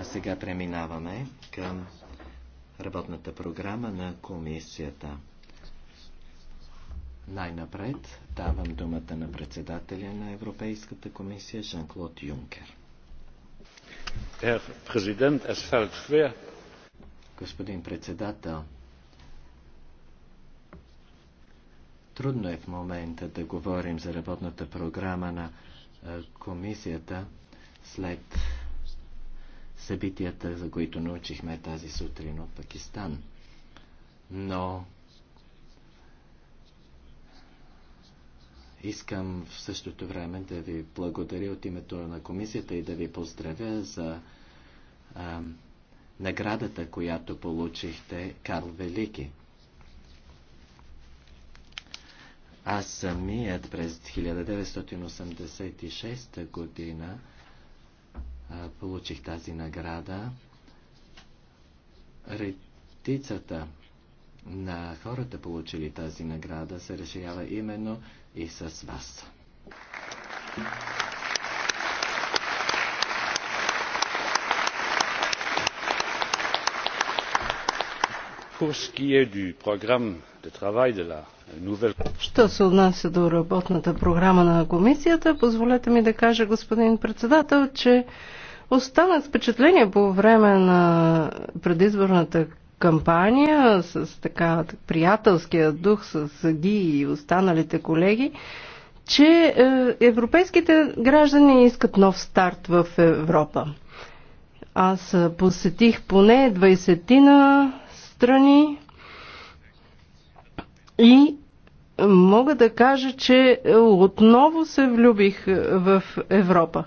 А сега преминаваме към работната програма на комисията. Най-напред давам думата на председателя на Европейската комисия Жан-Клод Юнкер. Господин председател, трудно е в момента да говорим за работната програма на комисията след събитията, за които научихме тази сутрин от Пакистан. Но искам в същото време да ви благодаря от името на комисията и да ви поздравя за а, наградата, която получихте Карл Велики. Аз самият през 1986 година получих тази награда. Редицата на хората, получили тази награда, се решава именно и с вас. Що се отнася до работната програма на комисията, позволете ми да кажа, господин председател, че Остана впечатление по време на предизборната кампания с така приятелския дух с Ги и останалите колеги, че е, европейските граждани искат нов старт в Европа. Аз е, посетих поне 20 на страни и мога да кажа, че е, отново се влюбих в Европа.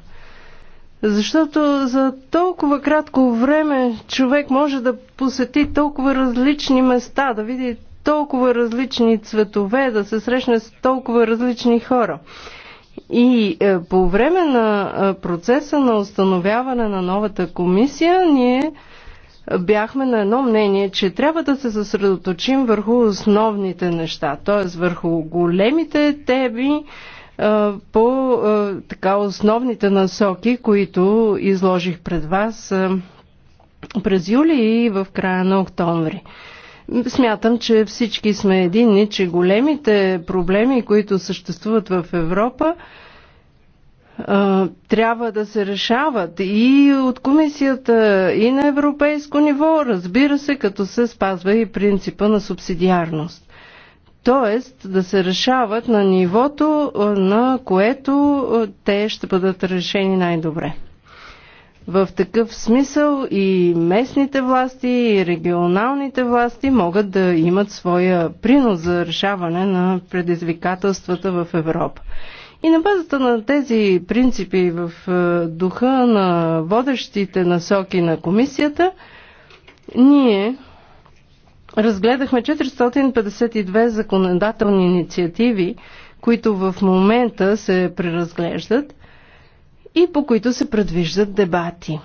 Защото за толкова кратко време човек може да посети толкова различни места, да види толкова различни цветове, да се срещне с толкова различни хора. И е, по време на е, процеса на установяване на новата комисия, ние бяхме на едно мнение, че трябва да се съсредоточим върху основните неща, т.е. върху големите теми, по така основните насоки, които изложих пред вас през юли и в края на октомври. Смятам, че всички сме единни, че големите проблеми, които съществуват в Европа, трябва да се решават и от комисията, и на европейско ниво, разбира се, като се спазва и принципа на субсидиарност т.е. да се решават на нивото, на което те ще бъдат решени най-добре. В такъв смисъл и местните власти, и регионалните власти могат да имат своя принос за решаване на предизвикателствата в Европа. И на базата на тези принципи в духа на водещите насоки на комисията, ние разгледахме 452 законодателни инициативи, които в момента се преразглеждат и по които се предвиждат дебати.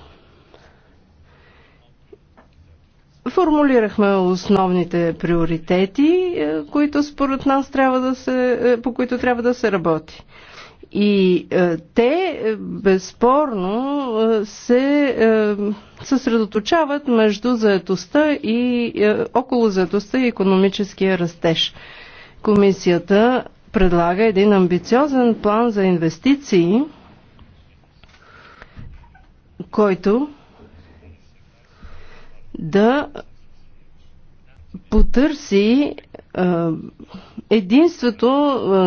Формулирахме основните приоритети, е, които според нас трябва да се, е, по които трябва да се работи. И е, те е, безспорно е, се е, съсредоточават между заетостта и е, около заетостта и економическия растеж. Комисията предлага един амбициозен план за инвестиции, който да потърси единството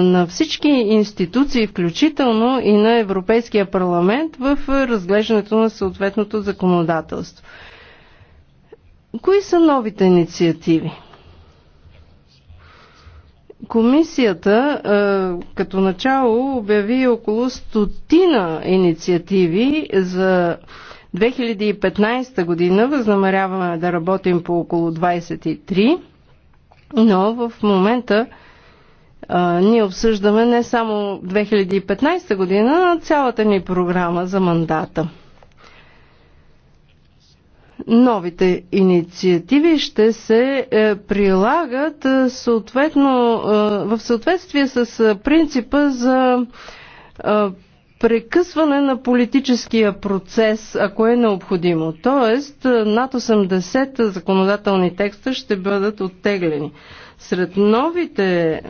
на всички институции, включително и на Европейския парламент в разглеждането на съответното законодателство. Кои са новите инициативи? Комисията като начало обяви около стотина инициативи за 2015 година възнамеряваме да работим по около 23, но в момента а, ние обсъждаме не само 2015 година, а цялата ни програма за мандата. Новите инициативи ще се е, прилагат е, съответно е, в съответствие с принципа за прекъсване на политическия процес, ако е необходимо. Тоест, е, над 80 законодателни текста ще бъдат оттеглени. Сред новите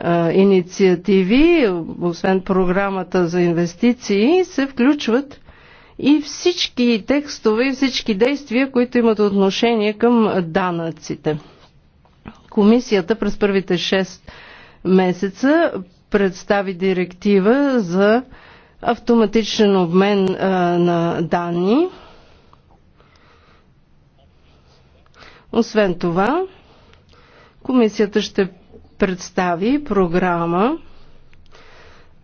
а, е, инициативи, освен програмата за инвестиции, се включват и всички текстове и всички действия, които имат отношение към данъците. Комисията през първите 6 месеца представи директива за автоматичен обмен а, на данни. Освен това, комисията ще представи програма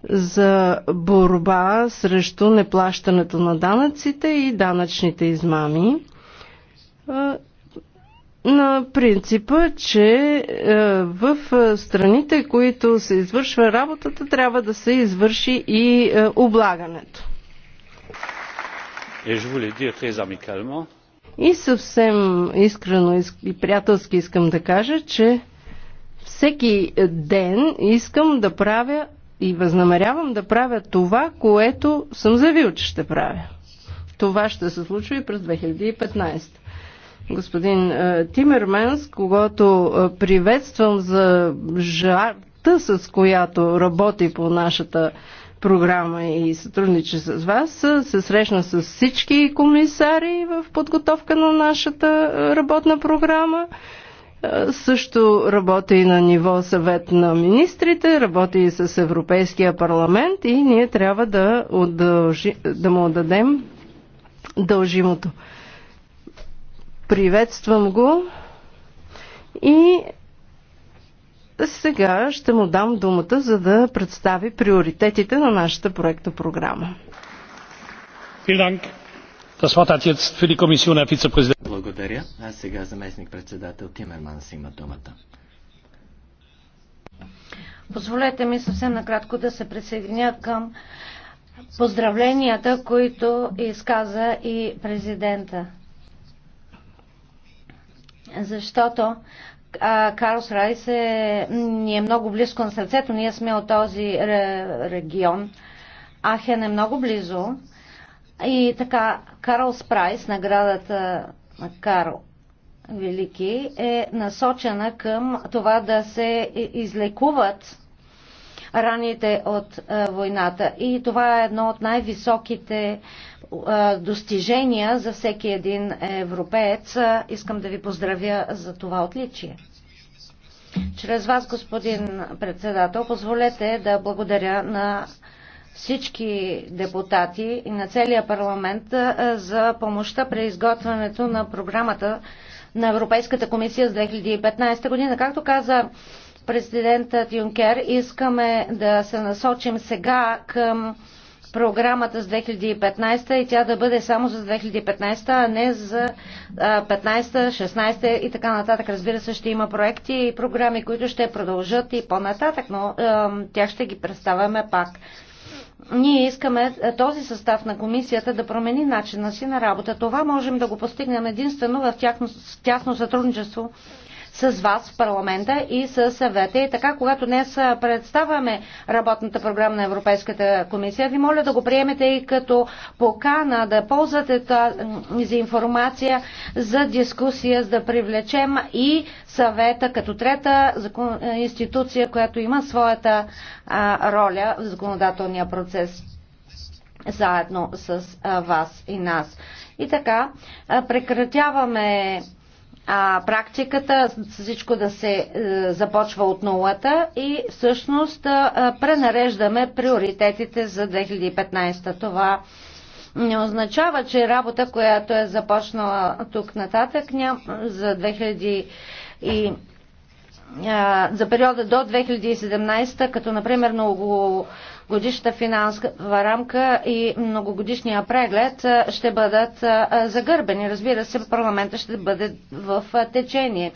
за борба срещу неплащането на данъците и данъчните измами на принципа, че е, в е, страните, които се извършва работата, трябва да се извърши и е, облагането. И съвсем искрено и приятелски искам да кажа, че всеки ден искам да правя и възнамерявам да правя това, което съм заявил, че ще правя. Това ще се случва и през 2015 господин е, Тимерменс, когато е, приветствам за жарта, с която работи по нашата програма и сътрудничи с вас, е, се срещна с всички комисари в подготовка на нашата работна програма. Също работи и на ниво съвет на министрите, работи и с Европейския парламент и ние трябва да, удължи, да му отдадем дължимото. Приветствам го и сега ще му дам думата, за да представи приоритетите на нашата проекта програма. Благодаря. А сега заместник председател Тимерманс има думата. Позволете ми съвсем накратко да се присъединя към поздравленията, които изказа и президента защото Карлс Райс е, ни е много близко на сърцето. Ние сме от този регион. Ахен е много близо. И така, Карлс Прайс, наградата на Карл Велики, е насочена към това да се излекуват раните от войната. И това е едно от най-високите достижения за всеки един европеец. Искам да ви поздравя за това отличие. Чрез вас, господин председател, позволете да благодаря на всички депутати и на целия парламент за помощта при изготвянето на програмата на Европейската комисия за 2015 година. Както каза президентът Юнкер, искаме да се насочим сега към програмата с 2015 и тя да бъде само за 2015, а не за 15, 16 и така нататък. Разбира се, ще има проекти и програми, които ще продължат и по-нататък, но тях ще ги представяме пак. Ние искаме е, този състав на комисията да промени начина си на работа. Това можем да го постигнем единствено в тяхно, тясно сътрудничество с вас в парламента и с съвета. И така, когато днес представяме работната програма на Европейската комисия, ви моля да го приемете и като покана да ползвате тази информация за дискусия, за да привлечем и съвета като трета институция, която има своята роля в законодателния процес заедно с вас и нас. И така, прекратяваме а, практиката всичко да се а, е, започва от нулата и всъщност а, е, пренареждаме приоритетите за 2015. Това не означава, че работа, която е започнала тук нататък ням, за 2000 и е, за периода до 2017, като например много годишната финансова рамка и многогодишния преглед ще бъдат загърбени. Разбира се, парламента ще бъде в течение.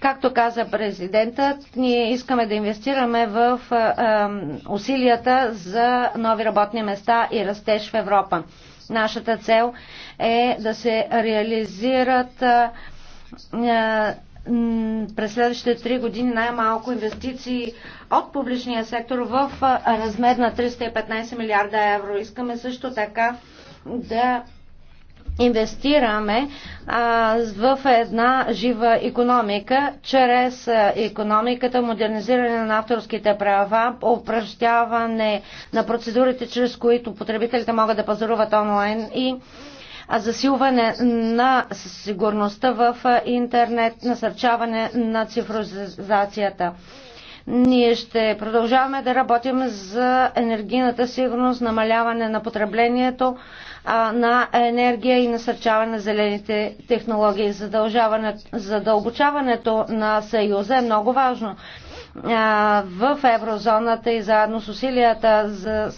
Както каза президентът, ние искаме да инвестираме в усилията за нови работни места и растеж в Европа. Нашата цел е да се реализират през следващите три години най-малко инвестиции от публичния сектор в размер на 315 милиарда евро. Искаме също така да инвестираме а, в една жива економика, чрез економиката, модернизиране на авторските права, упражняване на процедурите, чрез които потребителите могат да пазаруват онлайн и засилване на сигурността в интернет, насърчаване на цифровизацията. Ние ще продължаваме да работим за енергийната сигурност, намаляване на потреблението на енергия и насърчаване на зелените технологии. Задължаването, задълбочаването на Съюза е много важно в еврозоната и заедно с усилията за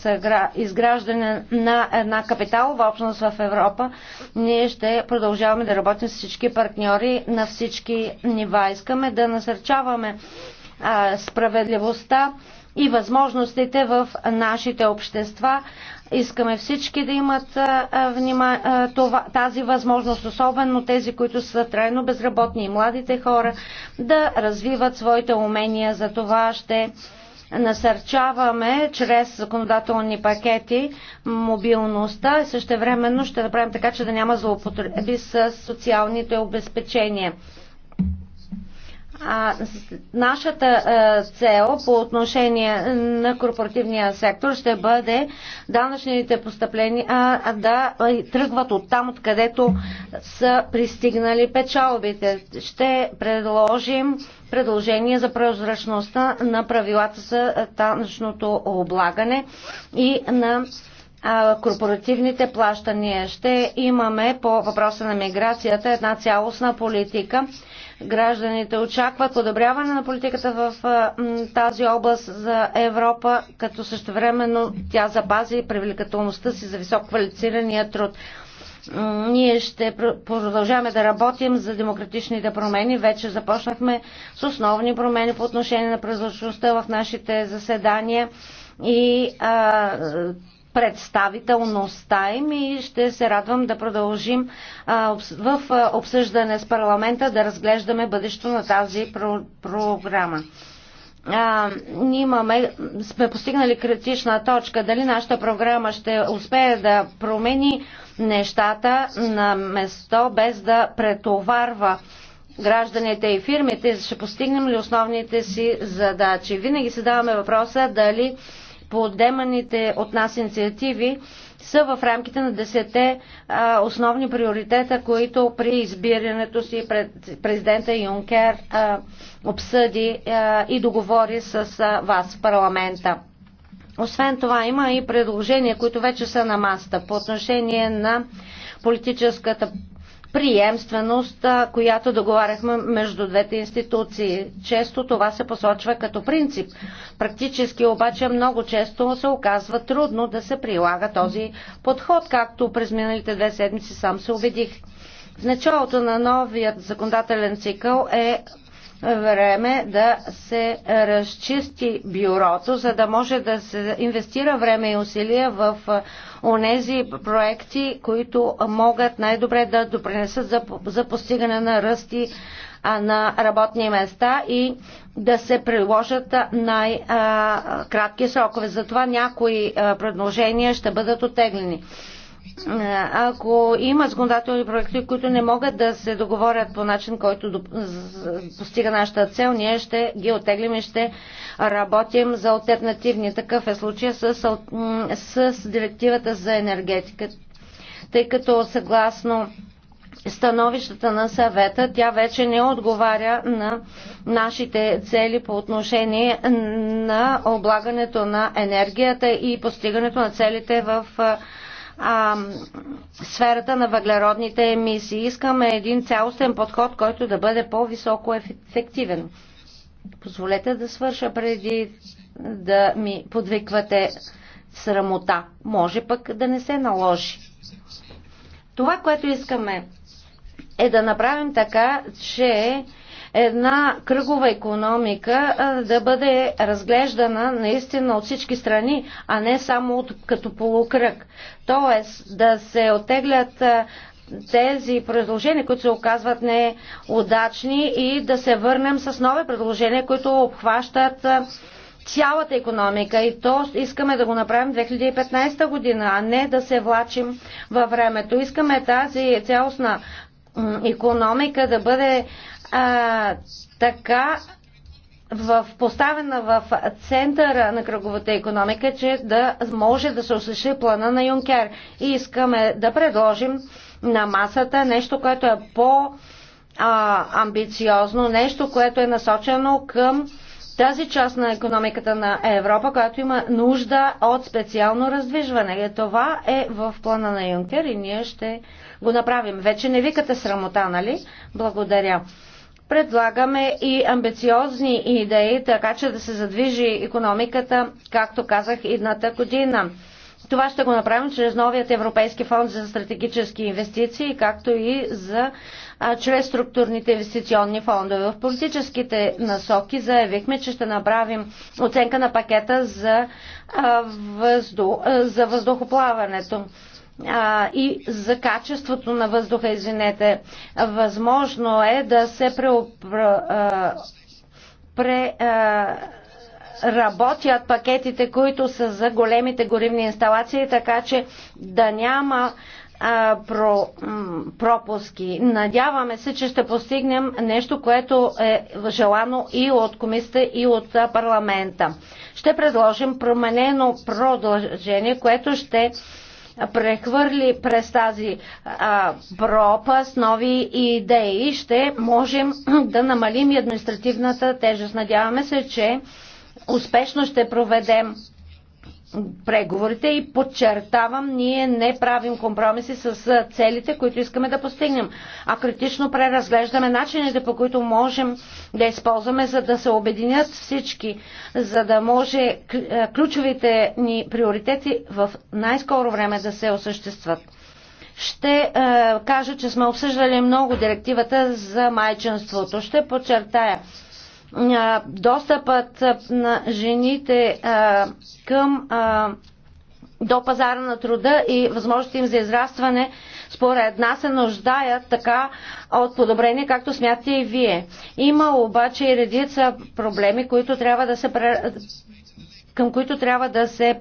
изграждане на една капиталова общност в Европа, ние ще продължаваме да работим с всички партньори на всички нива. Искаме да насърчаваме справедливостта и възможностите в нашите общества, Искаме всички да имат внима, това, тази възможност, особено тези, които са трайно безработни и младите хора, да развиват своите умения. За това ще насърчаваме чрез законодателни пакети мобилността и също времено ще направим така, че да няма злоупотреби с социалните обезпечения. А, нашата е, цел по отношение на корпоративния сектор ще бъде данъчните постъпления а, да тръгват от там, откъдето са пристигнали печалбите. Ще предложим предложение за прозрачността на правилата за данъчното облагане и на корпоративните плащания. Ще имаме по въпроса на миграцията една цялостна политика Гражданите очакват подобряване на политиката в тази област за Европа, като същевременно тя запази привлекателността си за високо квалифицирания труд. Ние ще продължаваме да работим за демократичните промени. Вече започнахме с основни промени по отношение на прозрачността в нашите заседания и а, представителността им и ще се радвам да продължим в обсъждане с парламента да разглеждаме бъдещето на тази програма а, имаме, сме постигнали критична точка, дали нашата програма ще успее да промени нещата на место, без да претоварва гражданите и фирмите, ще постигнем ли основните си задачи. Винаги се даваме въпроса дали подеманите от нас инициативи са в рамките на десете основни приоритета, които при избирането си пред президента Юнкер обсъди и договори с вас в парламента. Освен това има и предложения, които вече са на маста по отношение на политическата приемственост, която договаряхме между двете институции. Често това се посочва като принцип. Практически обаче много често се оказва трудно да се прилага този подход, както през миналите две седмици сам се убедих. В началото на новият законодателен цикъл е време да се разчисти бюрото, за да може да се инвестира време и усилия в онези проекти, които могат най-добре да допринесат за, за постигане на ръсти на работни места и да се приложат най-кратки срокове. Затова някои предложения ще бъдат отеглени ако има законодателни проекти, които не могат да се договорят по начин, който постига нашата цел, ние ще ги отеглим и ще работим за альтернативни. Такъв е случая с, с директивата за енергетика. Тъй като съгласно становищата на съвета, тя вече не отговаря на нашите цели по отношение на облагането на енергията и постигането на целите в а, сферата на въглеродните емисии. Искаме един цялостен подход, който да бъде по-високо ефективен. Позволете да свърша преди да ми подвиквате срамота. Може пък да не се наложи. Това, което искаме е да направим така, че една кръгова економика да бъде разглеждана наистина от всички страни, а не само от, като полукръг. Тоест да се отеглят тези предложения, които се оказват неудачни и да се върнем с нови предложения, които обхващат цялата економика и то искаме да го направим 2015 година, а не да се влачим във времето. Искаме тази цялостна економика да бъде а, така в, поставена в центъра на кръговата економика, че да може да се осъществи плана на Юнкер. И искаме да предложим на масата нещо, което е по-амбициозно, нещо, което е насочено към тази част на економиката на Европа, която има нужда от специално раздвижване. Е, това е в плана на Юнкер и ние ще го направим. Вече не викате срамота, нали? Благодаря. Предлагаме и амбициозни идеи, така че да се задвижи економиката, както казах, идната година. Това ще го направим чрез новият Европейски фонд за стратегически инвестиции, както и за, а, чрез структурните инвестиционни фондове. В политическите насоки заявихме, че ще направим оценка на пакета за, а, въздух, а, за въздухоплаването а, и за качеството на въздуха, извинете. Възможно е да се преработят работят пакетите, които са за големите горивни инсталации, така че да няма а, про, пропуски. Надяваме се, че ще постигнем нещо, което е желано и от комисията, и от парламента. Ще предложим променено продължение, което ще прехвърли през тази а, пропаст нови идеи, ще можем да намалим административната тежест. Надяваме се, че успешно ще проведем преговорите и подчертавам, ние не правим компромиси с целите, които искаме да постигнем, а критично преразглеждаме начините, по които можем да използваме, за да се обединят всички, за да може ключовите ни приоритети в най-скоро време да се осъществят. Ще е, кажа, че сме обсъждали много директивата за майчинството. Ще подчертая, достъпът на жените към до пазара на труда и възможности им за израстване според нас се нуждаят така от подобрение, както смятате и вие. Има обаче и редица проблеми, които трябва да се към които трябва да се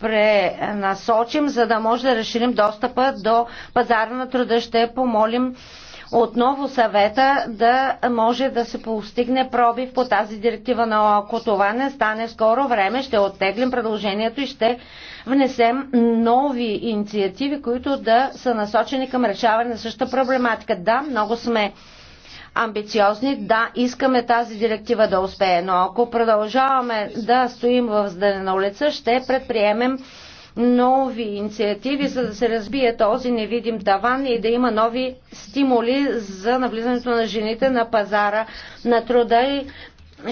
пренасочим, за да може да разширим достъпа до пазара на труда. Ще помолим отново съвета да може да се постигне пробив по тази директива, но ако това не стане скоро време, ще оттеглим предложението и ще внесем нови инициативи, които да са насочени към решаване на същата проблематика. Да, много сме амбициозни, да, искаме тази директива да успее, но ако продължаваме да стоим в здане на улица, ще предприемем нови инициативи, за да се разбие този невидим таван и да има нови стимули за навлизането на жените на пазара на труда и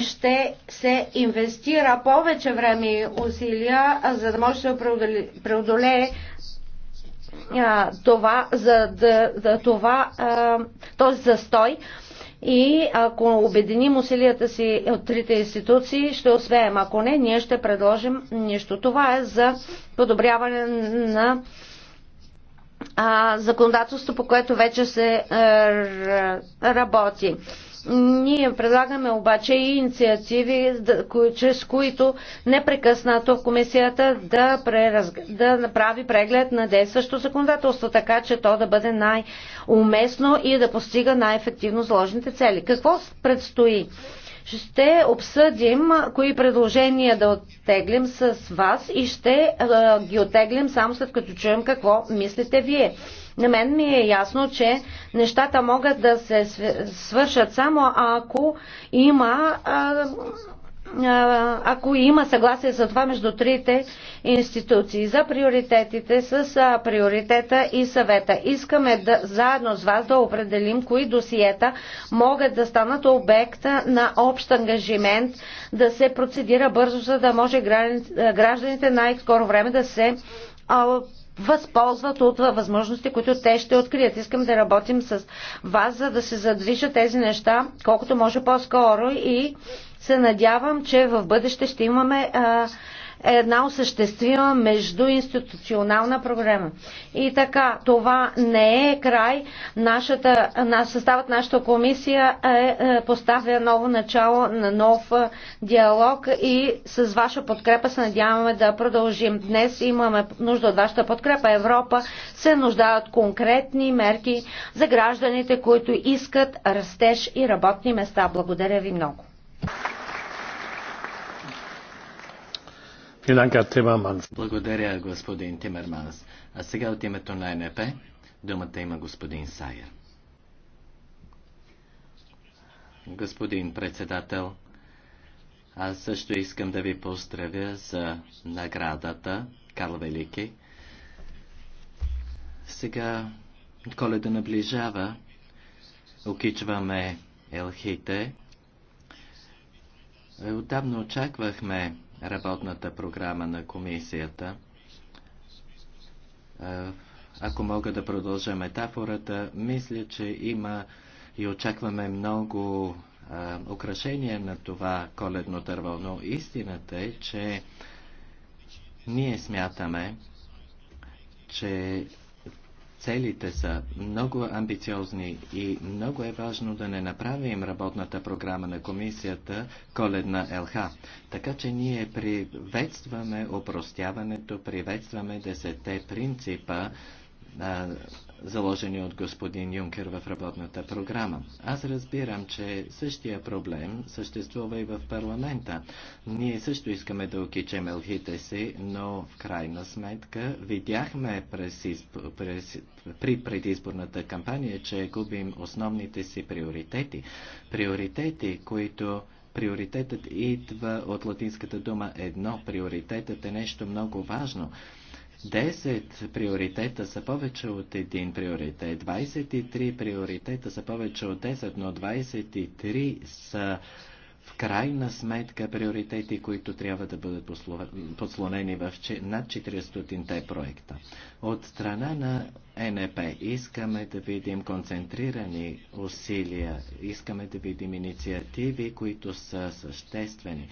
ще се инвестира повече време и усилия, за да може да се преодолее това, за да, да, това, а, този застой и ако обединим усилията си от трите институции, ще успеем. Ако не, ние ще предложим нещо. Това е за подобряване на законодателство, по което вече се е, работи. Ние предлагаме обаче и инициативи, чрез които непрекъснато комисията да, преразг... да направи преглед на действащо законодателство, така че то да бъде най-уместно и да постига най-ефективно сложните цели. Какво предстои? ще обсъдим кои предложения да оттеглим с вас и ще ги оттеглим само след като чуем какво мислите вие. На мен ми е ясно, че нещата могат да се свършат само ако има ако има съгласие за това между трите институции за приоритетите с приоритета и съвета. Искаме да, заедно с вас да определим кои досиета могат да станат обекта на общ ангажимент да се процедира бързо, за да може гражданите най-скоро време да се възползват от възможности, които те ще открият. Искам да работим с вас, за да се задвижат тези неща колкото може по-скоро и се надявам, че в бъдеще ще имаме а, е една осъществима междуинституционална програма. И така, това не е край. Нашата, наш, съставът нашата комисия е, е, поставя ново начало на нов е, диалог и с ваша подкрепа се надяваме да продължим. Днес имаме нужда от вашата подкрепа. Европа се нуждае от конкретни мерки за гражданите, които искат растеж и работни места. Благодаря ви много. Благодаря, господин Тимерманс. А сега от името на НП думата има господин Сайер. Господин председател, аз също искам да ви поздравя за наградата Карл Велики. Сега коледа наближава. Окичваме елхите. Отдавна очаквахме работната програма на комисията. Ако мога да продължа метафората, мисля, че има и очакваме много украшения на това коледно дърво, но истината е, че ние смятаме, че Целите са много амбициозни и много е важно да не направим работната програма на комисията Коледна ЛХ. Така че ние приветстваме упростяването, приветстваме десетте принципа заложени от господин Юнкер в работната програма. Аз разбирам, че същия проблем съществува и в парламента. Ние също искаме да окичем елхите си, но в крайна сметка видяхме през, през, при предизборната кампания, че губим основните си приоритети. Приоритети, които Приоритетът идва от латинската дума едно. Приоритетът е нещо много важно. 10 приоритета са повече от един приоритет, 23 приоритета са повече от 10, но 23 са в крайна сметка приоритети, които трябва да бъдат подслонени в над 400-те проекта. От страна на НП искаме да видим концентрирани усилия, искаме да видим инициативи, които са съществени.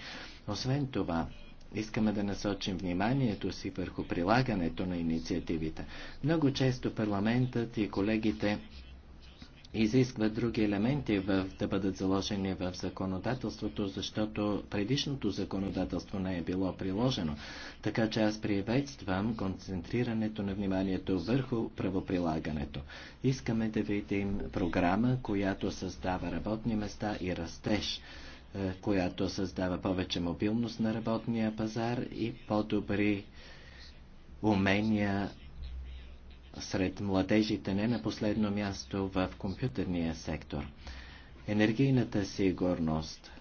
Освен това, искаме да насочим вниманието си върху прилагането на инициативите. Много често парламентът и колегите изискват други елементи в, да бъдат заложени в законодателството, защото предишното законодателство не е било приложено. Така че аз приветствам концентрирането на вниманието върху правоприлагането. Искаме да видим програма, която създава работни места и растеж. Е, която създава повече мобилност на работния пазар и по-добри умения сред младежите, не на последно място в компютърния сектор. Енергийната сигурност,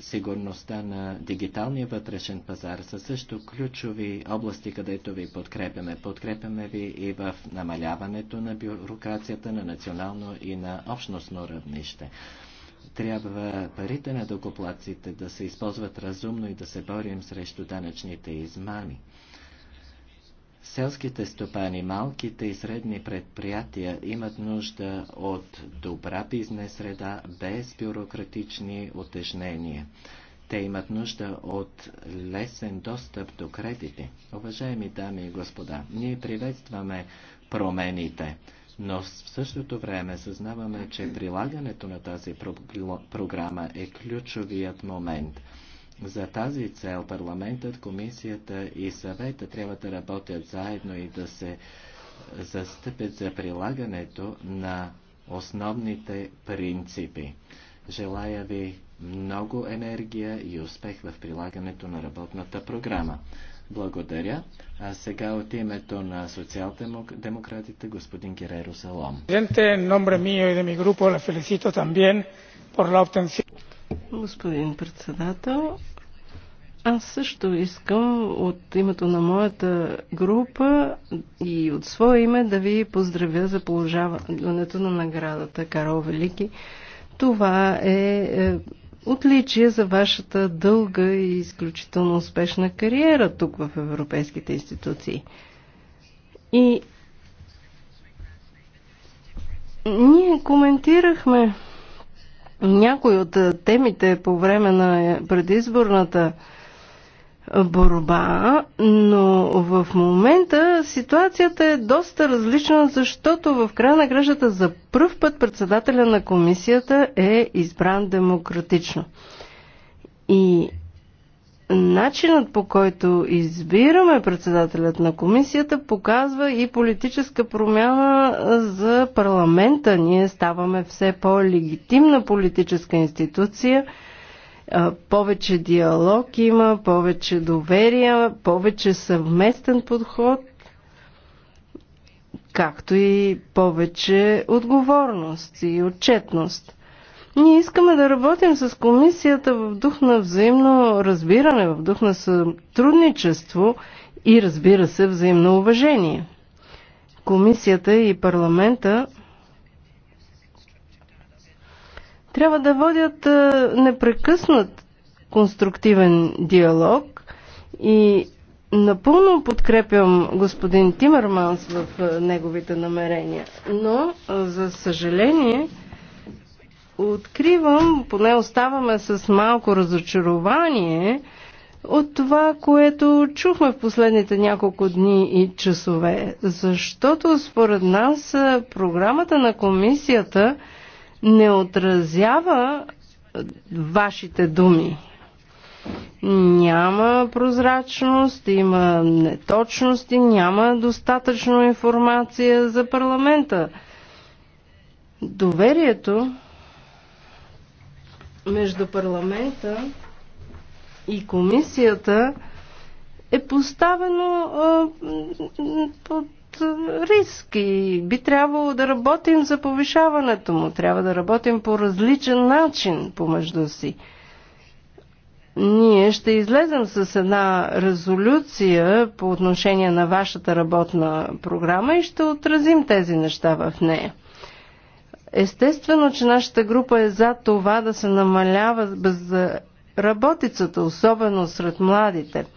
сигурността на дигиталния вътрешен пазар са също ключови области, където ви подкрепяме. Подкрепяме ви и в намаляването на бюрокрацията на национално и на общностно равнище. Трябва парите на докоплаците да се използват разумно и да се борим срещу данъчните измами. Селските стопани, малките и средни предприятия имат нужда от добра бизнес среда без бюрократични отежнения. Те имат нужда от лесен достъп до кредити. Уважаеми дами и господа, ние приветстваме промените. Но в същото време съзнаваме, че прилагането на тази програма е ключовият момент. За тази цел парламентът, комисията и съвета трябва да работят заедно и да се застъпят за прилагането на основните принципи. Желая ви много енергия и успех в прилагането на работната програма. Благодаря. А сега от името на социал-демократите господин Гереро Салом. Господин председател, аз също искам от името на моята група и от свое име да ви поздравя за положаването на наградата Карл Велики. Това е, е отличие за вашата дълга и изключително успешна кариера тук в европейските институции. И ние коментирахме някои от темите по време на предизборната борба, но в момента ситуацията е доста различна, защото в края на гръжата за първ път председателя на комисията е избран демократично. И начинът по който избираме председателят на комисията показва и политическа промяна за парламента. Ние ставаме все по-легитимна политическа институция – повече диалог има, повече доверие, повече съвместен подход, както и повече отговорност и отчетност. Ние искаме да работим с комисията в дух на взаимно разбиране, в дух на сътрудничество и разбира се взаимно уважение. Комисията и парламента трябва да водят непрекъснат конструктивен диалог и напълно подкрепям господин Тимърманс в неговите намерения. Но, за съжаление, откривам, поне оставаме с малко разочарование от това, което чухме в последните няколко дни и часове. Защото според нас програмата на комисията не отразява вашите думи. Няма прозрачност, има неточности, няма достатъчно информация за парламента. Доверието между парламента и комисията е поставено а, под риск и би трябвало да работим за повишаването му. Трябва да работим по различен начин помежду си. Ние ще излезем с една резолюция по отношение на вашата работна програма и ще отразим тези неща в нея. Естествено, че нашата група е за това да се намалява безработицата, особено сред младите –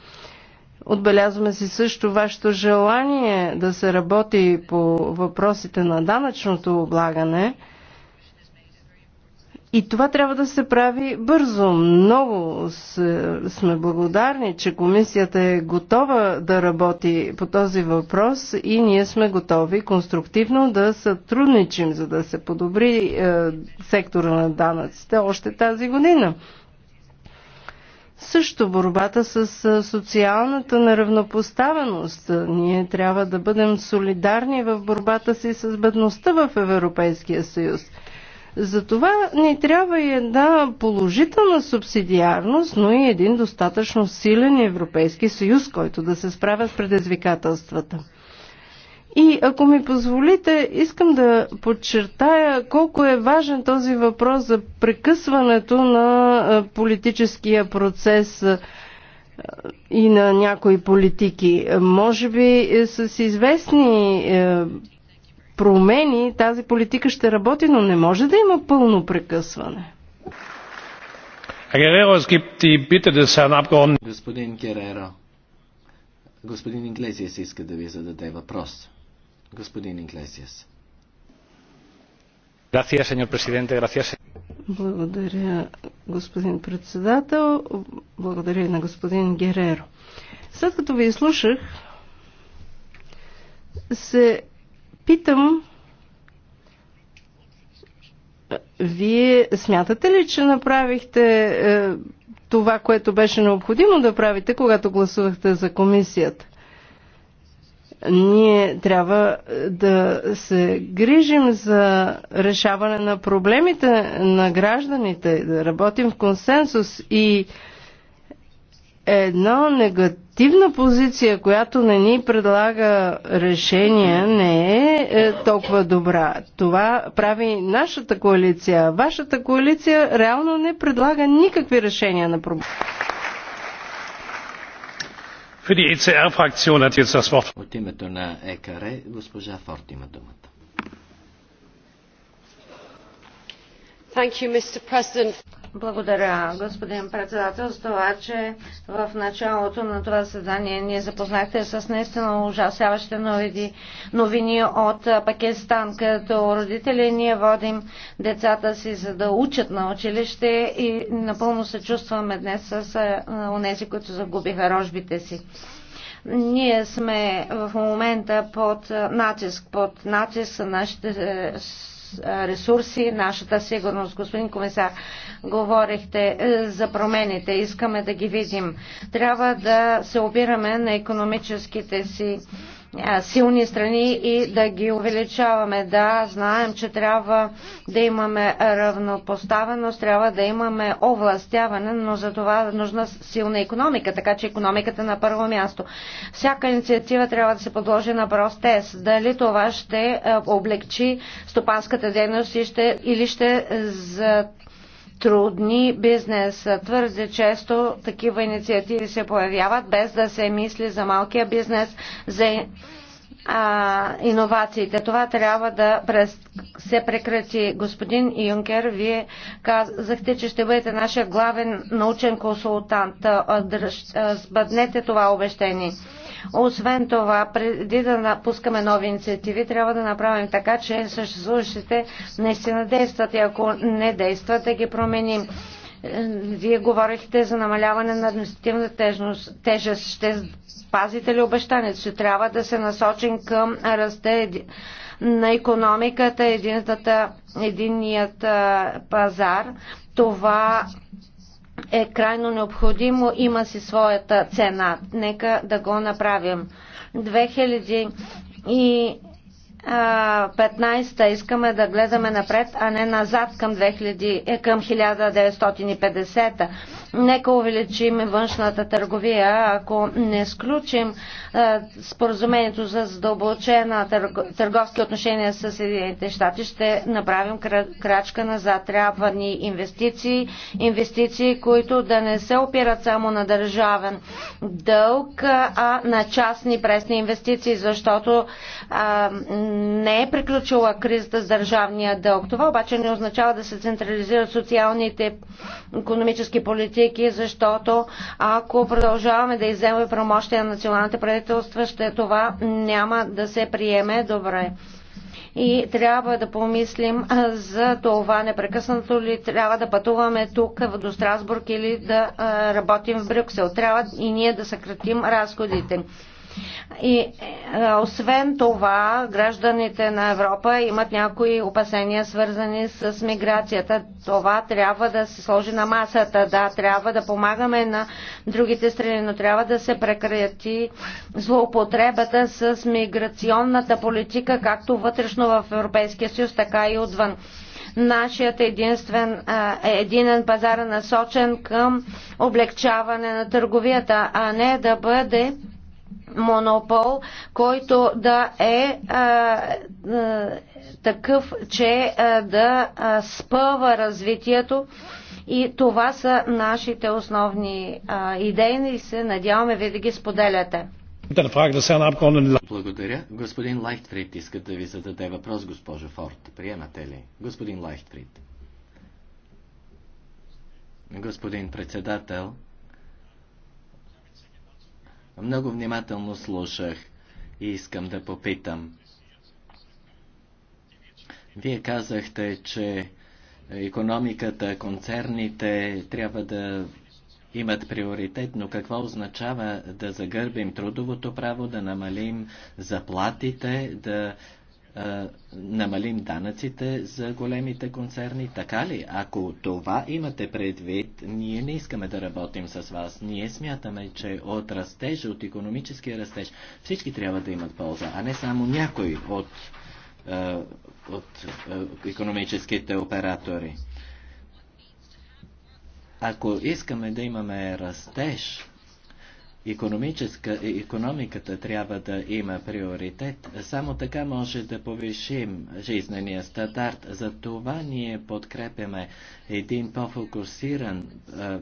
Отбелязваме си също вашето желание да се работи по въпросите на данъчното облагане. И това трябва да се прави бързо. Много сме благодарни, че комисията е готова да работи по този въпрос и ние сме готови конструктивно да сътрудничим, за да се подобри е, сектора на данъците още тази година. Също борбата с социалната неравнопоставеност. Ние трябва да бъдем солидарни в борбата си с бедността в Европейския съюз. Затова ни трябва и една положителна субсидиарност, но и един достатъчно силен Европейски съюз, който да се справя с предизвикателствата. И ако ми позволите, искам да подчертая колко е важен този въпрос за прекъсването на политическия процес и на някои политики. Може би е, с известни е, промени тази политика ще работи, но не може да има пълно прекъсване. Господин Кереро, господин Инглезия се иска да ви зададе въпрос. Господин Благодаря, господин председател. Благодаря и на господин Гереро. След като ви изслушах, се питам, вие смятате ли, че направихте е, това, което беше необходимо да правите, когато гласувахте за комисията? Ние трябва е, да се грижим за решаване на проблемите на гражданите, да работим в консенсус и една негативна позиция, която не ни предлага решение, не е, е толкова добра. Това прави нашата коалиция. Вашата коалиция реално не предлага никакви решения на проблемите. E От името на ЕКР госпожа Форд има думата. You, благодаря, господин председател, за това, че в началото на това съдание, ние запознахте с наистина ужасяващите новини, новини от Пакистан. Като родители ние водим децата си за да учат на училище и напълно се чувстваме днес с онези, които загубиха рожбите си. Ние сме в момента под натиск, под натиск на нашите е, ресурси, нашата сигурност. Господин комисар, говорихте е, за промените. Искаме да ги видим. Трябва да се обираме на економическите си силни страни и да ги увеличаваме. Да, знаем, че трябва да имаме равнопоставеност, трябва да имаме овластяване, но за това нужна силна економика, така че економиката на първо място. Всяка инициатива трябва да се подложи на прост тест. Дали това ще облегчи стопанската дейност и ще, или ще за трудни бизнес. Твърде често такива инициативи се появяват без да се мисли за малкия бизнес, за а, иновациите. Това трябва да през... се прекрати. Господин Юнкер, вие казахте, че ще бъдете нашия главен научен консултант. Сбъднете това обещение. Освен това, преди да напускаме нови инициативи, трябва да направим така, че съществуващите наистина действат и ако не действат, да ги променим. Вие говорихте за намаляване на административната тежест. Ще спазите ли обещанието, че трябва да се насочим към расте на економиката, единият пазар? Това е крайно необходимо, има си своята цена. Нека да го направим. 2000 и 15-та искаме да гледаме напред, а не назад към, 2000, е, към 1950-та. Нека увеличим външната търговия, ако не сключим а, споразумението за задълбочена търговски отношения с Съединените щати, ще направим крачка назад. Трябва ни инвестиции, инвестиции, които да не се опират само на държавен дълг, а на частни пресни инвестиции, защото а, не е приключила кризата с държавния дълг. Това обаче не означава да се централизират социалните економически политики, защото ако продължаваме да изземваме промощия на националните правителства, ще това няма да се приеме добре и трябва да помислим за това непрекъснато ли трябва да пътуваме тук до Страсбург или да работим в Брюксел. Трябва и ние да съкратим разходите. И е, освен това, гражданите на Европа имат някои опасения, свързани с миграцията. Това трябва да се сложи на масата. Да, трябва да помагаме на другите страни, но трябва да се прекрати злоупотребата с миграционната политика, както вътрешно в Европейския съюз, така и отвън нашият единствен, е, единен пазар е насочен към облегчаване на търговията, а не да бъде монопол, който да е а, е, а, такъв, че а, е, да а, е, спъва развитието. И това са нашите основни а, идеи и се надяваме ви да ги споделяте. Благодаря. Господин Лайхтфрид иска да ви зададе въпрос, госпожо Форд. Приемате ли? Господин Лайхтфрид. Господин председател, много внимателно слушах и искам да попитам. Вие казахте, че економиката, концерните трябва да имат приоритет, но какво означава да загърбим трудовото право, да намалим заплатите, да намалим данъците за големите концерни, така ли? Ако това имате предвид, ние не искаме да работим с вас. Ние смятаме, че от растеж, от економическия растеж, всички трябва да имат полза, а не само някой от, от економическите оператори. Ако искаме да имаме растеж, економиката трябва да има приоритет. Само така може да повишим жизнения стандарт. За това ние подкрепяме един по-фокусиран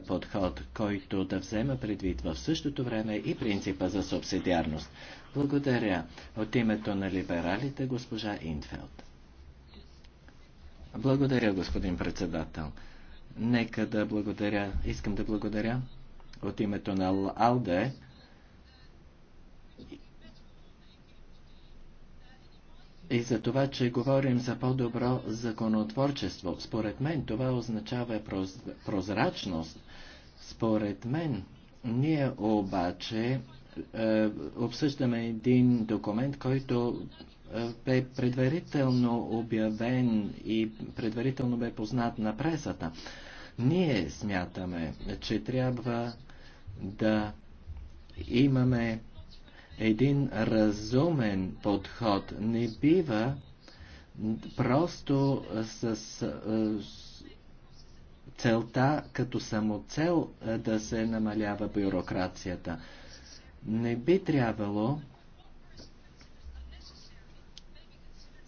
подход, който да взема предвид в същото време и принципа за субсидиарност. Благодаря. От името на либералите госпожа Инфелд. Благодаря, господин председател. Нека да благодаря. Искам да благодаря от името на АЛДЕ. И за това, че говорим за по-добро законотворчество. Според мен това означава проз... прозрачност. Според мен ние обаче е, обсъждаме един документ, който е, бе предварително обявен и предварително бе познат на пресата. Ние смятаме, че трябва да имаме един разумен подход. Не бива просто с, с целта като самоцел да се намалява бюрокрацията. Не би трябвало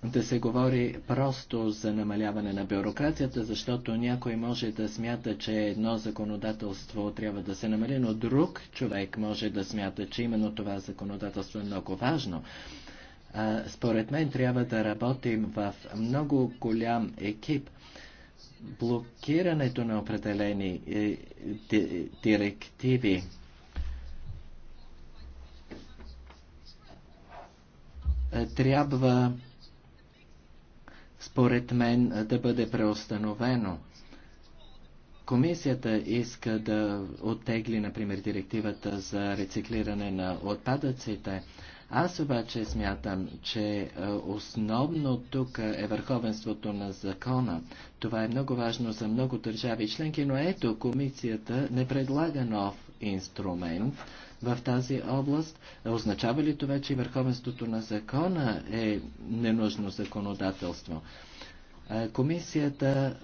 да се говори просто за намаляване на бюрокрацията, защото някой може да смята, че едно законодателство трябва да се намали, но друг човек може да смята, че именно това законодателство е много важно. А, според мен трябва да работим в много голям екип. Блокирането на определени е, директиви е, трябва според мен, да бъде преустановено. Комисията иска да оттегли, например, директивата за рециклиране на отпадъците. Аз обаче смятам, че основно тук е върховенството на закона. Това е много важно за много държави членки, но ето комисията не предлага нов инструмент, в тази област. Означава ли това, че върховенството на закона е ненужно законодателство? Комисията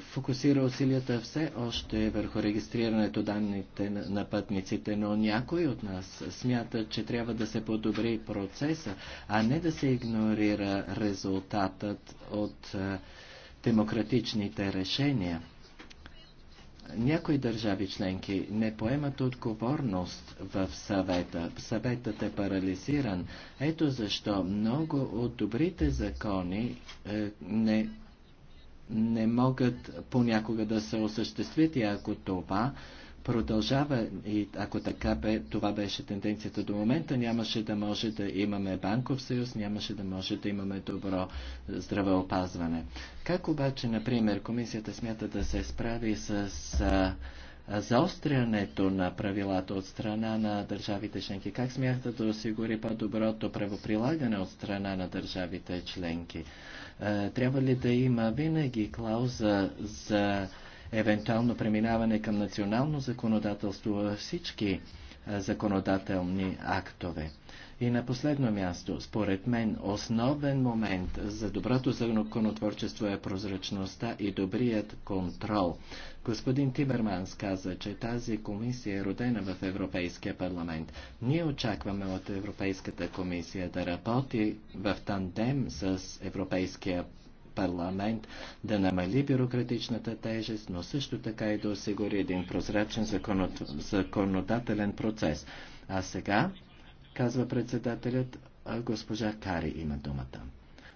фокусира усилията все още върху регистрирането данните на пътниците, но някой от нас смята, че трябва да се подобри процеса, а не да се игнорира резултатът от демократичните решения някои държави членки не поемат отговорност в съвета. Съветът е парализиран. Ето защо много от добрите закони е, не, не могат понякога да се осъществят и ако това продължава и ако така бе, това беше тенденцията до момента, нямаше да може да имаме банков съюз, нямаше да може да имаме добро здравеопазване. Как обаче, например, комисията смята да се справи с а, заострянето на правилата от страна на държавите членки? Как смята да осигури по-доброто правоприлагане от страна на държавите членки? Трябва ли да има винаги клауза за евентуално преминаване към национално законодателство във всички законодателни актове. И на последно място, според мен, основен момент за доброто законотворчество е прозрачността и добрият контрол. Господин Тиберманс каза, че тази комисия е родена в Европейския парламент. Ние очакваме от Европейската комисия да работи в тандем с Европейския парламент да намали бюрократичната тежест, но също така и да осигури един прозрачен законодателен процес. А сега, казва председателят, госпожа Кари има думата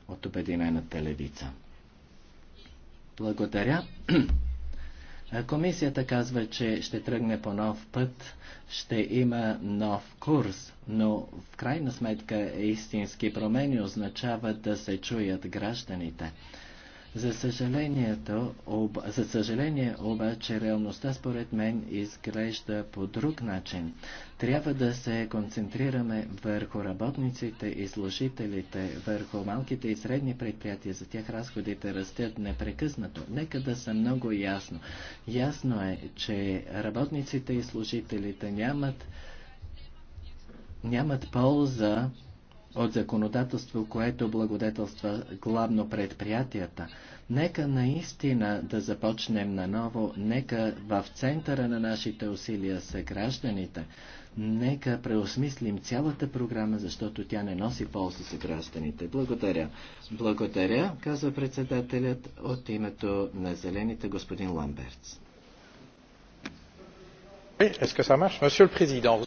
от Обединената левица. Благодаря. Комисията казва, че ще тръгне по нов път, ще има нов курс, но в крайна сметка истински промени означават да се чуят гражданите. За, съжалението, об... За съжаление обаче реалността според мен изглежда по друг начин. Трябва да се концентрираме върху работниците и служителите, върху малките и средни предприятия. За тях разходите растят непрекъснато. Нека да са много ясно. Ясно е, че работниците и служителите нямат, нямат полза от законодателство, което благодетелства главно предприятията. Нека наистина да започнем наново, нека в центъра на нашите усилия са гражданите. Нека преосмислим цялата програма, защото тя не носи полза за гражданите. Благодаря. Благодаря, казва председателят от името на зелените господин Ламберц. Oui, est-ce que ça marche, Monsieur le Président?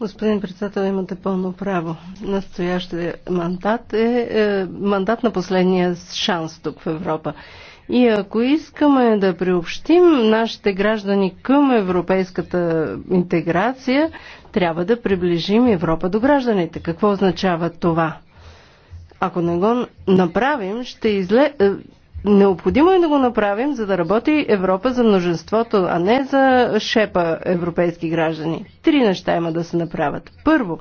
Господин председател, имате пълно право. Настоящия мандат е, е мандат на последния шанс тук в Европа. И ако искаме да приобщим нашите граждани към европейската интеграция, трябва да приближим Европа до гражданите. Какво означава това? Ако не го направим, ще изле... Е, Необходимо е да го направим, за да работи Европа за множеството, а не за шепа европейски граждани. Три неща има да се направят. Първо,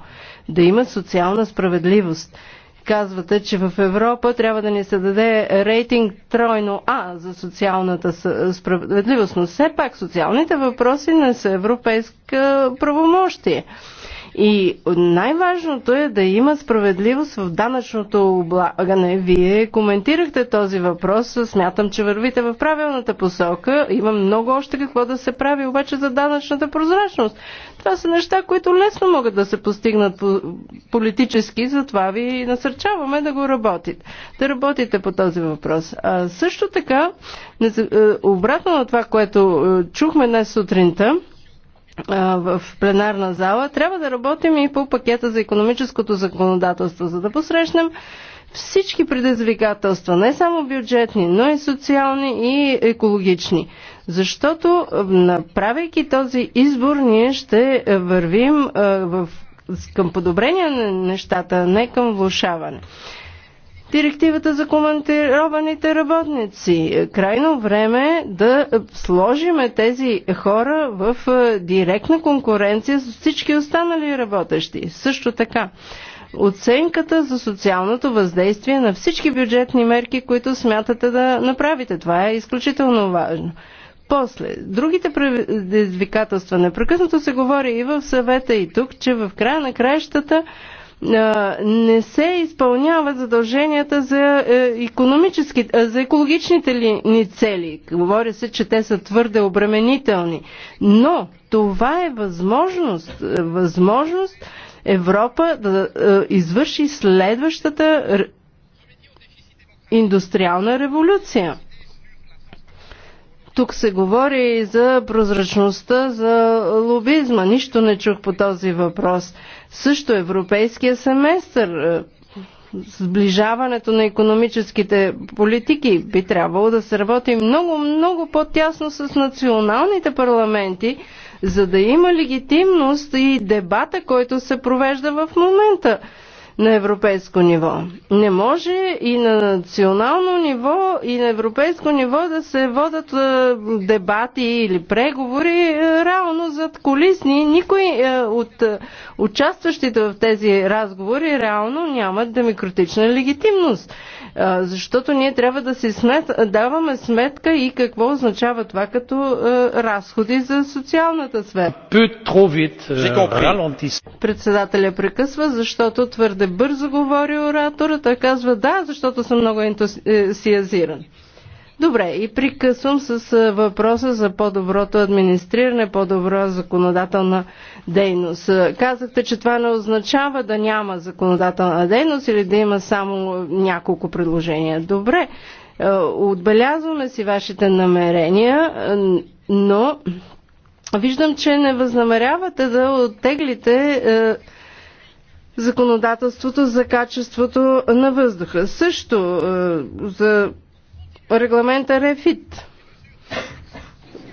да има социална справедливост. Казвате, че в Европа трябва да ни се даде рейтинг тройно А за социалната справедливост, но все пак социалните въпроси не са европейска правомощие. И най-важното е да има справедливост в данъчното облагане. Вие коментирахте този въпрос. Смятам, че вървите в правилната посока. Има много още какво да се прави обаче за данъчната прозрачност. Това са неща, които лесно могат да се постигнат политически, затова ви насърчаваме да го работите. Да работите по този въпрос. А, също така, е, обратно на това, което е, чухме днес сутринта, в пленарна зала, трябва да работим и по пакета за економическото законодателство, за да посрещнем всички предизвикателства, не само бюджетни, но и социални и екологични. Защото, направяйки този избор, ние ще вървим в, към подобрение на нещата, не към влушаване директивата за командированите работници. Крайно време е да сложиме тези хора в е, директна конкуренция с всички останали работещи. Също така, оценката за социалното въздействие на всички бюджетни мерки, които смятате да направите. Това е изключително важно. После, другите предизвикателства, непрекъснато се говори и в съвета, и тук, че в края на краищата не се изпълняват задълженията за, е, за екологичните ли, ни цели. Говоря се, че те са твърде обременителни. Но това е възможност, е, възможност Европа да е, извърши следващата индустриална революция. Тук се говори и за прозрачността, за лобизма. Нищо не чух по този въпрос. Също европейския семестър, е, сближаването на економическите политики би трябвало да се работи много, много по-тясно с националните парламенти, за да има легитимност и дебата, който се провежда в момента на европейско ниво. Не може и на национално ниво, и на европейско ниво да се водат е, дебати или преговори е, реално зад колисни. Никой е, от участващите в тези разговори реално няма демократична легитимност. Защото ние трябва да си смет, даваме сметка и какво означава това като разходи за социалната сфера. Euh, Председателя прекъсва, защото твърде бързо говори оратора, той казва да, защото съм много ентусиазиран. Добре, и прикъсвам с въпроса за по-доброто администриране, по-добра законодателна дейност. Казахте, че това не означава да няма законодателна дейност или да има само няколко предложения. Добре, отбелязваме си вашите намерения, но виждам, че не възнамерявате да оттеглите законодателството за качеството на въздуха. Също е, за регламента РЕФИТ.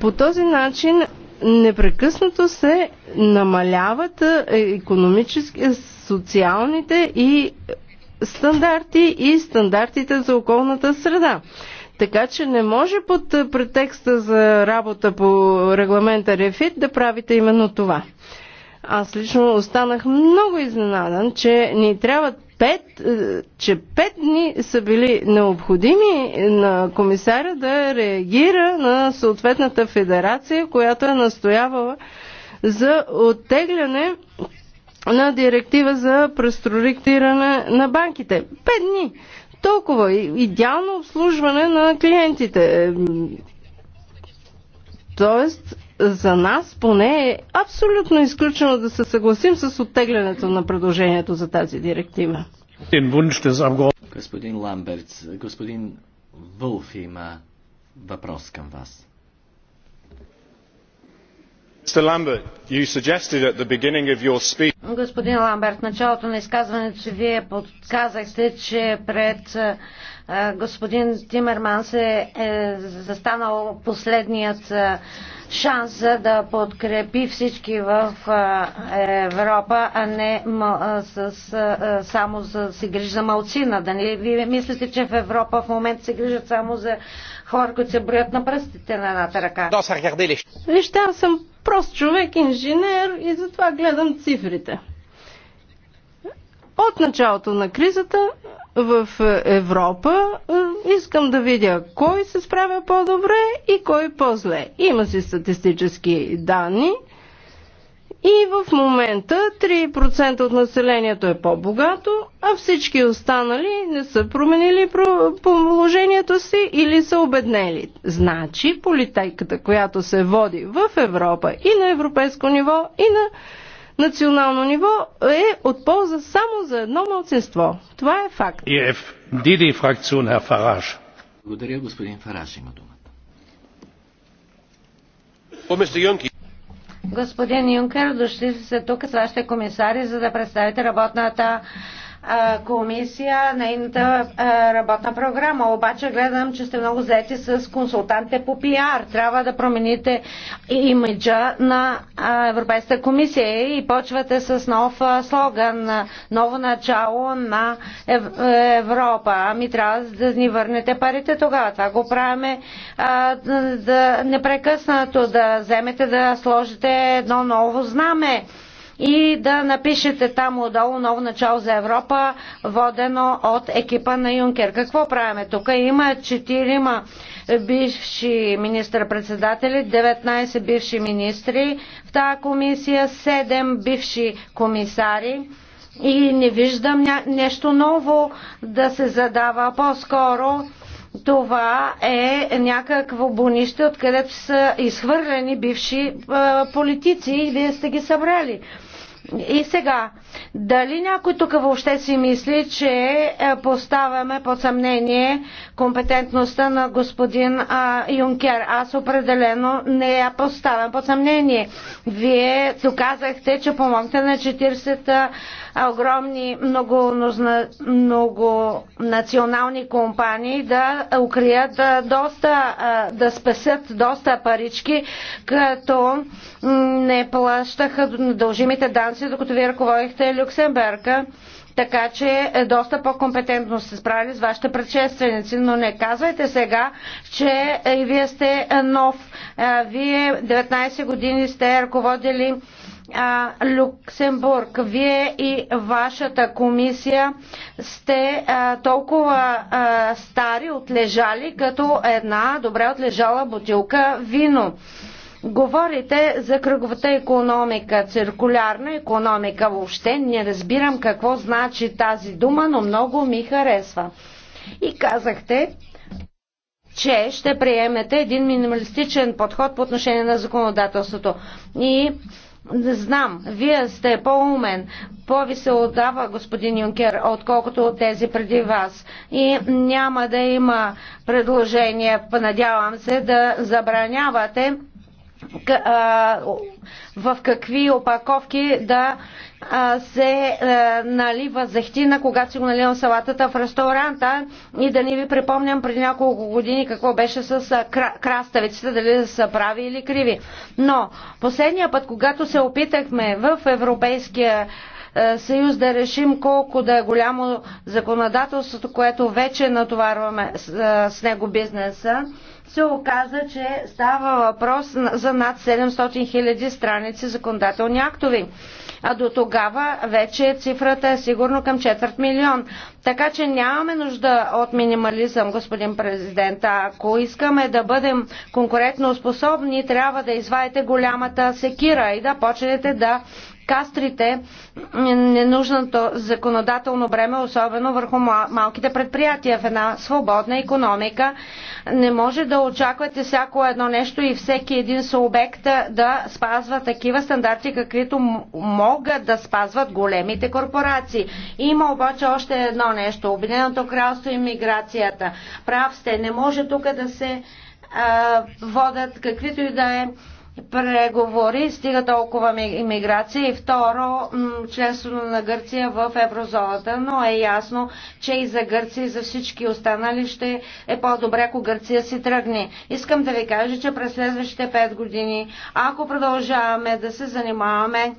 По този начин непрекъснато се намаляват е, економически, е, социалните и стандарти и стандартите за околната среда. Така че не може под претекста за работа по регламента Рефит да правите именно това. Аз лично останах много изненадан, че ни трябват пет, е, че пет дни са били необходими на комисаря да реагира на съответната федерация, която е настоявала за оттегляне на директива за преструктуриране на банките. Пет дни! Толкова идеално обслужване на клиентите. Тоест, за нас поне е абсолютно изключено да се съгласим с оттеглянето на предложението за тази директива. Господин Ламберт, господин Вулф има въпрос към вас. Господин Ламберт, в началото на изказването си вие подказахте, че пред господин Тимерман се е застанал последният шанс за да подкрепи всички в Европа, а не с, само за се грижи за малцина. Да не вие мислите, че в Европа в момента се грижат само за хора, които се броят на пръстите на едната ръка. Да, са Вижте, аз съм прост човек, инженер и затова гледам цифрите. От началото на кризата в Европа е, искам да видя кой се справя по-добре и кой по-зле. Има си статистически данни. И в момента 3% от населението е по-богато, а всички останали не са променили положението си или са обеднели. Значи политиката, която се води в Европа и на европейско ниво, и на национално ниво е от полза само за едно мълцинство. Това е факт. Благодаря, господин Фараж има думата. Господин Юнкер, дошли се тук с вашите комисари, за да представите работната комисия, нейната работна програма. Обаче гледам, че сте много заети с консултантите по пиар. Трябва да промените имиджа на Европейската комисия и почвате с нов слоган ново начало на Европа. Ами трябва да ни върнете парите тогава. Това го правиме непрекъснато, да вземете да сложите едно ново знаме и да напишете там отдолу ново начало за Европа, водено от екипа на Юнкер. Какво правиме тук? Има 4 бивши министър-председатели, 19 бивши министри в тази комисия, 7 бивши комисари и не виждам нещо ново да се задава. По-скоро това е някакво бонище, откъдето са изхвърлени бивши политици и вие сте ги събрали. И сега, дали някой тук въобще си мисли, че е, поставяме под съмнение компетентността на господин а, Юнкер. Аз определено не я поставям под съмнение. Вие доказахте, че помогнахте на 40 огромни многонационални много, национални компании да укрият доста, да спесят доста парички, като не плащаха дължимите данци, докато вие ръководихте Люксембурга така че е, доста по-компетентно сте справили с вашите предшественици, но не казвайте сега, че е, и вие сте е, нов. Вие 19 години сте ръководили а, Люксембург. Вие и вашата комисия сте а, толкова а, стари, отлежали, като една добре отлежала бутилка вино. Говорите за кръговата економика, циркулярна економика въобще. Не разбирам какво значи тази дума, но много ми харесва. И казахте, че ще приемете един минималистичен подход по отношение на законодателството. И Знам, вие сте по-умен, по-ви се отдава господин Юнкер, отколкото от тези преди вас. И няма да има предложение, надявам се, да забранявате в какви опаковки да се е, налива зехтина, когато си го наливам салатата в ресторанта и да не ви припомням преди няколко години какво беше с краставиците, дали са прави или криви. Но последния път, когато се опитахме в Европейския е, съюз да решим колко да е голямо законодателството, което вече натоварваме с е, него бизнеса, се оказа, че става въпрос за над 700 000 страници законодателни актови. А до тогава вече цифрата е сигурно към четвърт милион. Така че нямаме нужда от минимализъм, господин президент. А ако искаме да бъдем конкурентно способни, трябва да извадите голямата секира и да почнете да кастрите ненужното законодателно бреме, особено върху малките предприятия в една свободна економика. Не може да очаквате всяко едно нещо и всеки един субект да спазва такива стандарти, каквито могат да спазват големите корпорации. Има обаче още едно нещо. Обединеното кралство и миграцията. Прав сте, не може тук да се а, водят каквито и да е преговори стига толкова иммиграция и второ членството на Гърция в еврозоната, но е ясно, че и за Гърция и за всички останали ще е по-добре, ако Гърция си тръгне. Искам да ви кажа, че през следващите 5 години, ако продължаваме да се занимаваме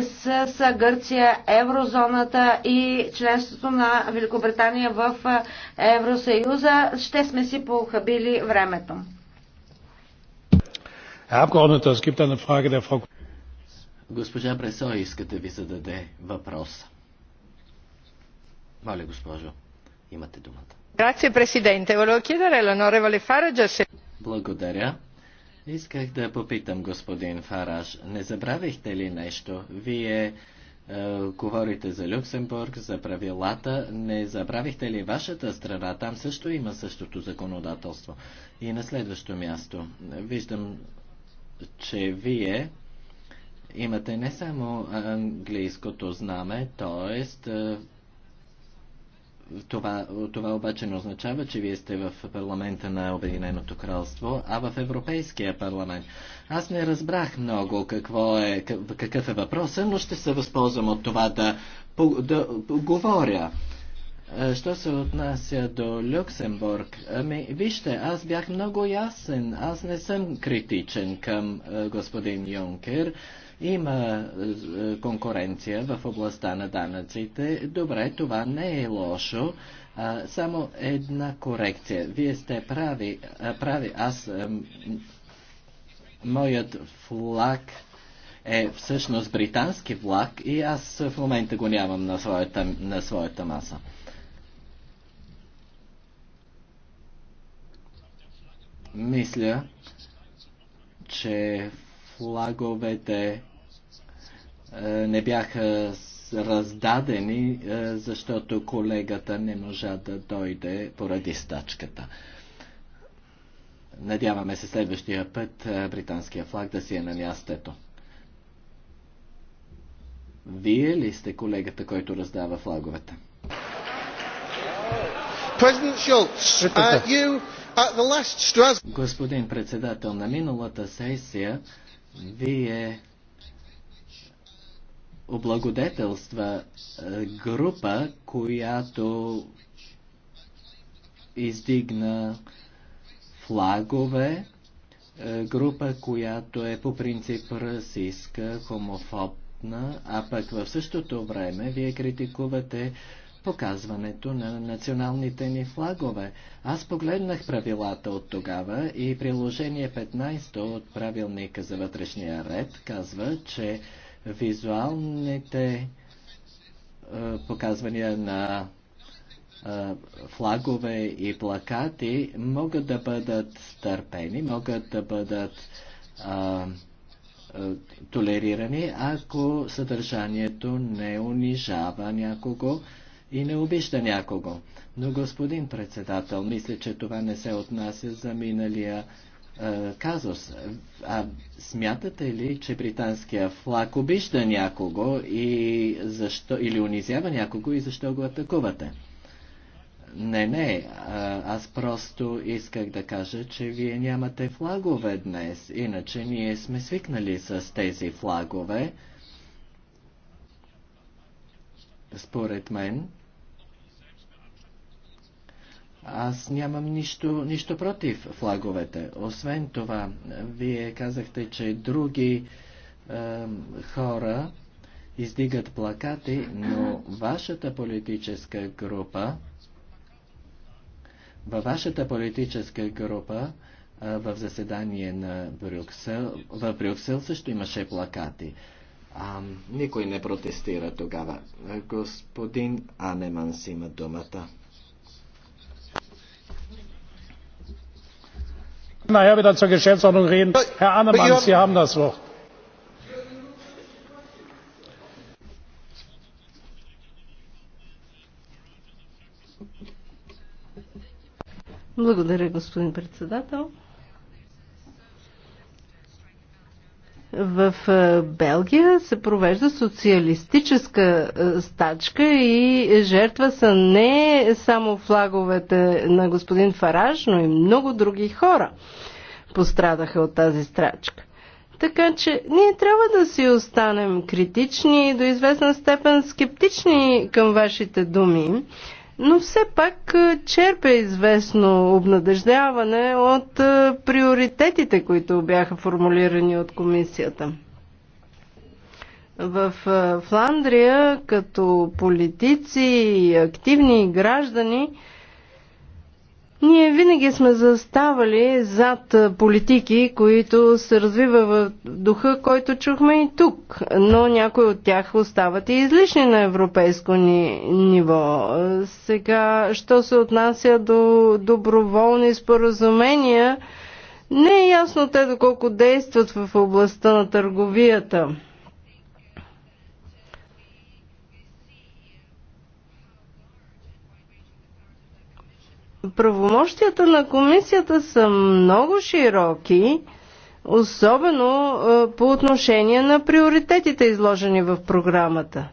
с, с Гърция, еврозоната и членството на Великобритания в Евросъюза, ще сме си похабили времето. Herr Abgeordneter, es gibt eine Frage der Frau. Госпожа Бресо искате ви зададе въпрос. Моля, госпожо, имате думата. Grazie Presidente, volevo chiedere all'onorevole Farage se... Благодаря. Исках да попитам господин Фараж, не забравихте ли нещо? Вие е, говорите за Люксембург, за правилата. Не забравихте ли вашата страна? Там също има същото законодателство. И на следващо място. Виждам че вие имате не само английското знаме, т.е. Това, това обаче не означава, че вие сте в парламента на Обединеното кралство, а в Европейския парламент. Аз не разбрах много какво е, какъв е въпросът, но ще се възползвам от това да, да говоря. Е, що се отнася до Люксембург, ами, вижте, аз бях много ясен, аз не съм критичен към е, господин Юнкер. Има е, конкуренция в областта на данъците. Добре, това не е лошо. А, само една корекция. Вие сте прави. А, прави. Аз. А, моят флаг е всъщност британски влак и аз в момента го нямам на своята, на своята маса. Мисля, че флаговете е, не бяха раздадени, е, защото колегата не можа да дойде поради стачката. Надяваме се следващия път е, британския флаг да си е на мястото. Вие ли сте колегата, който раздава флаговете? Президент Шулц, uh, you Господин председател, на миналата сесия вие облагодетелства е, група, която издигна флагове, е, група, която е по принцип расистка, хомофобна, а пък в същото време вие критикувате показването на националните ни флагове. Аз погледнах правилата от тогава и приложение 15 от правилника за вътрешния ред казва, че визуалните е, показвания на е, флагове и плакати могат да бъдат търпени, могат да бъдат е, е, толерирани, ако съдържанието не унижава някого и не обижда някого. Но, господин председател, мисля, че това не се отнася за миналия е, казус. А смятате ли, че британския флаг обижда някого и защо, или унизява някого и защо го атакувате? Не, не, аз просто исках да кажа, че вие нямате флагове днес, иначе ние сме свикнали с тези флагове. Според мен, аз нямам нищо, нищо против флаговете. Освен това, вие казахте, че други е, хора издигат плакати, но вашата политическа група, във вашата политическа група, е, в заседание на Брюксел, в Брюксел също имаше плакати. А, никой не протестира тогава. Господин Анеманс има думата. nachher wieder zur geschäftsordnung reden. herr annemann sie haben das wort. В е, Белгия се провежда социалистическа е, стачка и жертва са не само флаговете на господин Фараж, но и много други хора пострадаха от тази стачка. Така че ние трябва да си останем критични и до известна степен скептични към вашите думи но все пак е, черпя известно обнадеждаване от е, приоритетите, които бяха формулирани от комисията. В е, Фландрия, като политици и активни граждани, ние винаги сме заставали зад политики, които се развива в духа, който чухме и тук, но някои от тях остават и излишни на европейско ни, ниво. Сега, що се отнася до доброволни споразумения, не е ясно те доколко действат в областта на търговията. правомощията на комисията са много широки, особено по отношение на приоритетите, изложени в програмата.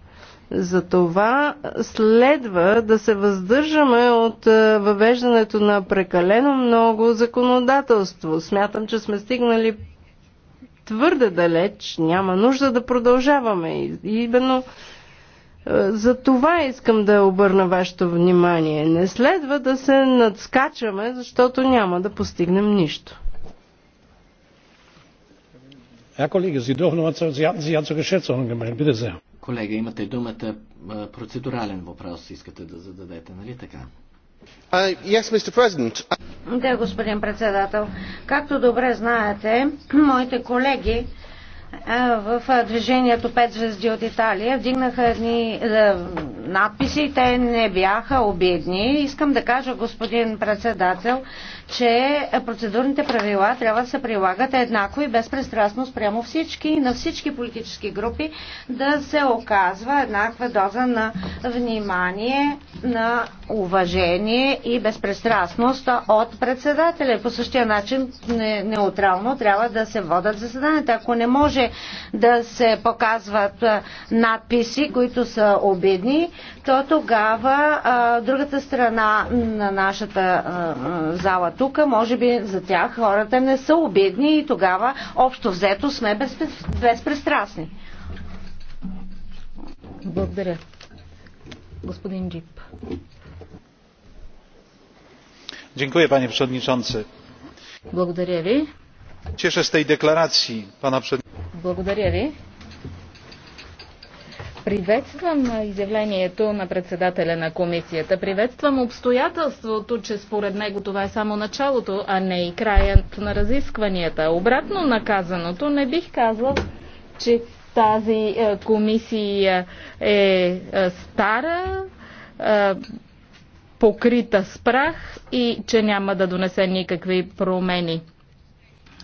Затова следва да се въздържаме от въвеждането на прекалено много законодателство. Смятам, че сме стигнали твърде далеч, няма нужда да продължаваме. Именно е, за това искам да обърна вашето внимание. Не следва да се надскачаме, защото няма да постигнем нищо. Колега, имате думата. Е, процедурален въпрос искате да зададете, нали така? Uh, да, господин председател. Както добре знаете, моите колеги в движението 5 звезди от Италия вдигнаха едни е, надписи и те не бяха обидни. Искам да кажа, господин председател, че процедурните правила трябва да се прилагат еднакво и безпристрастно спрямо всички и на всички политически групи да се оказва еднаква доза на внимание, на уважение и безпристрастност от председателя. По същия начин не, неутрално трябва да се водат заседанията. Ако не може да се показват надписи, които са обидни, то тогава а, другата страна на нашата а, зала тук, може би за тях хората не са обидни и тогава общо взето сме безпристрастни. Благодаря. Господин Джип. Dziękuję, panie przewodniczący. Благодаря ви. Cieszę z tej deklaracji pana przewodniczącego. Благодаря ви. Приветствам изявлението на председателя на комисията. Приветствам обстоятелството, че според него това е само началото, а не и краят на разискванията. Обратно наказаното не бих казал, че тази е, комисия е, е стара, е, покрита с прах и че няма да донесе никакви промени.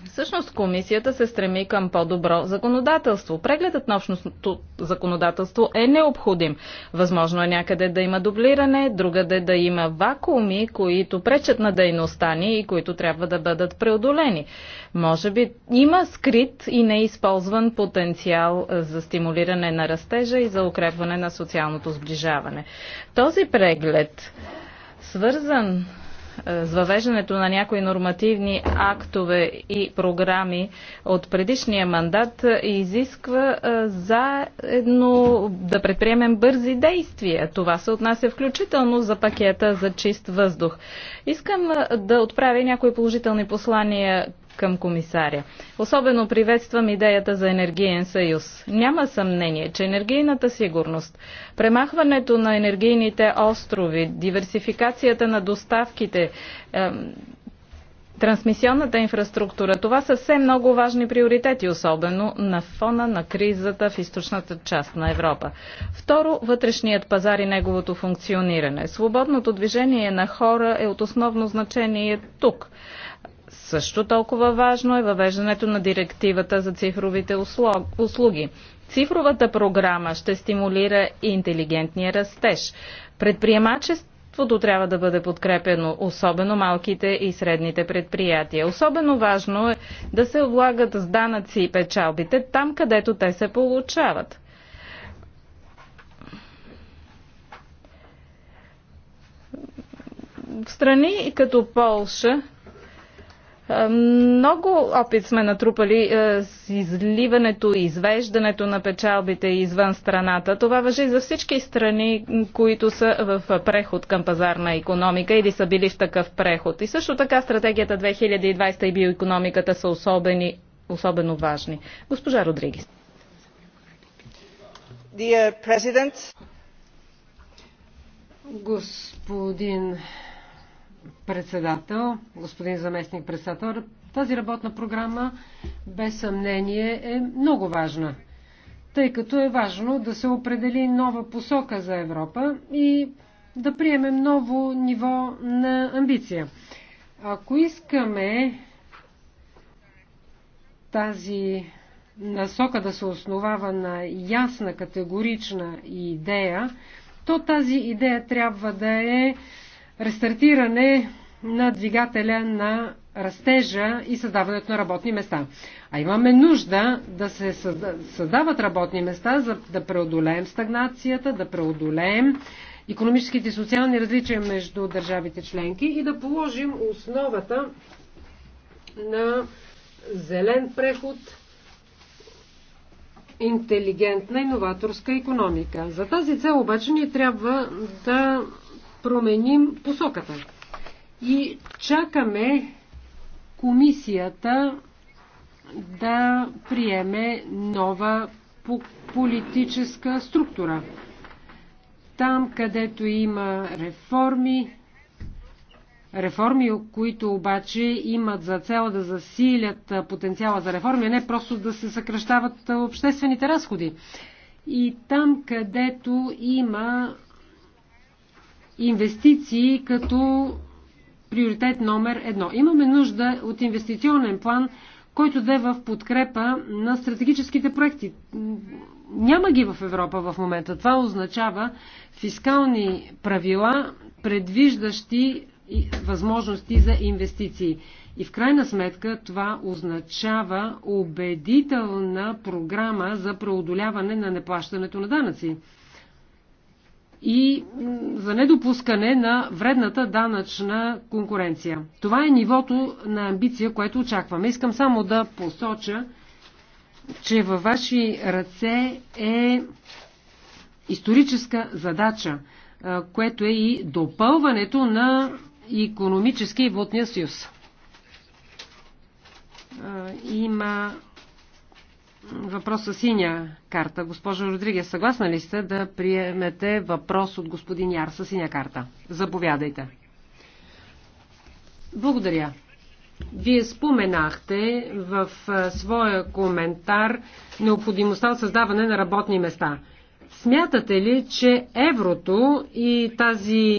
Всъщност комисията се стреми към по-добро законодателство. Прегледът на общностното законодателство е необходим. Възможно е някъде да има дублиране, другаде да има вакууми, които пречат на дейността ни и които трябва да бъдат преодолени. Може би има скрит и неизползван потенциал е, за стимулиране на растежа и за укрепване на социалното сближаване. Този преглед, свързан с въвеждането на някои нормативни актове и програми от предишния мандат е, изисква е, заедно да предприемем бързи действия. Това се отнася включително за пакета за чист въздух. Искам е, да отправя някои положителни послания към комисаря. Особено приветствам идеята за енергиен съюз. Няма съмнение, че енергийната сигурност, премахването на енергийните острови, диверсификацията на доставките, трансмисионната инфраструктура, това са все много важни приоритети, особено на фона на кризата в източната част на Европа. Второ, вътрешният пазар и неговото функциониране. Свободното движение на хора е от основно значение тук. Също толкова важно е въвеждането на директивата за цифровите услуги. Цифровата програма ще стимулира и интелигентния растеж. Предприемачеството трябва да бъде подкрепено, особено малките и средните предприятия. Особено важно е да се облагат с данъци и печалбите там, където те се получават. В страни като Полша, е, много опит сме натрупали е, с изливането и извеждането на печалбите извън страната. Това въжи за всички страни, които са в преход към пазарна економика или са били в такъв преход. И също така стратегията 2020 и биоекономиката са особени, особено важни. Госпожа Родригес. Господин председател, господин заместник председател. Тази работна програма без съмнение е много важна, тъй като е важно да се определи нова посока за Европа и да приемем ново ниво на амбиция. Ако искаме тази насока да се основава на ясна, категорична идея, то тази идея трябва да е рестартиране на двигателя на растежа и създаването на работни места. А имаме нужда да се създават работни места, за да преодолеем стагнацията, да преодолеем економическите и социални различия между държавите членки и да положим основата на зелен преход, интелигентна иноваторска економика. За тази цел обаче ние трябва да променим посоката. И чакаме комисията да приеме нова политическа структура. Там, където има реформи, реформи, които обаче имат за цел да засилят потенциала за реформи, а не просто да се съкръщават обществените разходи. И там, където има инвестиции като приоритет номер едно. Имаме нужда от инвестиционен план, който да е в подкрепа на стратегическите проекти. Няма ги в Европа в момента. Това означава фискални правила, предвиждащи възможности за инвестиции. И в крайна сметка това означава убедителна програма за преодоляване на неплащането на данъци и за недопускане на вредната данъчна конкуренция. Това е нивото на амбиция, което очакваме. Искам само да посоча, че във ваши ръце е историческа задача, което е и допълването на економически и водния съюз. Има въпрос с синя карта. Госпожо Родригес, съгласна ли сте да приемете въпрос от господин Яр с синя карта? Заповядайте. Благодаря. Вие споменахте в своя коментар необходимостта от създаване на работни места. Смятате ли, че еврото и тази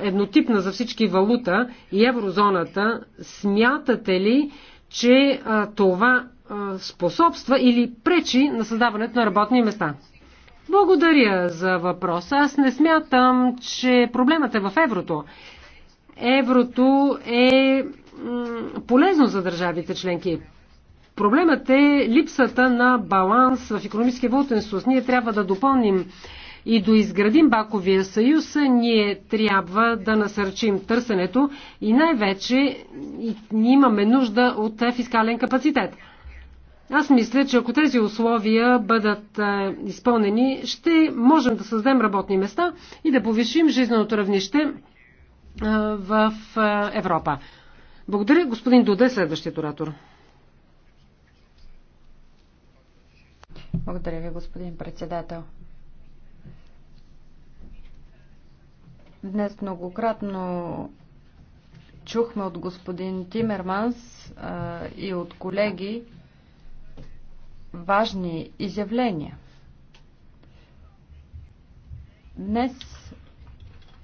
еднотипна за всички валута и еврозоната, смятате ли, че а, това способства или пречи на създаването на работни места? Благодаря за въпроса. Аз не смятам, че проблемът е в еврото. Еврото е полезно за държавите членки. Проблемът е липсата на баланс в економическия валутен съюз. Ние трябва да допълним и доизградим Баковия съюз. Ние трябва да насърчим търсенето и най-вече имаме нужда от фискален капацитет. Аз мисля, че ако тези условия бъдат е, изпълнени, ще можем да създадем работни места и да повишим жизненото равнище е, в е, Европа. Благодаря. Господин Дуде, следващият оратор. Благодаря ви, господин председател. Днес многократно чухме от господин Тимерманс а, и от колеги, важни изявления. Днес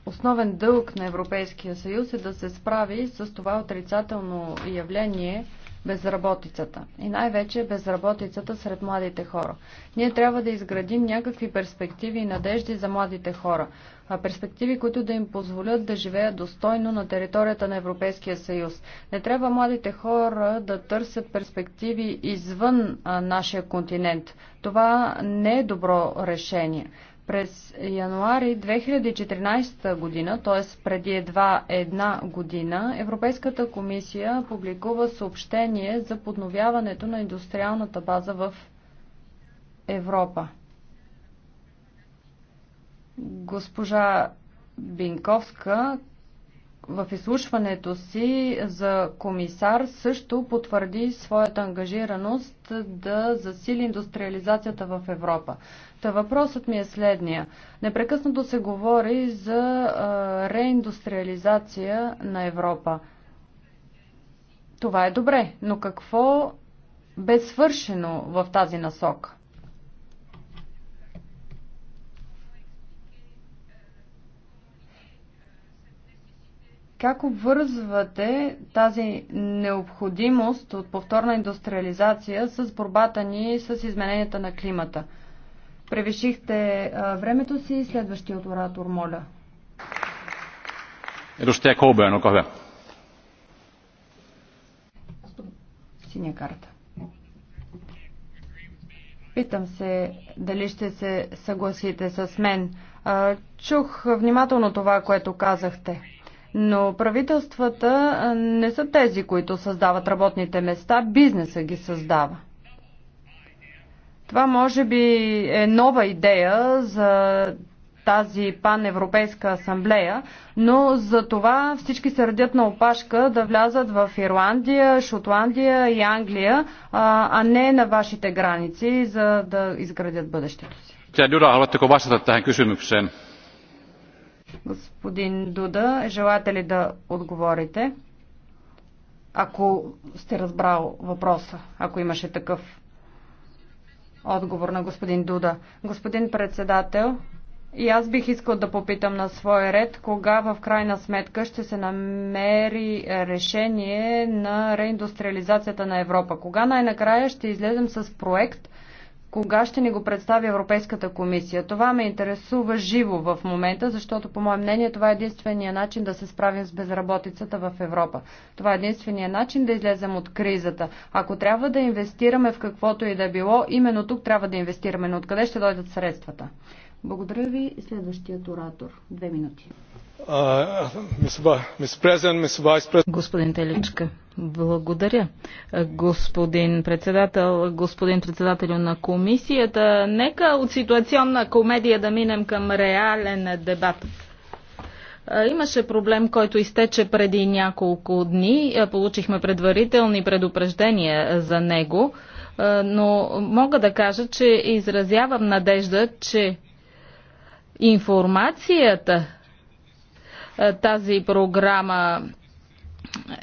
основен дълг на Европейския съюз е да се справи с това отрицателно явление – безработицата и най-вече безработицата сред младите хора. Ние трябва да изградим някакви перспективи и надежди за младите хора, а перспективи, които да им позволят да живеят достойно на територията на Европейския съюз. Не трябва младите хора да търсят перспективи извън а, нашия континент. Това не е добро решение. През януари 2014 година, т.е. преди едва една година, Европейската комисия публикува съобщение за подновяването на индустриалната база в Европа. Госпожа Бинковска в изслушването си за комисар също потвърди своята ангажираност да засили индустриализацията в Европа. Та въпросът ми е следния. Непрекъснато се говори за реиндустриализация на Европа. Това е добре, но какво бе свършено в тази насока? Как обвързвате тази необходимост от повторна индустриализация с борбата ни с измененията на климата? Превишихте времето си. Следващият оратор, моля. Edustaja Coburn, olkaa hyvä. Синя карта. Питам се дали ще се съгласите с мен. Чух внимателно това, което казахте. Но правителствата не са тези, които създават работните места, бизнеса ги създава. Това може би е нова идея за тази паневропейска асамблея, но за това всички се радят на опашка да влязат в Ирландия, Шотландия и Англия, а не на вашите граници, за да изградят бъдещето си. Господин Дуда, желаете ли да отговорите? Ако сте разбрал въпроса, ако имаше такъв отговор на господин Дуда. Господин председател, и аз бих искал да попитам на свой ред, кога в крайна сметка ще се намери решение на реиндустриализацията на Европа. Кога най-накрая ще излезем с проект, кога ще ни го представи Европейската комисия. Това ме интересува живо в момента, защото по мое мнение това е единствения начин да се справим с безработицата в Европа. Това е единствения начин да излезем от кризата. Ако трябва да инвестираме в каквото и да било, именно тук трябва да инвестираме, но откъде ще дойдат средствата? Благодаря ви. Следващият оратор. Две минути. Господин Теличка, благодаря. Господин председател, господин председател на комисията, нека от ситуационна комедия да минем към реален дебат. Имаше проблем, който изтече преди няколко дни. Получихме предварителни предупреждения за него, но мога да кажа, че изразявам надежда, че информацията е, тази програма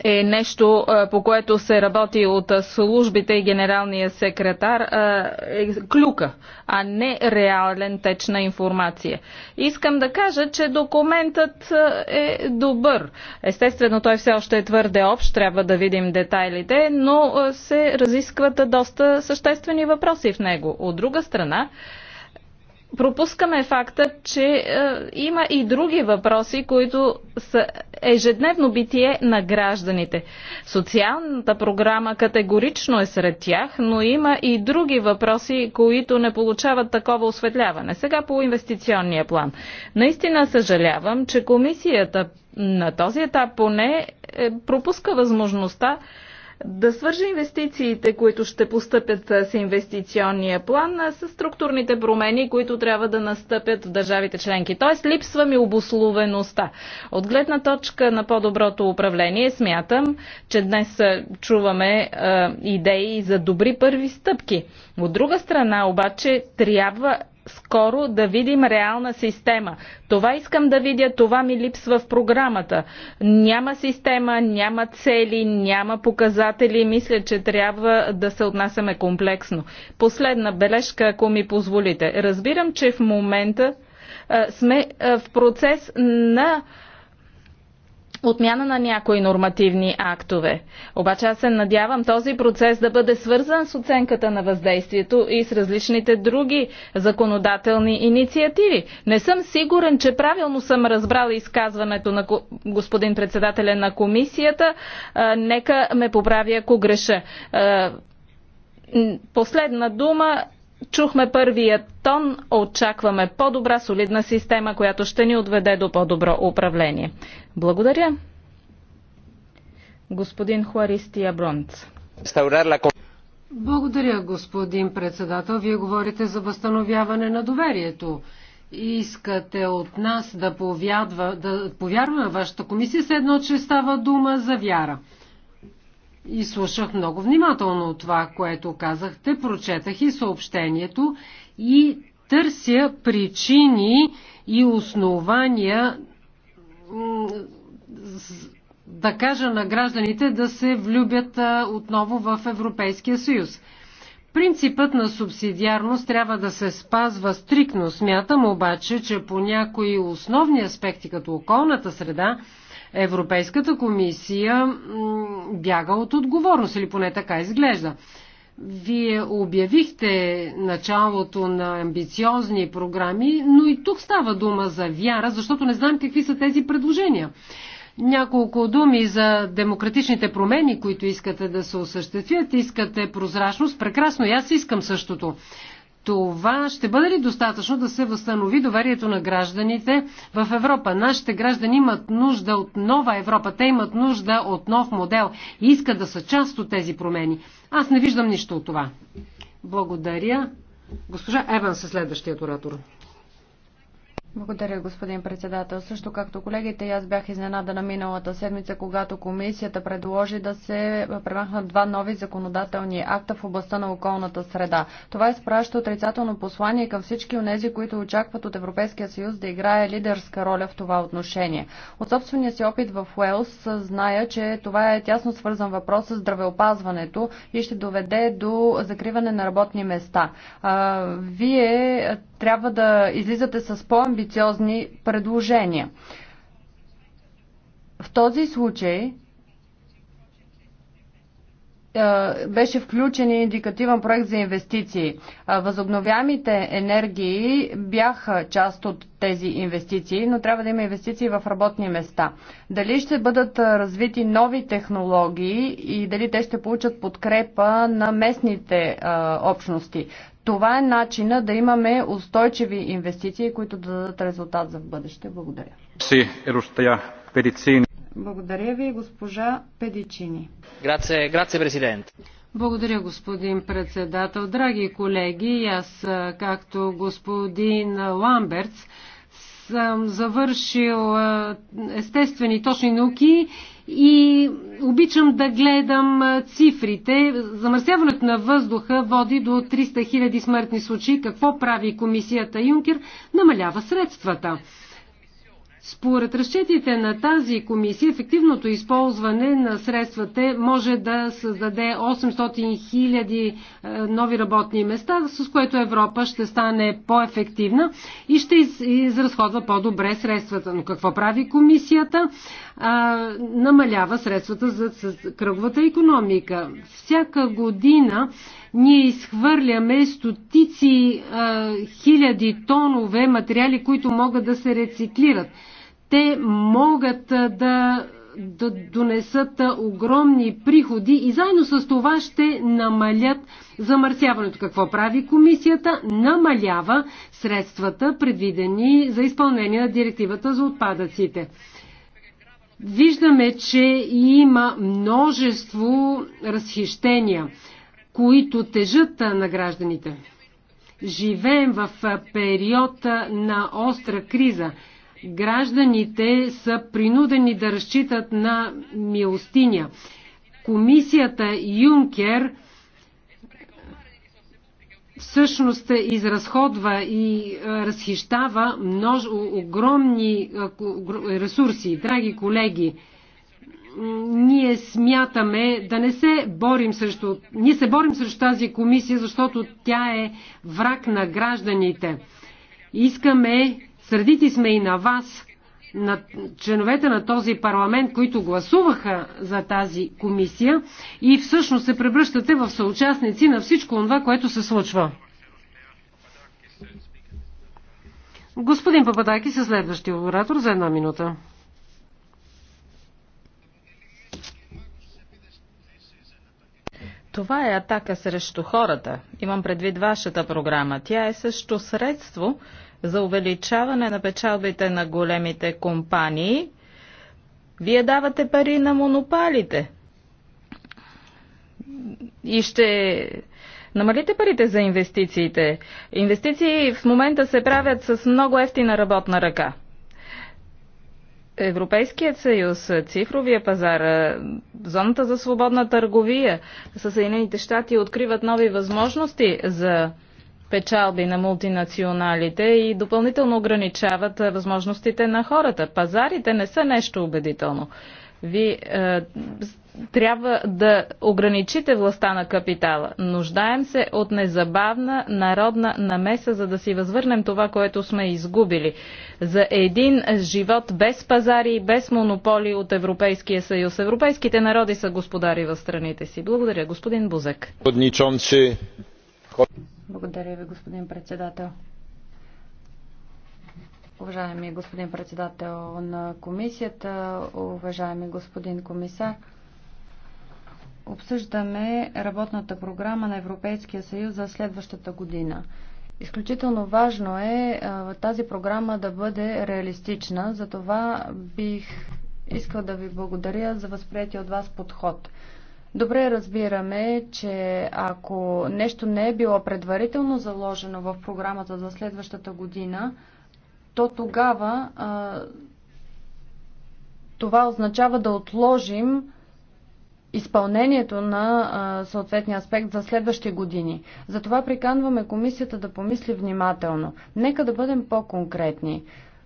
е нещо, е, по което се работи от службите и генералния секретар, е, е клюка, а не реален течна информация. Искам да кажа, че документът е добър. Естествено, той все още е твърде общ, трябва да видим детайлите, но се разискват доста съществени въпроси в него. От друга страна, пропускаме факта, че е, има и други въпроси, които са ежедневно битие на гражданите. Социалната програма категорично е сред тях, но има и други въпроси, които не получават такова осветляване. Сега по инвестиционния план. Наистина съжалявам, че комисията на този етап поне е, пропуска възможността да свържа инвестициите, които ще постъпят с инвестиционния план, с структурните промени, които трябва да настъпят в държавите членки. Тоест, липсва ми обословеността. От гледна точка на по-доброто управление, смятам, че днес чуваме е, идеи за добри първи стъпки. От друга страна, обаче, трябва скоро да видим реална система. Това искам да видя, това ми липсва в програмата. Няма система, няма цели, няма показатели. Мисля, че трябва да се отнасяме комплексно. Последна бележка, ако ми позволите. Разбирам, че в момента сме в процес на отмяна на някои нормативни актове. Обаче аз се надявам този процес да бъде свързан с оценката на въздействието и с различните други законодателни инициативи. Не съм сигурен, че правилно съм разбрал изказването на господин председателя на комисията. Нека ме поправи ако греша. Последна дума Чухме първия тон, очакваме по-добра солидна система, която ще ни отведе до по-добро управление. Благодаря. Господин Хуаристия Бронц. Благодаря, господин председател. Вие говорите за възстановяване на доверието. Искате от нас да, повядва, да повярваме вашата комисия, след едно, че става дума за вяра и слушах много внимателно това, което казахте, прочетах и съобщението и търся причини и основания да кажа на гражданите да се влюбят отново в Европейския съюз. Принципът на субсидиарност трябва да се спазва стрикно. Смятам обаче, че по някои основни аспекти, като околната среда, Европейската комисия бяга от отговорност, или поне така изглежда. Вие обявихте началото на амбициозни програми, но и тук става дума за вяра, защото не знам какви са тези предложения. Няколко думи за демократичните промени, които искате да се осъществят. Искате прозрачност. Прекрасно, и аз искам същото това ще бъде ли достатъчно да се възстанови доверието на гражданите в Европа? Нашите граждани имат нужда от нова Европа, те имат нужда от нов модел и искат да са част от тези промени. Аз не виждам нищо от това. Благодаря. Госпожа Еван със е следващият оратор. Благодаря, господин председател. Също както колегите, аз бях изненадана миналата седмица, когато комисията предложи да се премахнат два нови законодателни акта в областта на околната среда. Това изпраща отрицателно послание към всички от тези, които очакват от Европейския съюз да играе лидерска роля в това отношение. От собствения си опит в Уелс зная, че това е тясно свързан въпрос с здравеопазването и ще доведе до закриване на работни места. Вие трябва да излизате с по-амбициозни предложения. В този случай е, беше включен индикативен проект за инвестиции. Е, възобновяемите енергии бяха част от тези инвестиции, но трябва да има инвестиции в работни места. Дали ще бъдат е, развити нови технологии и дали те ще получат подкрепа на местните общности? Това е начина да имаме устойчиви инвестиции, които да дадат резултат за в бъдеще. Благодаря. Си, ерустая, Благодаря ви, госпожа Педичини. Грация, грация, президент. Благодаря, господин председател. Драги колеги, аз, както господин Ламберц, съм завършил естествени точни науки и обичам да гледам цифрите. Замърсяването на въздуха води до 300 000 смъртни случаи. Какво прави комисията Юнкер? Намалява средствата. Според разчетите на тази комисия, ефективното използване на средствата може да създаде 800 000 е, нови работни места, с което Европа ще стане по-ефективна и ще изразходва по-добре средствата. Но какво прави комисията? а, намалява средствата за, кръговата економика. Всяка година ние изхвърляме стотици а, хиляди тонове материали, които могат да се рециклират. Те могат да, да донесат огромни приходи и заедно с това ще намалят замърсяването. Какво прави комисията? Намалява средствата, предвидени за изпълнение на директивата за отпадъците. Виждаме, че има множество разхищения, които тежат на гражданите. Живеем в период на остра криза. Гражданите са принудени да разчитат на милостиня. Комисията Юнкер – всъщност изразходва и разхищава множ... огромни ресурси. Драги колеги, ние смятаме да не се борим срещу... Ние се борим срещу тази комисия, защото тя е враг на гражданите. Искаме, сърдити сме и на вас, на членовете на този парламент, които гласуваха за тази комисия и всъщност се превръщате в съучастници на всичко това, което се случва. Господин Пападаки със е следващия оратор за една минута. Това е атака срещу хората. Имам предвид вашата програма. Тя е също средство, за увеличаване на печалбите на големите компании, вие давате пари на монопалите. И ще намалите парите за инвестициите. Инвестиции в момента се правят с много ефтина работна ръка. Европейският съюз, цифровия пазар, зоната за свободна търговия Съединените щати откриват нови възможности за печалби на мултинационалите и допълнително ограничават е, възможностите на хората. Пазарите не са нещо убедително. Ви е, трябва да ограничите властта на капитала. Нуждаем се от незабавна народна намеса, за да си възвърнем това, което сме изгубили. За един живот без пазари и без монополи от Европейския съюз. Европейските народи са господари в страните си. Благодаря, господин Бузек. Благодаря ви, господин председател. Уважаеми господин председател на комисията, уважаеми господин комисар, обсъждаме работната програма на Европейския съюз за следващата година. Изключително важно е тази програма да бъде реалистична, затова бих искал да ви благодаря за възприятие от вас подход. Добре разбираме, че ако нещо не е било предварително заложено в програмата за следващата година, то тогава а, това означава да отложим изпълнението на а, съответния аспект за следващи години. Затова приканваме комисията да помисли внимателно. Нека да бъдем по-конкретни.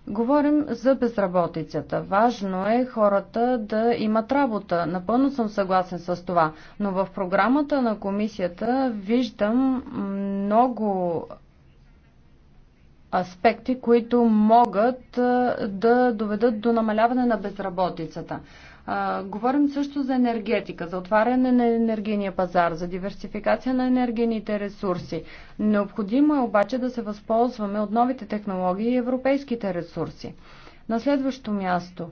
Говорим за безработицата. Важно е хората да имат работа. Напълно съм съгласен с това. Но в програмата на комисията виждам много аспекти, които могат да доведат до намаляване на безработицата. А, говорим също за енергетика, за отваряне на енергийния пазар, за диверсификация на енергийните ресурси. Необходимо е обаче да се възползваме от новите технологии и европейските ресурси. На следващо място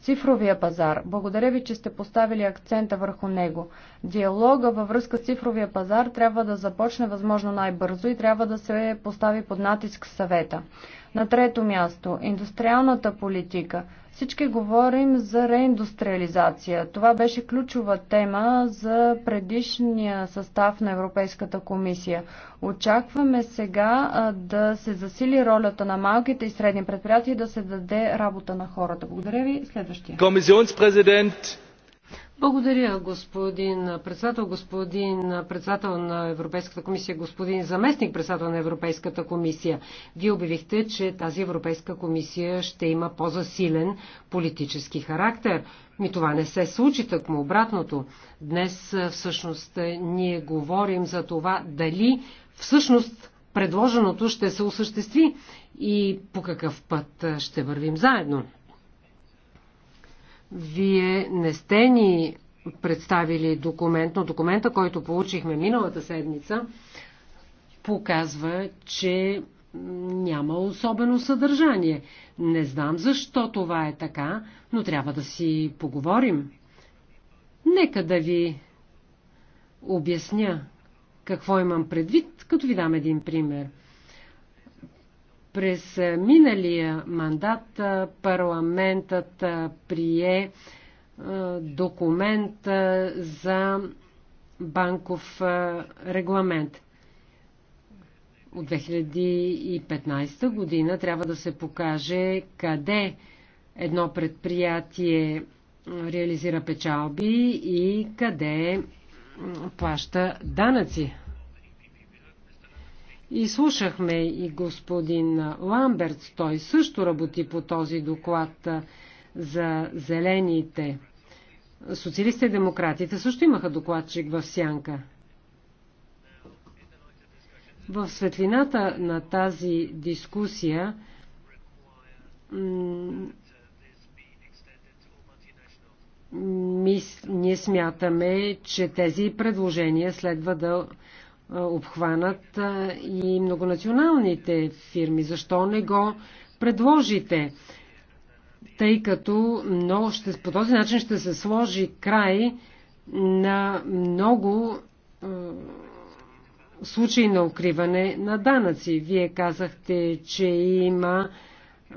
цифровия пазар. Благодаря ви, че сте поставили акцента върху него. Диалога във връзка с цифровия пазар трябва да започне възможно най-бързо и трябва да се постави под натиск съвета. На трето място, индустриалната политика. Всички говорим за реиндустриализация. Това беше ключова тема за предишния състав на Европейската комисия. Очакваме сега да се засили ролята на малките и средни предприятия и да се даде работа на хората. Благодаря ви. Следващия. президент благодаря, господин председател, господин председател на Европейската комисия, господин заместник председател на Европейската комисия. Вие обявихте, че тази Европейска комисия ще има по-засилен политически характер. Ми това не се случи, так му обратното. Днес всъщност ние говорим за това дали всъщност предложеното ще се осъществи и по какъв път ще вървим заедно. Вие не сте ни представили документ, но документа, който получихме миналата седмица, показва, че няма особено съдържание. Не знам защо това е така, но трябва да си поговорим. Нека да ви обясня какво имам предвид, като ви дам един пример – през е, миналия мандат е, парламентът е, прие документ за банков регламент. От 2015 година трябва да се покаже къде едно предприятие реализира печалби и къде плаща данъци. И слушахме и господин Ламберт, той също работи по този доклад за зелените. Социалистите и демократите също имаха докладчик в Сянка. В светлината на тази дискусия ние смятаме, че тези предложения следва да обхванат и многонационалните фирми. Защо не го предложите? Тъй като но ще, по този начин ще се сложи край на много е, случаи на укриване на данъци. Вие казахте, че има е,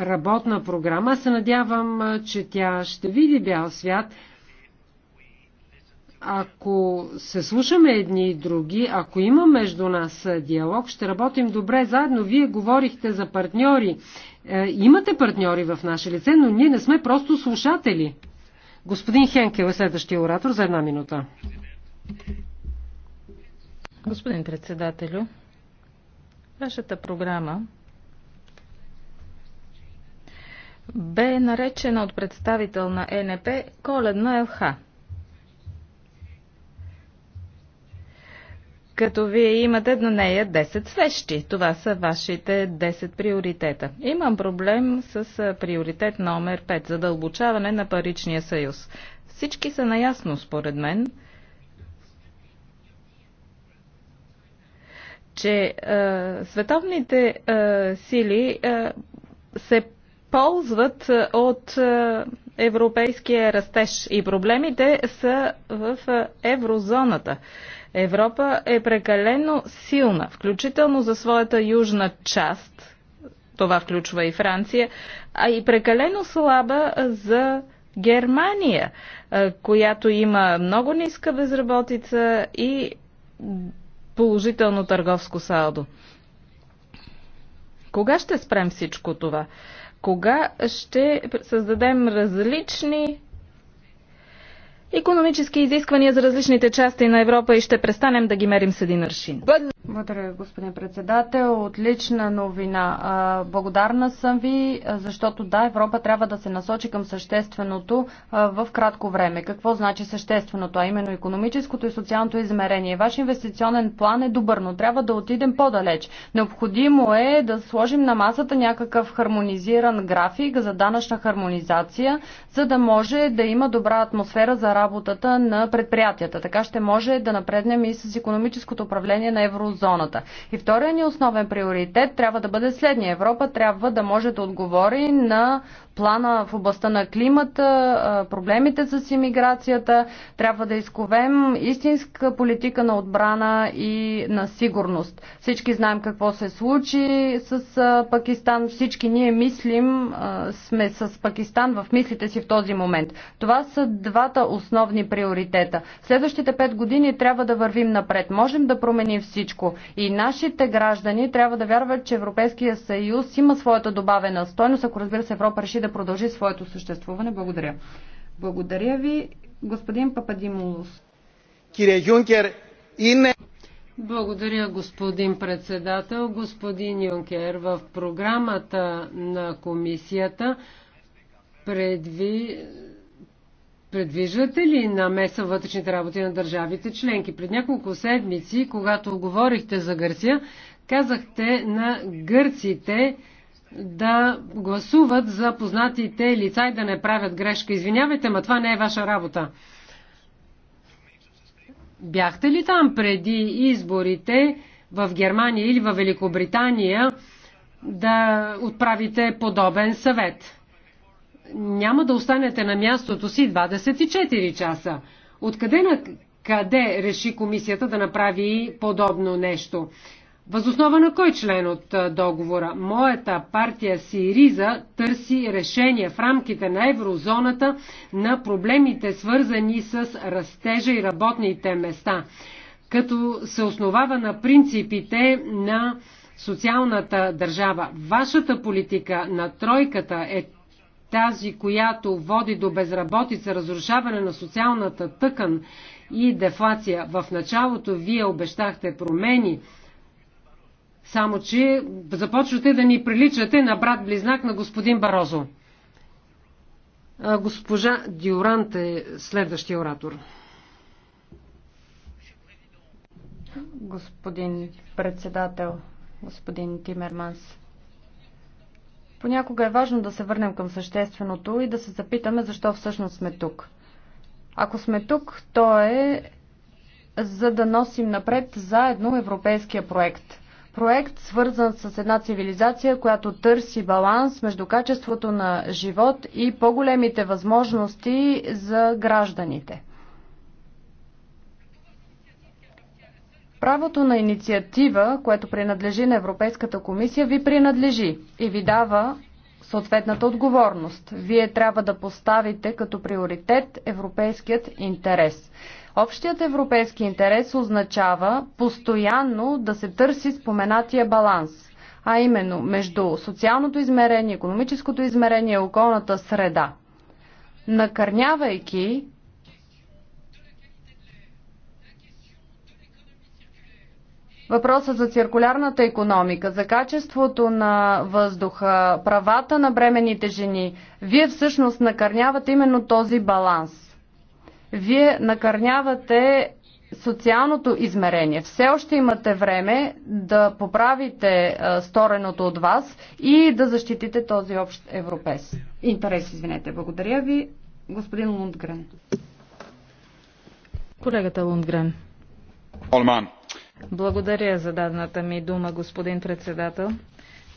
работна програма. Аз се надявам, че тя ще види бял свят. Ако се слушаме едни и други, ако има между нас е, диалог, ще работим добре заедно. Вие говорихте за партньори. Е, имате партньори в наше лице, но ние не сме просто слушатели. Господин Хенкел е следващия оратор за една минута. Господин председателю, вашата програма бе наречена от представител на НП Коледна ЛХ. като вие имате на нея 10 свещи. Това са вашите 10 приоритета. Имам проблем с приоритет номер 5 – задълбочаване на паричния съюз. Всички са наясно, според мен, че е, световните е, сили е, се ползват от е, европейския растеж и проблемите са в е, еврозоната. Европа е прекалено силна, включително за своята южна част, това включва и Франция, а и прекалено слаба за Германия, която има много ниска безработица и положително търговско салдо. Кога ще спрем всичко това? Кога ще създадем различни економически изисквания за различните части на Европа и ще престанем да ги мерим с един аршин. Благодаря, господин председател. Отлична новина. Благодарна съм ви, защото да, Европа трябва да се насочи към същественото в кратко време. Какво значи същественото, а именно економическото и социалното измерение? Ваш инвестиционен план е добър, но трябва да отидем по-далеч. Необходимо е да сложим на масата някакъв хармонизиран график за данъчна хармонизация, за да може да има добра атмосфера за работата на предприятията. Така ще може да напреднем и с економическото управление на еврозоната. И втория ни основен приоритет трябва да бъде следния. Европа трябва да може да отговори на плана в областта на климата, проблемите с иммиграцията. Трябва да изковем истинска политика на отбрана и на сигурност. Всички знаем какво се случи с Пакистан. Всички ние мислим, сме с Пакистан в мислите си в този момент. Това са двата основни основни приоритета. В следващите пет години трябва да вървим напред. Можем да променим всичко. И нашите граждани трябва да вярват, че Европейския съюз има своята добавена стойност, ако разбира се Европа реши да продължи своето съществуване. Благодаря. Благодаря ви, господин Пападимулус. Кире Юнкер, не... Благодаря, господин председател. Господин Юнкер, в програмата на комисията предви Предвиждате ли намеса вътрешните работи на държавите членки? Пред няколко седмици, когато говорихте за Гърция, казахте на гърците да гласуват за познатите лица и да не правят грешка. Извинявайте, ма това не е ваша работа. Бяхте ли там преди изборите в Германия или в Великобритания да отправите подобен съвет? няма да останете на мястото си 24 часа. Откъде на къде реши комисията да направи подобно нещо? Възоснова на кой член от договора? Моята партия Сириза търси решение в рамките на еврозоната на проблемите свързани с растежа и работните места, като се основава на принципите на социалната държава. Вашата политика на тройката е тази, която води до безработица, разрушаване на социалната тъкан и дефлация. В началото вие обещахте промени, само че започвате да ни приличате на брат-близнак на господин Барозо. Госпожа Диорант е следващия оратор. Господин председател, господин Тимерманс, Понякога е важно да се върнем към същественото и да се запитаме защо всъщност сме тук. Ако сме тук, то е за да носим напред заедно европейския проект. Проект, свързан с една цивилизация, която търси баланс между качеството на живот и по-големите възможности за гражданите. Правото на инициатива, което принадлежи на Европейската комисия, ви принадлежи и ви дава съответната отговорност. Вие трябва да поставите като приоритет европейският интерес. Общият европейски интерес означава постоянно да се търси споменатия баланс, а именно между социалното измерение, економическото измерение и околната среда. Накърнявайки Въпроса за циркулярната економика, за качеството на въздуха, правата на бременните жени, вие всъщност накърнявате именно този баланс. Вие накърнявате социалното измерение. Все още имате време да поправите стореното от вас и да защитите този общ европейс. Интерес, извинете. Благодаря ви, господин Лундгрен. Колегата Лундгрен. Олман. Благодаря за дадната ми дума, господин председател.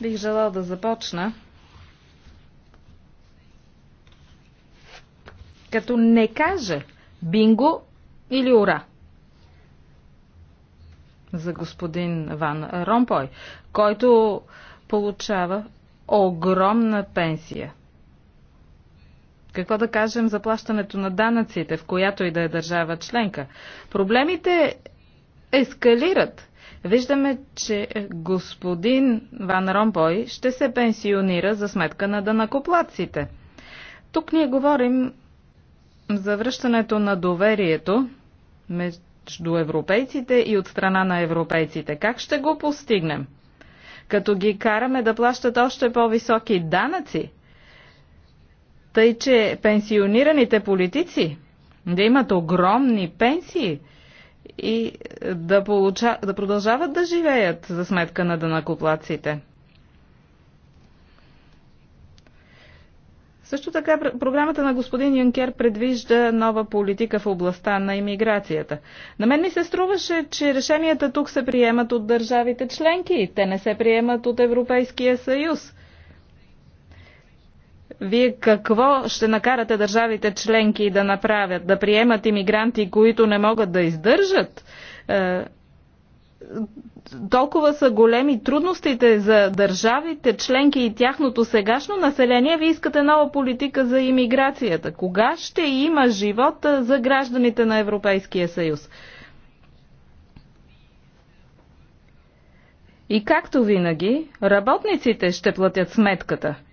Бих желал да започна като не кажа бинго или ура за господин Ван Ромпой, който получава огромна пенсия. Какво да кажем за плащането на данъците, в която и да е държава членка? Проблемите ескалират. Виждаме, че господин Ван Ромбой ще се пенсионира за сметка на дънакоплаците. Тук ние говорим за връщането на доверието между европейците и от страна на европейците. Как ще го постигнем? Като ги караме да плащат още по-високи данъци? Тъй, че пенсионираните политици да имат огромни пенсии – и да, получа, да продължават да живеят за сметка на дънакоплаците. Също така програмата на господин Юнкер предвижда нова политика в областта на иммиграцията. На мен ми се струваше, че решенията тук се приемат от държавите членки, те не се приемат от Европейския съюз. Вие какво ще накарате държавите членки да направят? Да приемат иммигранти, които не могат да издържат? Е, толкова са големи трудностите за държавите, членки и тяхното сегашно население, вие искате нова политика за иммиграцията. Кога ще има живот е, за гражданите на Европейския съюз? И както винаги, работниците ще платят сметката –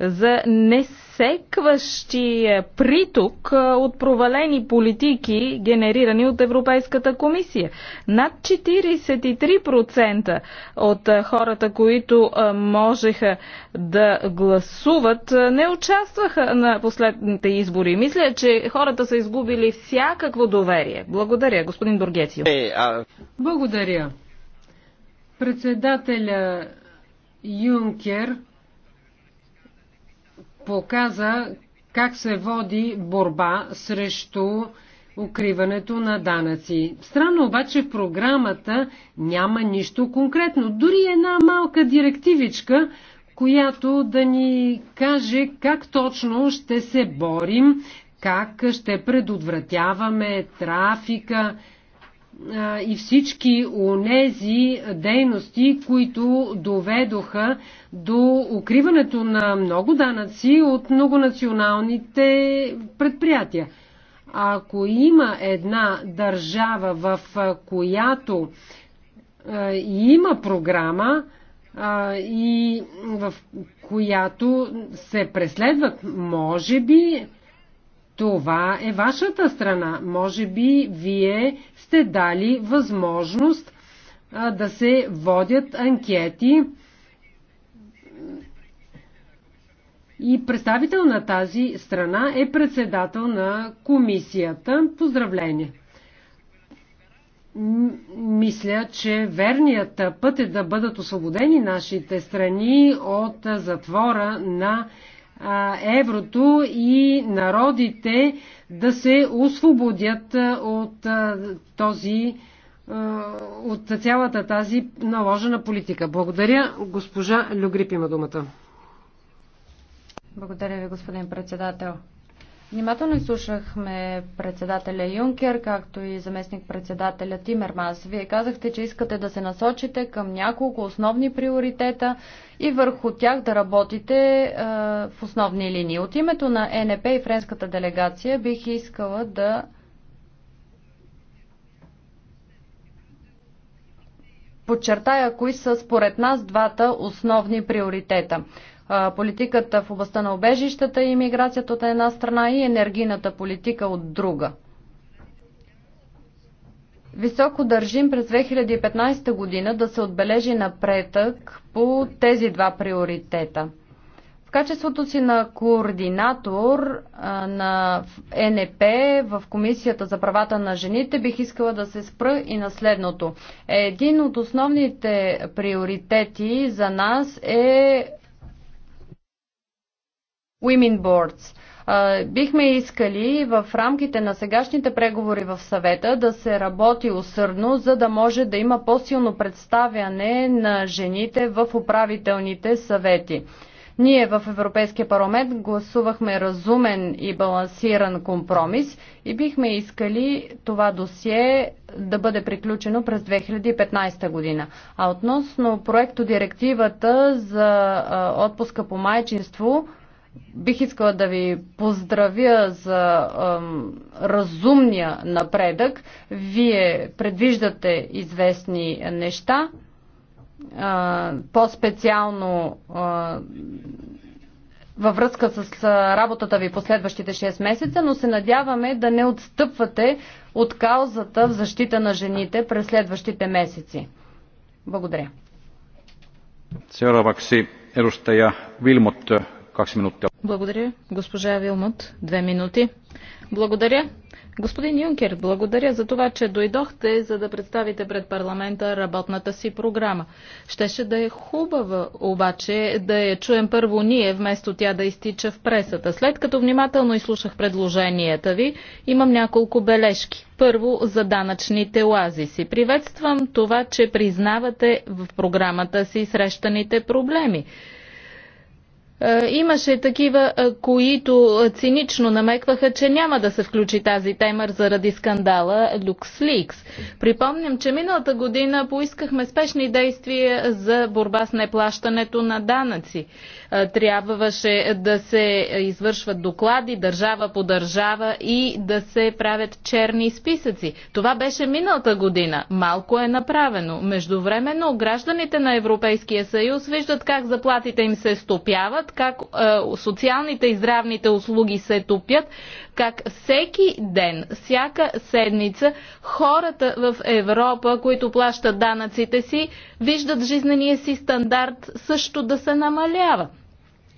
за несекващия е, приток е, от провалени политики, генерирани от Европейската комисия. Над 43% от е, хората, които можеха да гласуват, не участваха на последните избори. Мисля, че хората са изгубили всякакво доверие. Благодаря, господин Бургетио. Благодаря. Председателя Юнкер показа как се води борба срещу укриването на данъци. Странно обаче в програмата няма нищо конкретно. Дори една малка директивичка, която да ни каже как точно ще се борим, как ще предотвратяваме трафика, и всички онези дейности, които доведоха до укриването на много данъци от многонационалните предприятия. Ако има една държава, в която има програма и в която се преследват, може би това е вашата страна. Може би вие сте дали възможност а, да се водят анкети и представител на тази страна е председател на комисията. Поздравление! мисля, че верният път е да бъдат освободени нашите страни от затвора на еврото и народите да се освободят от този от цялата тази наложена политика. Благодаря. Госпожа Люгрип има думата. Благодаря ви, господин председател. Внимателно изслушахме председателя Юнкер, както и заместник-председателя Тимерманс. Вие казахте, че искате да се насочите към няколко основни приоритета и върху тях да работите е, в основни линии. От името на ЕНП и френската делегация бих искала да подчертая кои са според нас двата основни приоритета политиката в областта на обежищата и миграцията от една страна и енергийната политика от друга. Високо държим през 2015 година да се отбележи напретък по тези два приоритета. В качеството си на координатор на ЕНП в Комисията за правата на жените бих искала да се спра и на следното. Един от основните приоритети за нас е Women Boards. Бихме искали в рамките на сегашните преговори в съвета да се работи усърдно, за да може да има по-силно представяне на жените в управителните съвети. Ние в Европейския парламент гласувахме разумен и балансиран компромис и бихме искали това досие да бъде приключено през 2015 година. А относно проекто директивата за отпуска по майчинство, Бих искала да ви поздравя за ъм, разумния напредък. Вие предвиждате известни неща, по-специално във връзка с работата ви последващите 6 месеца, но се надяваме да не отстъпвате от каузата в защита на жените през следващите месеци. Благодаря. Seuraavaksi edustaja Vilmot благодаря. Госпожа Вилмут, две минути. Благодаря. Господин Юнкер, благодаря за това, че дойдохте, за да представите пред парламента работната си програма. Щеше да е хубава, обаче, да я чуем първо ние, вместо тя да изтича в пресата. След като внимателно изслушах предложенията ви, имам няколко бележки. Първо, за данъчните оазиси. Приветствам това, че признавате в програмата си срещаните проблеми. Е, имаше такива, е, които е, цинично намекваха, че няма да се включи тази тема заради скандала LuxLeaks. Припомням, че миналата година поискахме спешни действия за борба с неплащането на данъци. Е, трябваше да се извършват доклади държава по държава и да се правят черни списъци. Това беше миналата година. Малко е направено. Междувременно гражданите на Европейския съюз виждат как заплатите им се стопяват, как е, социалните и здравните услуги се топят, как всеки ден, всяка седмица хората в Европа, които плащат данъците си, виждат жизнения си стандарт също да се намалява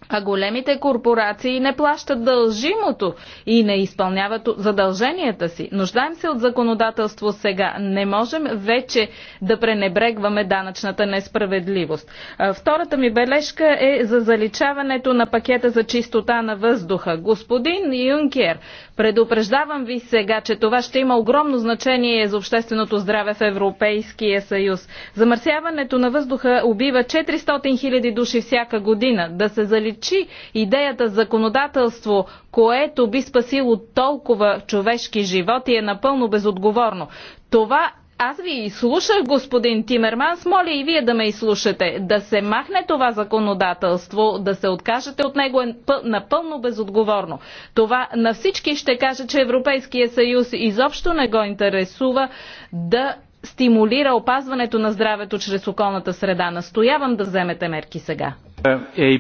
а големите корпорации не плащат дължимото и не изпълняват задълженията си. Нуждаем се от законодателство сега. Не можем вече да пренебрегваме данъчната несправедливост. Втората ми бележка е за заличаването на пакета за чистота на въздуха. Господин Юнкер, Предупреждавам ви сега, че това ще има огромно значение за общественото здраве в Европейския съюз. Замърсяването на въздуха убива 400 000 души всяка година. Да се заличи идеята за законодателство, което би спасило толкова човешки животи е напълно безотговорно. Това аз ви изслушах, господин Тимерманс, моля и вие да ме изслушате. Да се махне това законодателство, да се откажете от него е напълно безотговорно. Това на всички ще каже, че Европейския съюз изобщо не го интересува да стимулира опазването на здравето чрез околната среда. Настоявам да вземете мерки сега. Е, е,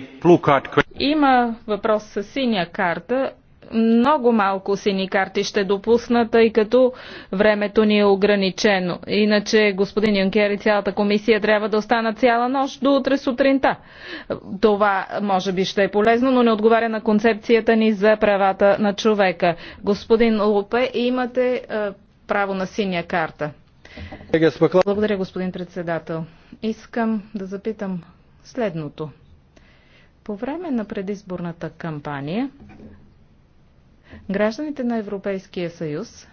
Има въпрос с синя карта много малко сини карти ще допусна, тъй като времето ни е ограничено. Иначе господин Юнкер и цялата комисия трябва да остана цяла нощ до утре сутринта. Това може би ще е полезно, но не отговаря на концепцията ни за правата на човека. Господин Лупе, имате е, право на синя карта. Благодаря, господин председател. Искам да запитам следното. По време на предизборната кампания Гражданите на Европейския съюз,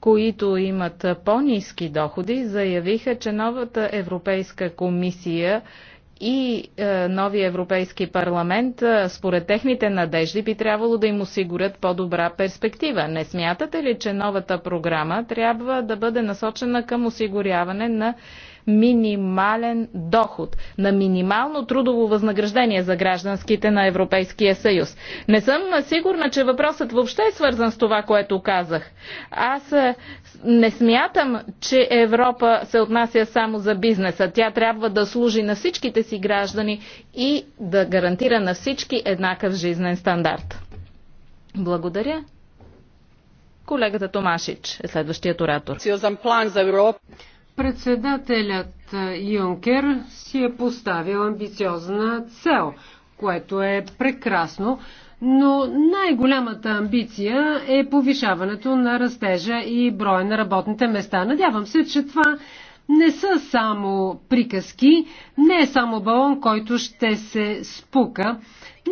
които имат по-низки доходи, заявиха, че новата Европейска комисия и е, новия Европейски парламент, е, според техните надежди, би трябвало да им осигурят по-добра перспектива. Не смятате ли, че новата програма трябва да бъде насочена към осигуряване на минимален доход, на минимално трудово възнаграждение за гражданските на Европейския съюз. Не съм сигурна, че въпросът въобще е свързан с това, което казах. Аз не смятам, че Европа се отнася само за бизнеса. Тя трябва да служи на всичките си граждани и да гарантира на всички еднакъв жизнен стандарт. Благодаря. Колегата Томашич е следващият оратор. план за Европа. Председателят Юнкер си е поставил амбициозна цел, което е прекрасно, но най-голямата амбиция е повишаването на растежа и броя на работните места. Надявам се, че това не са само приказки, не е само балон, който ще се спука.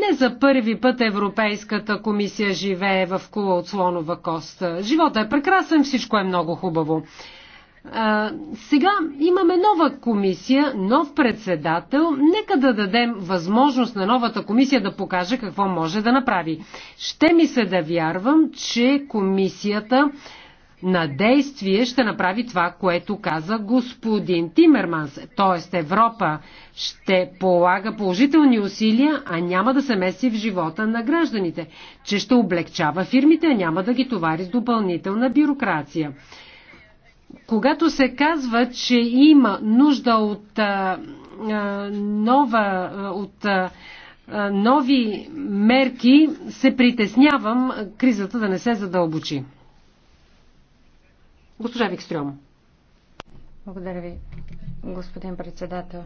Не за първи път Европейската комисия живее в кула от слонова кост. Живота е прекрасен, всичко е много хубаво. А, сега имаме нова комисия, нов председател. Нека да дадем възможност на новата комисия да покаже какво може да направи. Ще ми се да вярвам, че комисията на действие ще направи това, което каза господин Тимерманс. Т.е. Европа ще полага положителни усилия, а няма да се меси в живота на гражданите, че ще облегчава фирмите, а няма да ги товари с допълнителна бюрокрация. Когато се казва, че има нужда от а, нова, от а, нови мерки, се притеснявам кризата да не се задълбочи. Госпожа Викстрем. Благодаря ви, господин председател.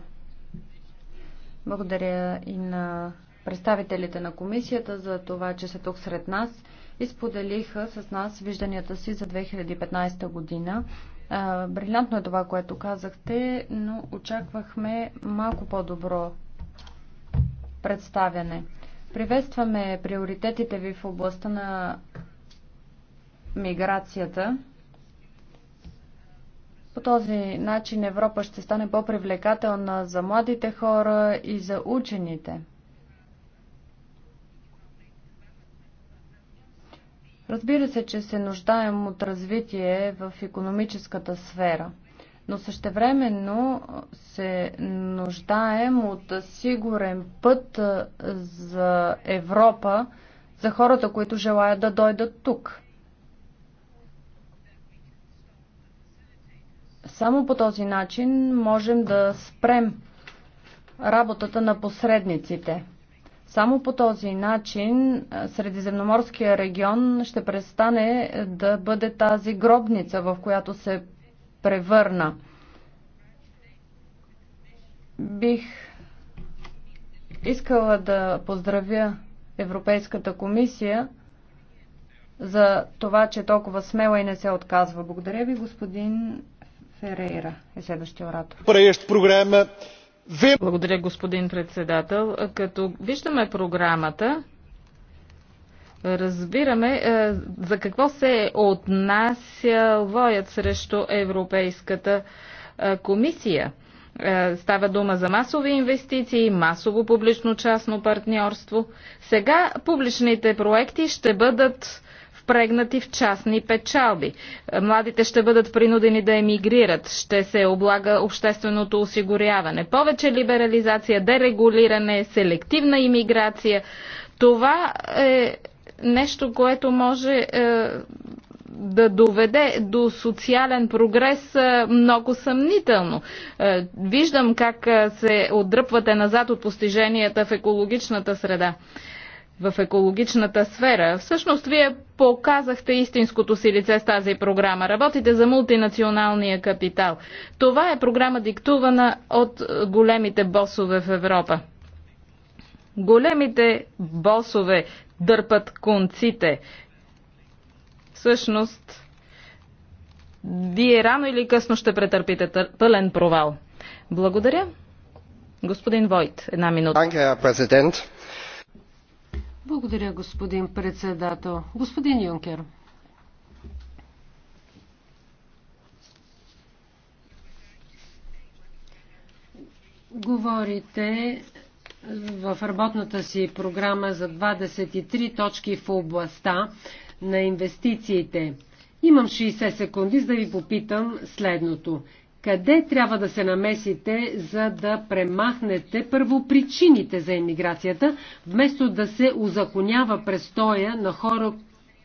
Благодаря и на представителите на комисията за това, че са тук сред нас и споделиха с нас вижданията си за 2015 година брилянтно е това, което казахте, но очаквахме малко по-добро представяне. Приветстваме приоритетите ви в областта на миграцията. По този начин Европа ще стане по-привлекателна за младите хора и за учените. Разбира се, че се нуждаем от развитие в економическата сфера, но същевременно се нуждаем от сигурен път за Европа, за хората, които желаят да дойдат тук. Само по този начин можем да спрем работата на посредниците. Само по този начин Средиземноморския регион ще престане е, да бъде тази гробница, в която се превърна. Бих искала да поздравя Европейската комисия за това, че толкова смела и не се отказва. Благодаря ви, господин Ферейра е следващия оратор. Благодаря, господин председател. Като виждаме програмата, разбираме е, за какво се е отнася воят срещу Европейската е, комисия. Е, става дума за масови инвестиции, масово публично-частно партньорство. Сега публичните проекти ще бъдат впрегнати в частни печалби. Младите ще бъдат принудени да емигрират, ще се облага общественото осигуряване. Повече либерализация, дерегулиране, селективна имиграция. Това е нещо, което може е, да доведе до социален прогрес е, много съмнително. Е, виждам как е, се отдръпвате назад от постиженията в екологичната среда в екологичната сфера. Всъщност, вие показахте истинското си лице с тази програма. Работите за мултинационалния капитал. Това е програма диктувана от големите босове в Европа. Големите босове дърпат конците. Всъщност, вие рано или късно ще претърпите пълен провал. Благодаря. Господин Войт, една минута. Благодаря, президент. Благодаря, господин председател. Господин Юнкер. Говорите в работната си програма за 23 точки в областта на инвестициите. Имам 60 секунди, за да ви попитам следното. Къде трябва да се намесите, за да премахнете първо причините за емиграцията, вместо да се узаконява престоя на хора,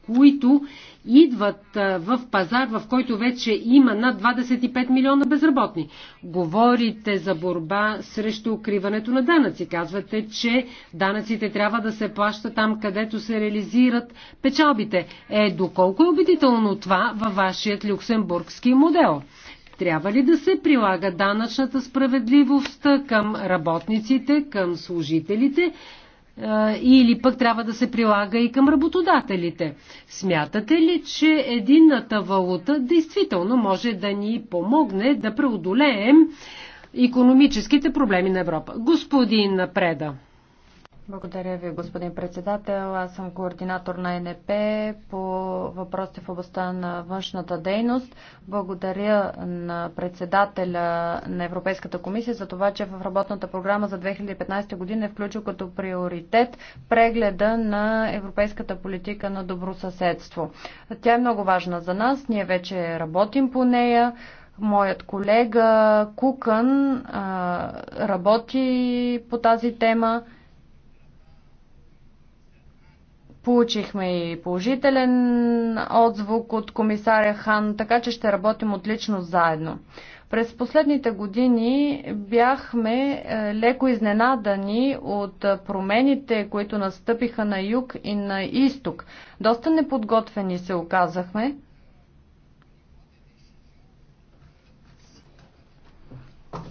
които идват в пазар, в който вече има над 25 милиона безработни. Говорите за борба срещу укриването на данъци. Казвате, че данъците трябва да се плащат там, където се реализират печалбите. Е, доколко е убедително това във вашият люксембургски модел? Трябва ли да се прилага данъчната справедливост към работниците, към служителите или пък трябва да се прилага и към работодателите? Смятате ли, че единната валута действително може да ни помогне да преодолеем економическите проблеми на Европа? Господин Преда. Благодаря ви, господин председател. Аз съм координатор на НП по въпросите в областта на външната дейност. Благодаря на председателя на Европейската комисия за това, че в работната програма за 2015 година е включил като приоритет прегледа на европейската политика на добросъседство. Тя е много важна за нас. Ние вече работим по нея моят колега Кукън а, работи по тази тема Получихме и положителен отзвук от комисаря Хан, така че ще работим отлично заедно. През последните години бяхме е, леко изненадани от промените, които настъпиха на юг и на изток. Доста неподготвени се оказахме,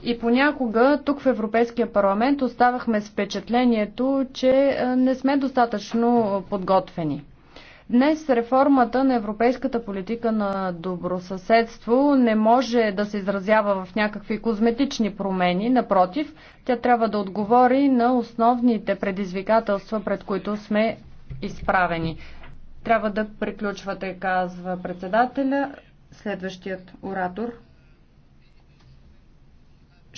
И понякога тук в Европейския парламент оставахме с впечатлението, че не сме достатъчно подготвени. Днес реформата на европейската политика на добросъседство не може да се изразява в някакви козметични промени. Напротив, тя трябва да отговори на основните предизвикателства, пред които сме изправени. Трябва да приключвате, казва председателя. Следващият оратор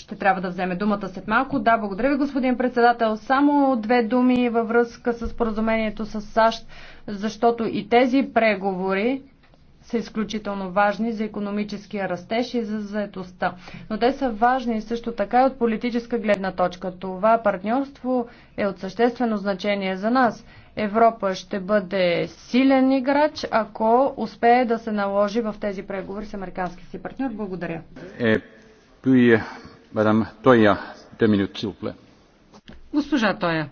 ще трябва да вземе думата след малко. Да, благодаря ви, господин председател. Само две думи във връзка с поразумението с САЩ, защото и тези преговори са изключително важни за економическия растеж и за заедостта. Но те са важни също така и от политическа гледна точка. Това партньорство е от съществено значение за нас. Европа ще бъде силен играч, ако успее да се наложи в тези преговори с американски си партньор. Благодаря. Е, Госпожа Тоя.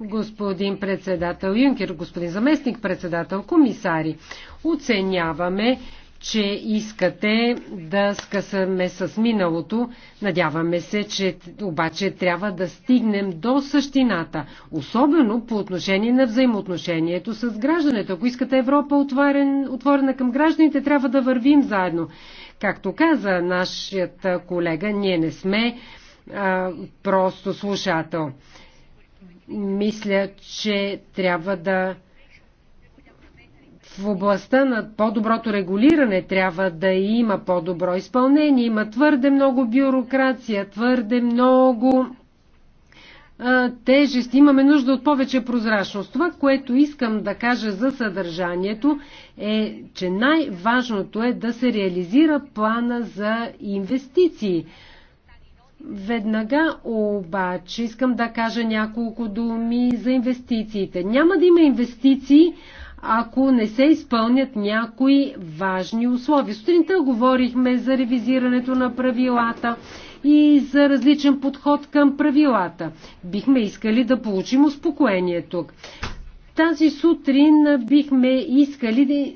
Господин председател Юнкер, господин заместник председател, комисари, оценяваме че искате да скъсаме с миналото. Надяваме се, че обаче трябва да стигнем до същината, особено по отношение на взаимоотношението с гражданите. Ако искате Европа отворен, отворена към гражданите, трябва да вървим заедно. Както каза нашият колега, ние не сме а, просто слушател. Мисля, че трябва да в областта на по-доброто регулиране трябва да има по-добро изпълнение. Има твърде много бюрокрация, твърде много тежест. Имаме нужда от повече прозрачност. Това, което искам да кажа за съдържанието е, че най-важното е да се реализира плана за инвестиции. Веднага обаче искам да кажа няколко думи за инвестициите. Няма да има инвестиции, ако не се изпълнят някои важни условия. Сутринта говорихме за ревизирането на правилата и за различен подход към правилата. Бихме искали да получим успокоение тук. Тази сутрин бихме искали,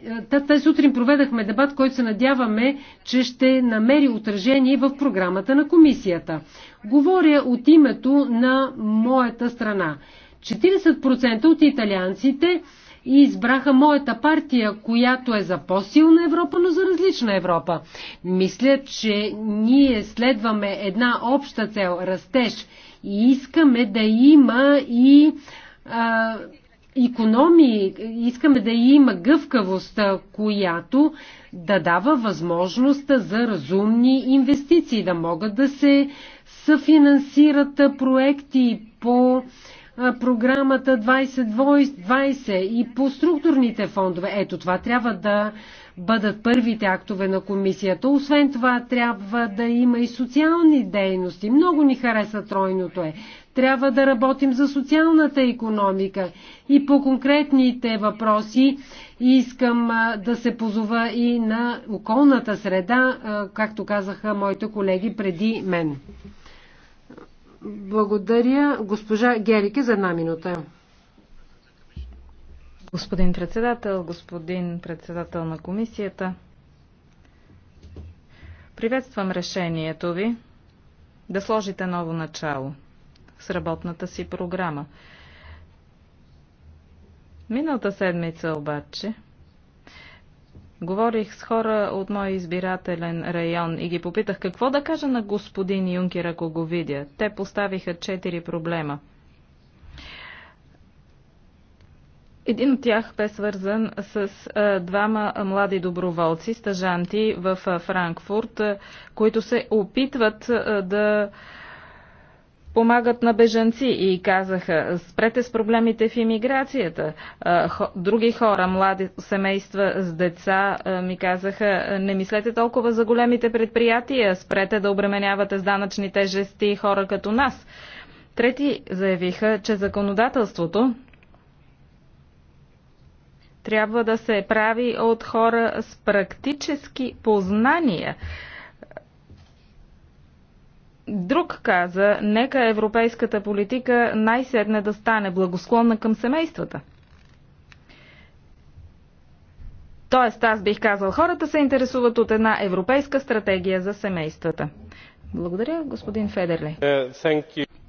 тази сутрин проведахме дебат, който се надяваме, че ще намери отражение в програмата на комисията. Говоря от името на моята страна. 40% от италианците и избраха моята партия, която е за по-силна Европа, но за различна Европа. Мисля, че ние следваме една обща цел растеж и искаме да има и а, економии, искаме да има гъвкавост, която да дава възможност за разумни инвестиции, да могат да се съфинансират проекти по а, програмата 2020 и по структурните фондове. Ето това трябва да бъдат първите актове на комисията. Освен това трябва да има и социални дейности. Много ни хареса тройното е. Трябва да работим за социалната економика и по конкретните въпроси искам да се позова и на околната среда, както казаха моите колеги преди мен. Благодаря. Госпожа Герике за една минута. Господин председател, господин председател на комисията, приветствам решението ви да сложите ново начало с работната си програма. Миналата седмица обаче Говорих с хора от моя избирателен район и ги попитах какво да кажа на господин Юнкер, ако го видя. Те поставиха четири проблема. Един от тях бе свързан с а, двама млади доброволци, стажанти в а, Франкфурт, а, които се опитват а, да а, помагат на бежанци и казаха, спрете с проблемите в иммиграцията. Други хора, млади семейства с деца ми казаха, не мислете толкова за големите предприятия, спрете да обременявате с данъчни тежести хора като нас. Трети заявиха, че законодателството трябва да се прави от хора с практически познания Друг каза, нека европейската политика най седне да стане благосклонна към семействата. Тоест, аз бих казал, хората се интересуват от една европейска стратегия за семействата. Благодаря, господин Федерли. Е,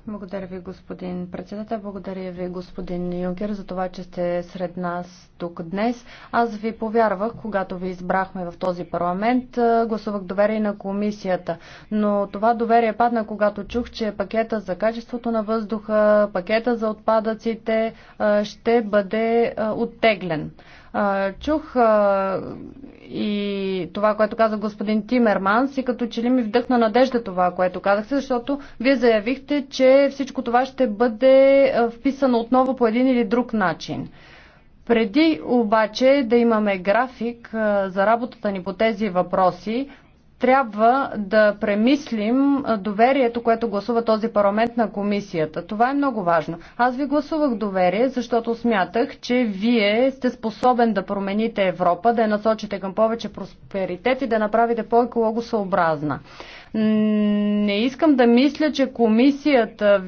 благодаря ви, господин председател. Благодаря ви, господин Юнкер, за това, че сте сред нас тук днес. Аз ви повярвах, когато ви избрахме в този парламент, гласувах доверие на комисията. Но това доверие падна, когато чух, че пакета за качеството на въздуха, пакета за отпадъците ще бъде оттеглен чух и това, което каза господин Тимерманс и като че ли ми вдъхна надежда това, което казахте, защото вие заявихте, че всичко това ще бъде вписано отново по един или друг начин. Преди обаче да имаме график за работата ни по тези въпроси, трябва да премислим доверието, което гласува този парламент на комисията. Това е много важно. Аз ви гласувах доверие, защото смятах, че вие сте способен да промените Европа, да я насочите към повече просперитет и да направите по-екологосъобразна. Не искам да мисля, че комисията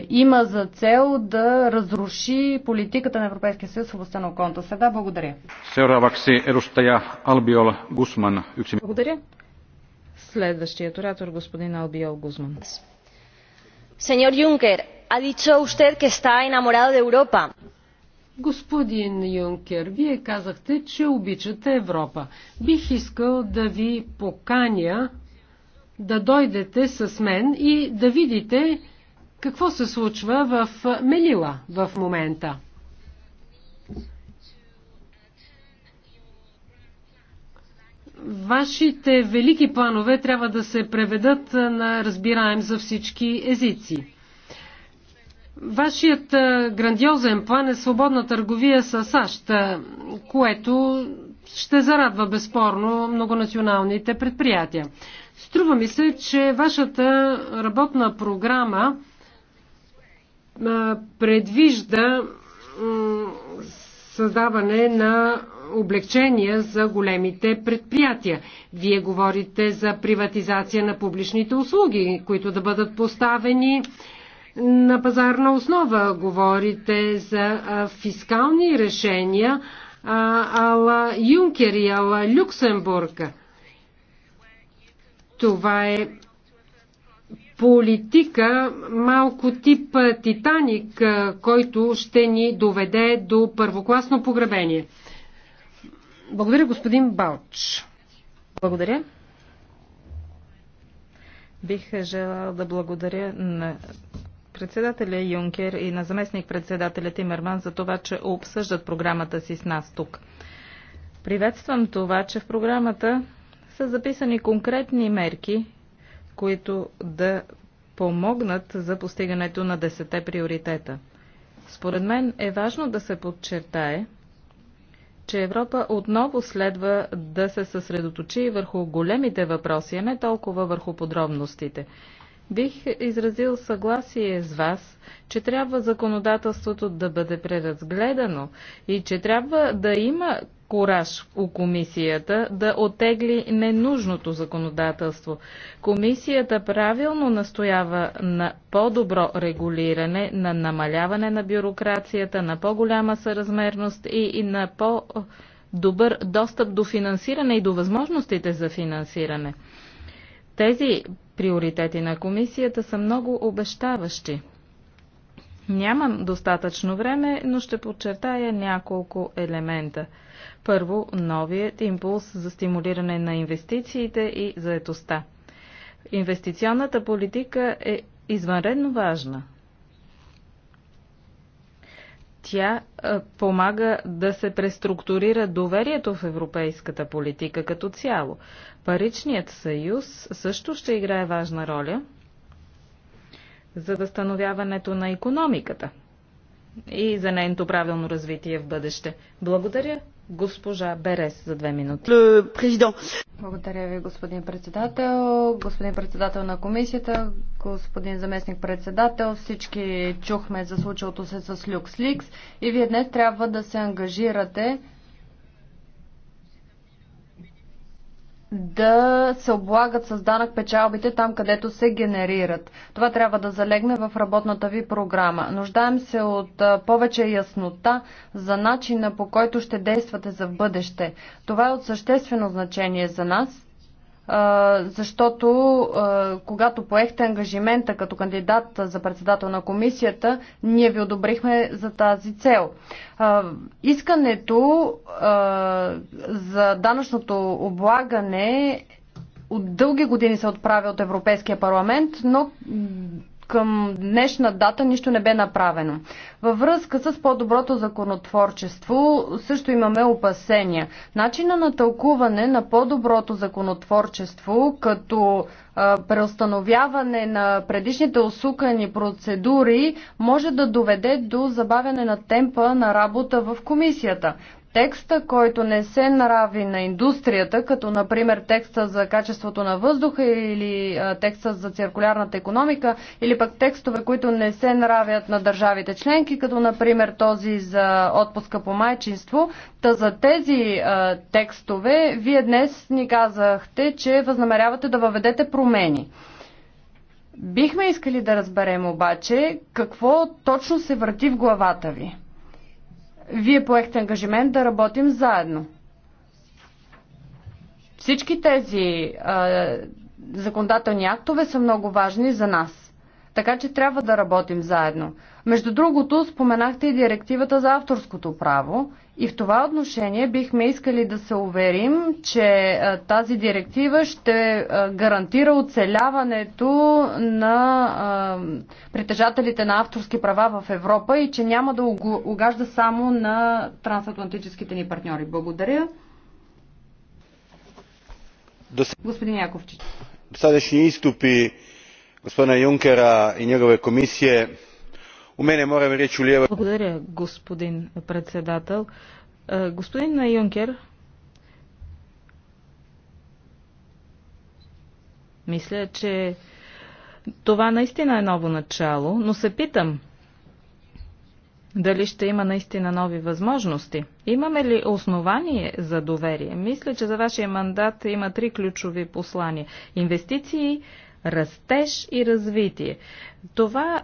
е, има за цел да разруши политиката на Европейския съюз в областта на околната среда. Благодаря. Благодаря. Следващият оратор, господин Албиол Гузман. Сеньор Юнкер, ha dicho usted que está enamorado de Europa. Господин Юнкер, вие казахте, че обичате Европа. Бих искал да ви поканя да дойдете с мен и да видите какво се случва в Мелила в момента. Вашите велики планове трябва да се преведат на разбираем за всички езици. Вашият грандиозен план е свободна търговия с САЩ, което ще зарадва безспорно многонационалните предприятия. Струва ми се, че вашата работна програма предвижда създаване на облегчения за големите предприятия. Вие говорите за приватизация на публичните услуги, които да бъдат поставени на пазарна основа. Говорите за фискални решения ала Юнкер и ала Люксембург. Това е политика малко тип Титаник, който ще ни доведе до първокласно погребение. Благодаря, господин Балч. Благодаря. Бих желал да благодаря на председателя Юнкер и на заместник председателя Тимерман за това, че обсъждат програмата си с нас тук. Приветствам това, че в програмата са записани конкретни мерки, които да помогнат за постигането на десете приоритета. Според мен е важно да се подчертае, че Европа отново следва да се съсредоточи върху големите въпроси, а не толкова върху подробностите. Бих изразил съгласие с вас, че трябва законодателството да бъде преразгледано и че трябва да има кураж у комисията да отегли ненужното законодателство. Комисията правилно настоява на по-добро регулиране, на намаляване на бюрокрацията, на по-голяма съразмерност и на по-добър достъп до финансиране и до възможностите за финансиране. Тези приоритети на комисията са много обещаващи. Нямам достатъчно време, но ще подчертая няколко елемента – първо, новият импулс за стимулиране на инвестициите и заетостта. Инвестиционната политика е извънредно важна. Тя помага да се преструктурира доверието в европейската политика като цяло. Паричният съюз също ще играе важна роля за възстановяването на економиката и за нейното правилно развитие в бъдеще. Благодаря Госпожа Берес за две минути. Благодаря ви, господин председател, господин председател на комисията, господин заместник председател. Всички чухме за случилото се с Люкс Ликс, и вие днес трябва да се ангажирате да се облагат с данък печалбите там, където се генерират. Това трябва да залегне в работната ви програма. Нуждаем се от повече яснота за начина по който ще действате за бъдеще. Това е от съществено значение за нас защото когато поехте ангажимента като кандидат за председател на комисията, ние ви одобрихме за тази цел. Искането за данъчното облагане от дълги години се отправя от Европейския парламент, но към днешна дата нищо не бе направено. Във връзка с по-доброто законотворчество също имаме опасения. Начина на тълкуване на по-доброто законотворчество, като преустановяване на предишните усукани процедури, може да доведе до забавяне на темпа на работа в комисията текста, който не се нрави на индустрията, като например текста за качеството на въздуха или текста за циркулярната економика, или пък текстове, които не се нравят на държавите членки, като например този за отпуска по майчинство. Та за тези а, текстове вие днес ни казахте, че възнамерявате да въведете промени. Бихме искали да разберем обаче какво точно се върти в главата ви. Вие поехте ангажимент да работим заедно. Всички тези а, законодателни актове са много важни за нас. Така че трябва да работим заедно. Между другото, споменахте и директивата за авторското право и в това отношение бихме искали да се уверим, че тази директива ще гарантира оцеляването на притежателите на авторски права в Европа и че няма да угажда само на трансатлантическите ни партньори. Благодаря. Господин Яковчич. Досадъчни изступи gospodina junckera i njegove komisije u mene moram reći ulijeva... Благодаря, господин председател. Е, господин Юнкер, мисля, че това наистина е ново начало, но се питам дали ще има наистина нови възможности. Имаме ли основание за доверие? Мисля, че за вашия мандат има три ключови послания. Инвестиции, растеж и развитие. Това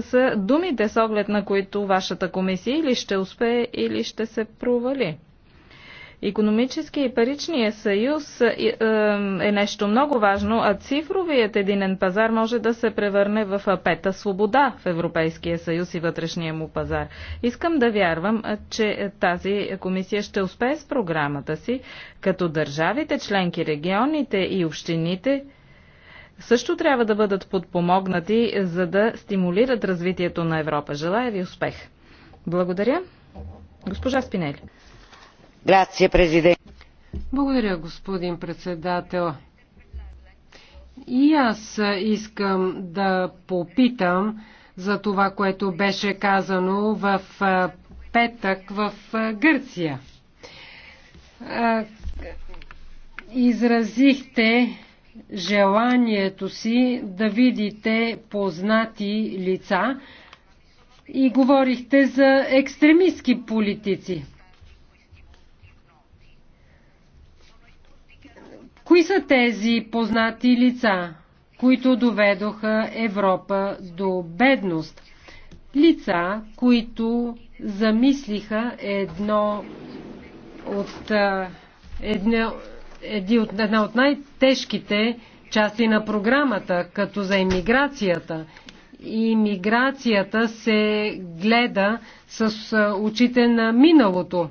са думите с оглед на които вашата комисия или ще успее, или ще се провали. Економическия и паричния съюз е, е, е нещо много важно, а цифровият единен пазар може да се превърне в пета свобода в Европейския съюз и вътрешния му пазар. Искам да вярвам, е, че тази комисия ще успее с програмата си, като държавите, членки, регионите и общините също трябва да бъдат подпомогнати, за да стимулират развитието на Европа. Желая ви успех! Благодаря. Госпожа Спинели. Благодаря, господин председател. И аз искам да попитам за това, което беше казано в петък в Гърция. Изразихте желанието си да видите познати лица и говорихте за екстремистски политици. Кои са тези познати лица, които доведоха Европа до бедност? Лица, които замислиха едно от, едно, еди от, една от най-тежките части на програмата, като за иммиграцията. Имиграцията се гледа с очите на миналото.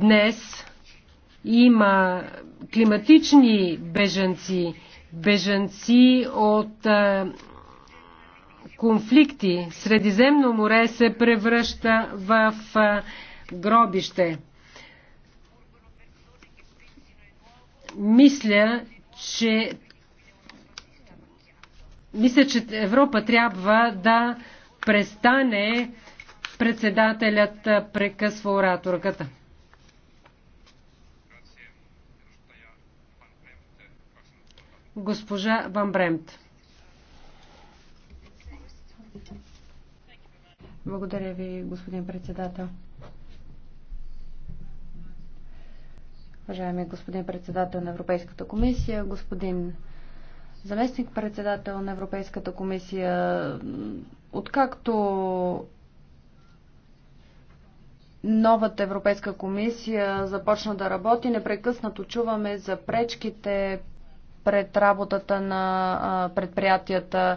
Днес има климатични бежанци, бежанци от а, конфликти. Средиземно море се превръща в а, гробище. Мисля, че мисля, че Европа трябва да престане председателят прекъсва ораторката. Госпожа Ван Бремт. Благодаря ви, господин председател. Уважаеми господин председател на Европейската комисия, господин заместник председател на Европейската комисия, откакто новата Европейска комисия започна да работи, непрекъснато чуваме за пречките пред работата на предприятията.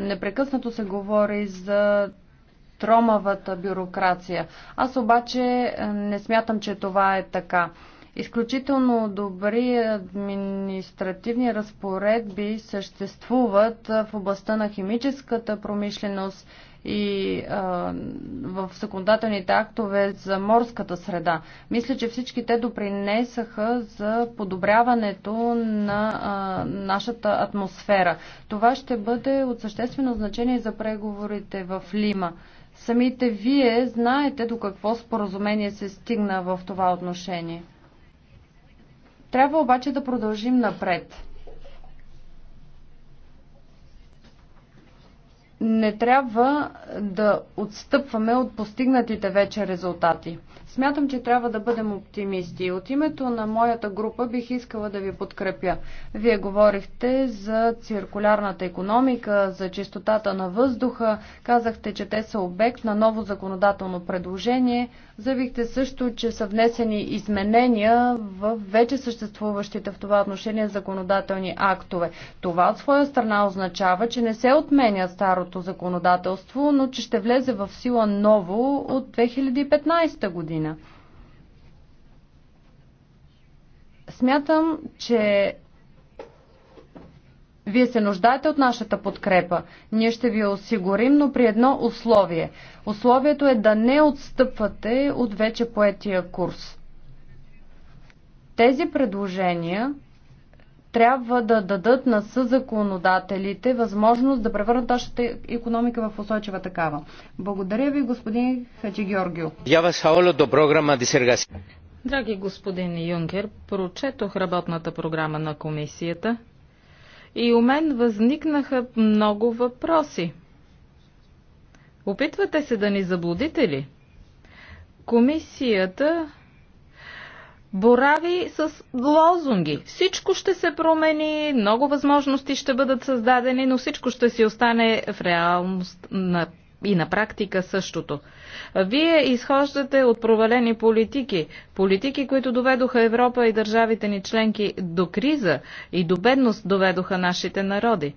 Непрекъснато се говори за тромавата бюрокрация. Аз обаче не смятам, че това е така. Изключително добри административни разпоредби съществуват в областта на химическата промишленост, и а, в законодателните актове за морската среда. Мисля, че всички те допринесаха за подобряването на а, нашата атмосфера. Това ще бъде от съществено значение за преговорите в Лима. Самите вие знаете до какво споразумение се стигна в това отношение. Трябва обаче да продължим напред. не трябва да отстъпваме от постигнатите вече резултати. Смятам, че трябва да бъдем оптимисти. От името на моята група бих искала да ви подкрепя. Вие говорихте за циркулярната економика, за чистотата на въздуха, казахте, че те са обект на ново законодателно предложение, заявихте също, че са внесени изменения в вече съществуващите в това отношение законодателни актове. Това от своя страна означава, че не се отменя старото старото законодателство, но че ще влезе в сила ново от 2015 година. Смятам, че вие се нуждаете от нашата подкрепа. Ние ще ви осигурим, но при едно условие. Условието е да не отстъпвате от вече поетия курс. Тези предложения трябва да дадат на съзаконодателите възможност да превърнат нашата економика в устойчива такава. Благодаря ви, господин Хаджи Георгио. Драги господин Юнкер, прочетох работната програма на комисията и у мен възникнаха много въпроси. Опитвате се да ни заблудите ли? Комисията борави с лозунги. Всичко ще се промени, много възможности ще бъдат създадени, но всичко ще си остане в реалност на и на практика същото. Вие изхождате от провалени политики, политики, които доведоха Европа и държавите ни членки до криза и до бедност доведоха нашите народи.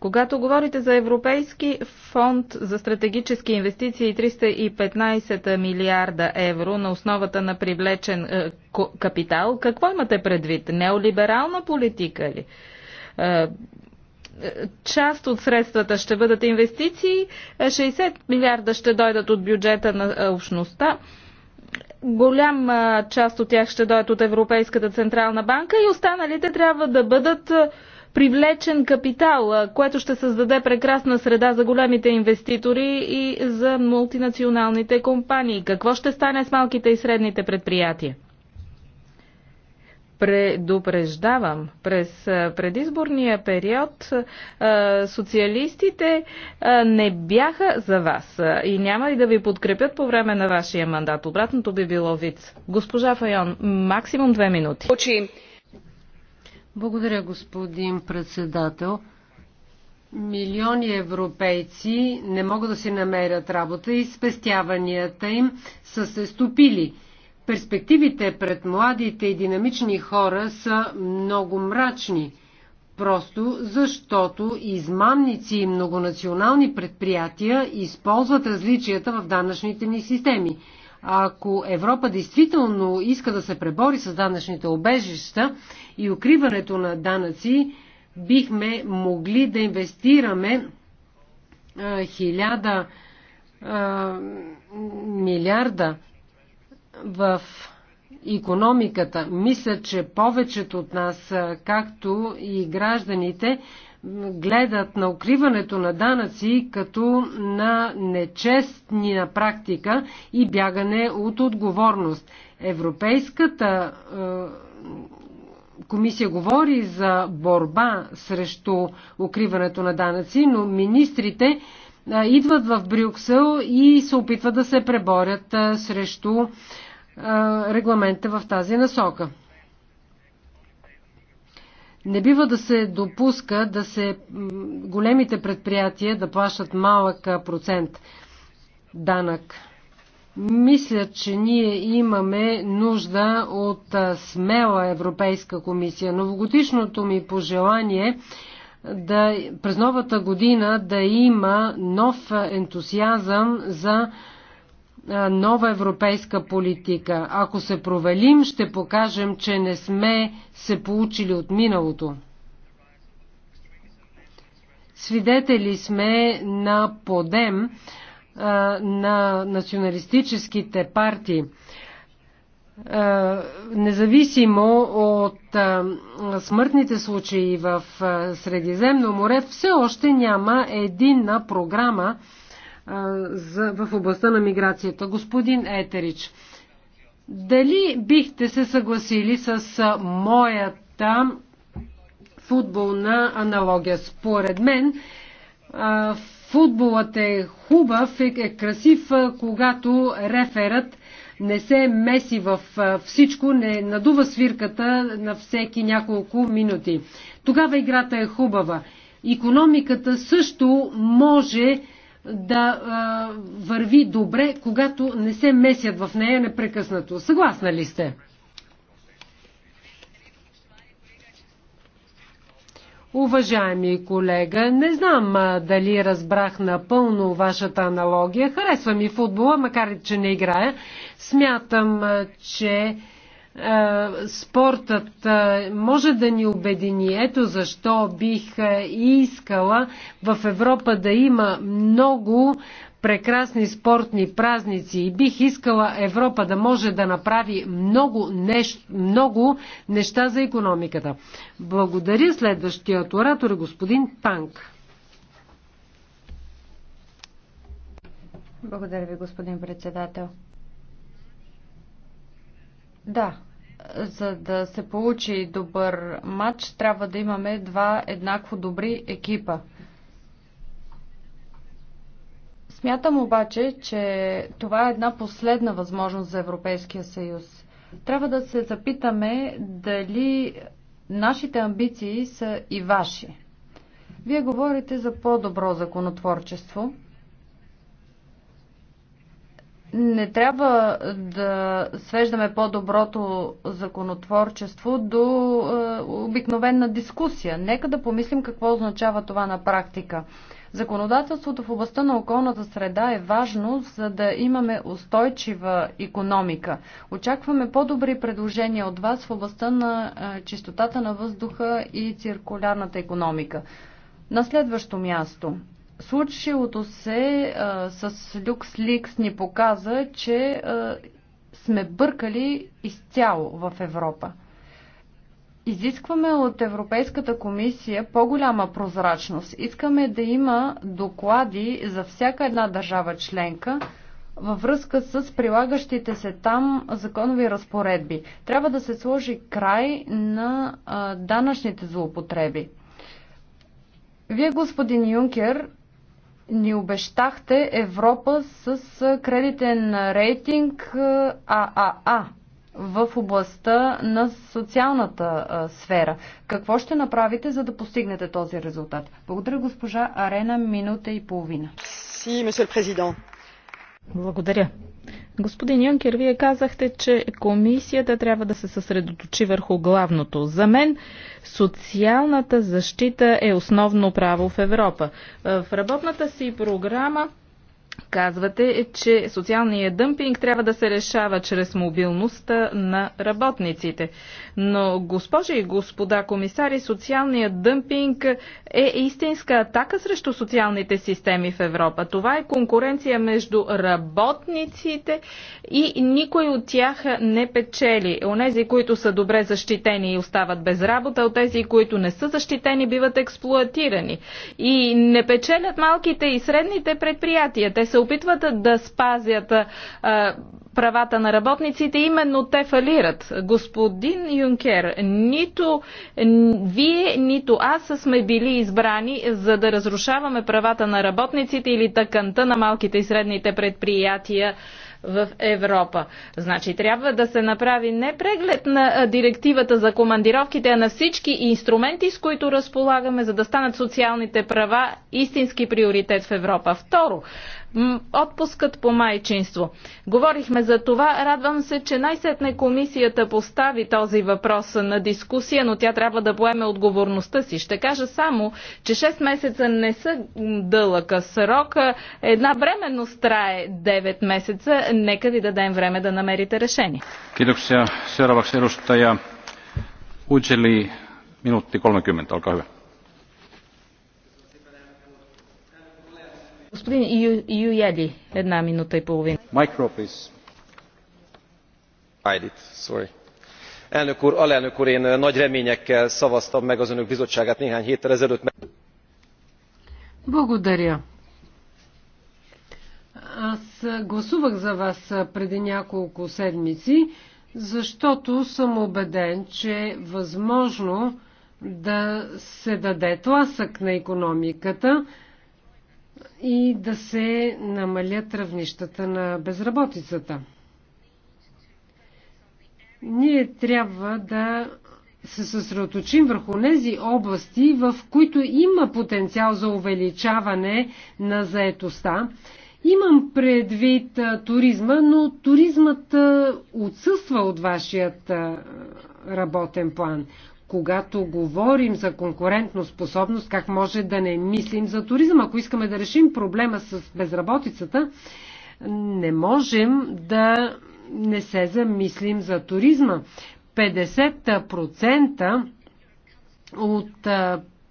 Когато говорите за Европейски фонд за стратегически инвестиции 315 милиарда евро на основата на привлечен е, капитал, какво имате предвид? Неолиберална политика ли? Е, е част от средствата ще бъдат инвестиции, 60 е, милиарда ще дойдат от бюджета на е, общността, голяма част от тях ще дойдат от Европейската Централна банка и останалите трябва да бъдат привлечен капитал, което ще създаде прекрасна среда за големите инвеститори и за мултинационалните компании. Какво ще стане с малките и средните предприятия? предупреждавам, през предизборния период социалистите не бяха за вас и няма и да ви подкрепят по време на вашия мандат. Обратното би било вид. Госпожа Файон, максимум две минути. Благодаря, господин председател. Милиони европейци не могат да си намерят работа и спестяванията им са се стопили. Перспективите пред младите и динамични хора са много мрачни, просто защото измамници и многонационални предприятия използват различията в данъчните ни системи. Ако Европа действително иска да се пребори с данъчните обежища и укриването на данъци, бихме могли да инвестираме хиляда милиарда в економиката. Мисля, че повечето от нас, както и гражданите, гледат на укриването на данъци като на нечестна практика и бягане от отговорност. Европейската е, комисия говори за борба срещу укриването на данъци, но министрите е, идват в Брюксел и се опитват да се преборят е, срещу регламента в тази насока. Не бива да се допуска да се големите предприятия да плащат малък процент данък. Мисля, че ние имаме нужда от смела Европейска комисия. Новогодишното ми пожелание да, през новата година да има нов ентусиазъм за нова европейска политика. Ако се провалим, ще покажем, че не сме се получили от миналото. Свидетели сме на подем на националистическите партии. независимо от смъртните случаи в Средиземно море, все още няма единна програма за, в областта на миграцията. Господин Етерич, дали бихте се съгласили с моята футболна аналогия? Според мен, футболът е хубав, е, е красив, когато реферът не се меси в всичко, не надува свирката на всеки няколко минути. Тогава играта е хубава. Економиката също може да а, върви добре, когато не се месят в нея непрекъснато. Съгласна ли сте? Уважаеми колега, не знам а, дали разбрах напълно вашата аналогия. Харесва ми футбола, макар и че не играя. Смятам, а, че е, спортът е, може да ни обедини. Ето защо бих е, искала в Европа да има много прекрасни спортни празници и бих искала Европа да може да направи много, нещ, много неща за економиката. Благодаря следващият оратор, господин Панк. Благодаря ви, господин председател. Да, за да се получи добър матч, трябва да имаме два еднакво добри екипа. Смятам обаче, че това е една последна възможност за Европейския съюз. Трябва да се запитаме дали нашите амбиции са и ваши. Вие говорите за по-добро законотворчество не трябва да свеждаме по-доброто законотворчество до е, обикновена дискусия. Нека да помислим какво означава това на практика. Законодателството в областта на околната среда е важно, за да имаме устойчива економика. Очакваме по-добри предложения от вас в областта на е, чистотата на въздуха и циркулярната економика. На следващо място случилото се а, с Ликс ни показа, че а, сме бъркали изцяло в Европа. Изискваме от Европейската комисия по-голяма прозрачност. Искаме да има доклади за всяка една държава членка във връзка с прилагащите се там законови разпоредби. Трябва да се сложи край на а, данъчните злоупотреби. Вие, господин Юнкер, ни обещахте Европа с кредитен рейтинг ААА в областта на социалната сфера. Какво ще направите, за да постигнете този резултат? Благодаря, госпожа Арена, минута и половина. Благодаря. Господин Юнкер, вие казахте, че комисията трябва да се съсредоточи върху главното. За мен социалната защита е основно право в Европа. Е, в работната си програма Казвате, е, че социалният дъмпинг трябва да се решава чрез мобилността на работниците. Но, госпожи и господа комисари, социалният дъмпинг е истинска атака срещу социалните системи в Европа. Това е конкуренция между работниците и никой от тях не печели. Онези, които са добре защитени и остават без работа, от тези, които не са защитени, биват експлуатирани. И не печелят малките и средните предприятия. Те се опитват да спазят правата на работниците, именно те фалират. Господин Юнкер, нито вие, нито аз сме били избрани за да разрушаваме правата на работниците или тъканта на малките и средните предприятия в Европа. Значи трябва да се направи не преглед на директивата за командировките, а на всички инструменти, с които разполагаме, за да станат социалните права истински приоритет в Европа. Второ, отпускът по майчинство. Говорихме за това. Радвам се, че най-сетне комисията постави този въпрос на дискусия, но тя трябва да поеме отговорността си. Ще кажа само, че 6 месеца не са дълъг срок. Една временност трае 9 месеца. Нека ви дадем време да намерите решение. Благодаря. Seuraavaksi edustaja Ujeli, minuutti 30, Господин Ю, Юяли, една минута и половина. Micro, Elnök úr, alelnök úr, én eh, nagy reményekkel szavaztam meg az önök bizottságát néhány héttel ezelőtt. Благодаря. Аз eh, гласувах за вас eh, преди няколко седмици, защото съм убеден, че е възможно да се даде тласък на економиката, и да се намалят равнищата на безработицата. Ние трябва да се съсредоточим върху тези области, в които има потенциал за увеличаване на заетостта. Имам предвид туризма, но туризмът отсъства от вашият работен план когато говорим за конкурентно способност, как може да не мислим за туризъм? Ако искаме да решим проблема с безработицата, не можем да не се замислим за туризма. 50% от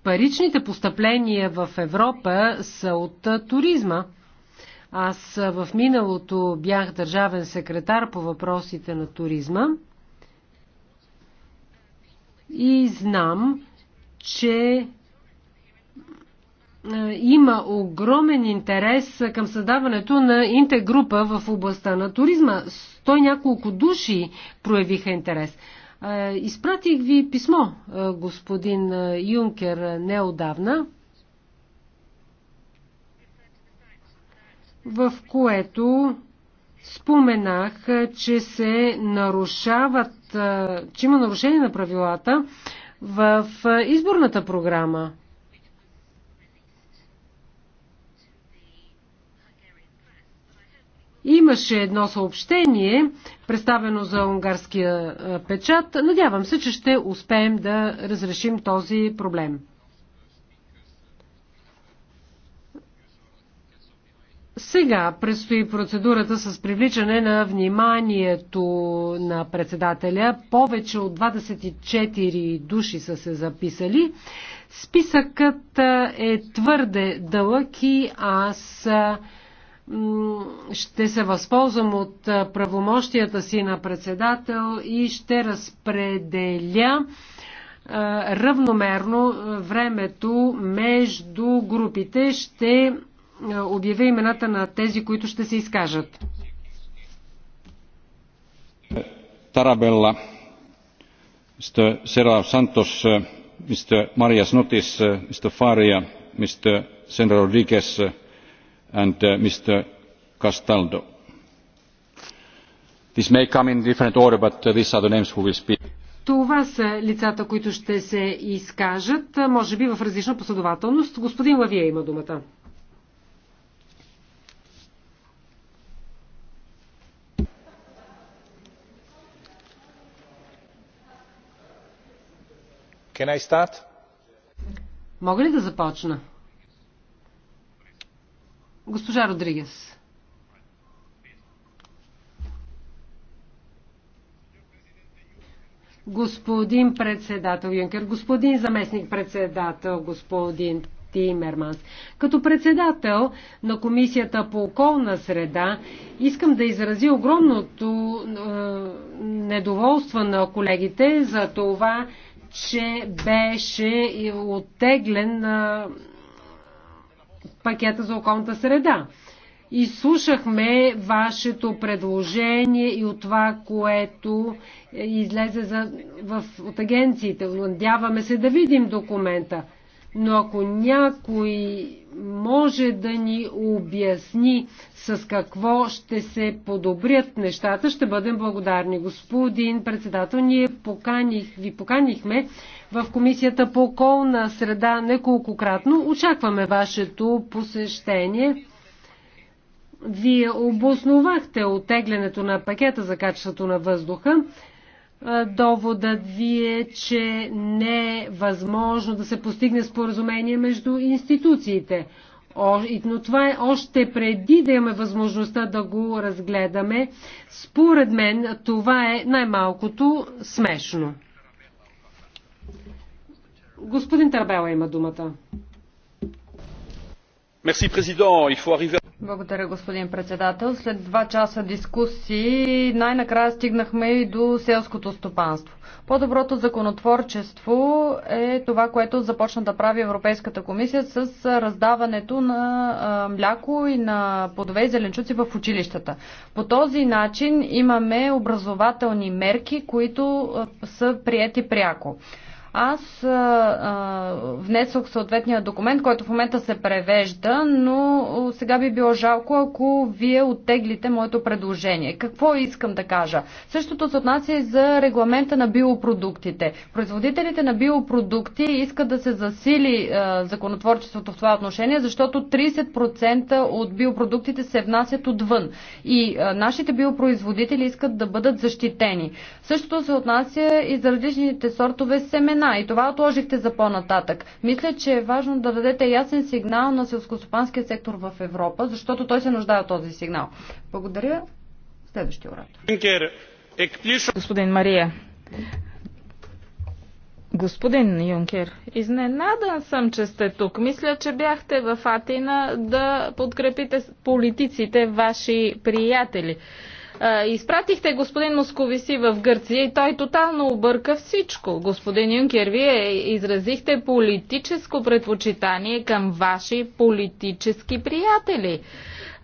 паричните постъпления в Европа са от туризма. Аз в миналото бях държавен секретар по въпросите на туризма и знам, че има огромен интерес към създаването на интергрупа в областта на туризма. Сто няколко души проявиха интерес. Изпратих ви писмо, господин Юнкер, неодавна, в което споменах, че се нарушават че има нарушение на правилата в изборната програма. Имаше едно съобщение, представено за унгарския печат. Надявам се, че ще успеем да разрешим този проблем. Сега предстои процедурата с привличане на вниманието на председателя. Повече от 24 души са се записали. Списъкът е твърде дълъг и аз ще се възползвам от правомощията си на председател и ще разпределя равномерно времето между групите. Ще е, обявя имената на тези, които ще се изкажат. Тарабелла, мистер Серал Сантос, мистер Мария Снотис, мистер Фария, мистер Сенра Родригес и мистер Касталдо. This may come in different order, but uh, these are the names who will speak. Това са лицата, които ще се изкажат, е, може би в различна последователност. Господин Лавия има думата. Can I start? Мога ли да започна? Госпожа Родригес. господин председател Юнкер, господин заместник председател, господин Тимерманс. Като председател на Комисията по околна среда искам да изрази огромното е, недоволство на колегите за това, че беше оттеглен пакета за околната среда. И слушахме вашето предложение и от това, което излезе за, в, от агенциите. Надяваме се да видим документа но ако някой може да ни обясни с какво ще се подобрят нещата, ще бъдем благодарни. Господин председател, ние поканих, ви поканихме в Комисията по околна среда неколкократно. Очакваме вашето посещение. Вие обосновахте отеглянето на пакета за качеството на въздуха доводът ви е, че не е възможно да се постигне споразумение между институциите. Но това е още преди да имаме възможността да го разгледаме. Според мен това е най-малкото смешно. Господин Тарбела има думата. Мерси, президент. Il faut arriver благодаря, господин председател. След два часа дискусии най-накрая стигнахме и до селското стопанство. По-доброто законотворчество е това, което започна да прави Европейската комисия с раздаването на мляко и на плодове и зеленчуци в училищата. По този начин имаме образователни мерки, които са приети пряко. Аз а, а, внесох съответния документ, който в момента се превежда, но сега би било жалко, ако вие оттеглите моето предложение. Какво искам да кажа? Същото се отнася и за регламента на биопродуктите. Производителите на биопродукти искат да се засили а, законотворчеството в това отношение, защото 30% от биопродуктите се внасят отвън. И а, нашите биопроизводители искат да бъдат защитени. Същото се отнася и за различните сортове семена цена и това отложихте за по-нататък. Мисля, че е важно да дадете ясен сигнал на селскостопанския сектор в Европа, защото той се нуждае от този сигнал. Благодаря. Следващия оратор. Е Господин Мария, Господин Юнкер, изненадан съм, че сте тук. Мисля, че бяхте в Атина да подкрепите политиците, ваши приятели. Изпратихте господин Московиси в Гърция и той тотално обърка всичко. Господин Юнкер, вие изразихте политическо предпочитание към ваши политически приятели.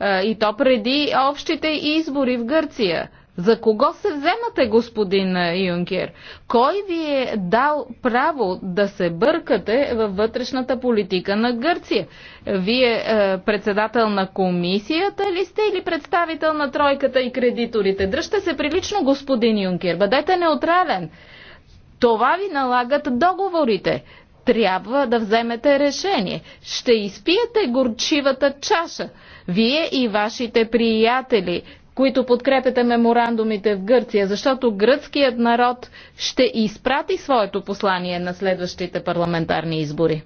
И то преди общите избори в Гърция. За кого се вземате, господин Юнкер? Кой ви е дал право да се бъркате във вътрешната политика на Гърция? Вие е, председател на комисията ли сте или представител на тройката и кредиторите? Дръжте се прилично, господин Юнкер. Бъдете неутрален. Това ви налагат договорите трябва да вземете решение. Ще изпиете горчивата чаша. Вие и вашите приятели, които подкрепяте меморандумите в Гърция, защото гръцкият народ ще изпрати своето послание на следващите парламентарни избори.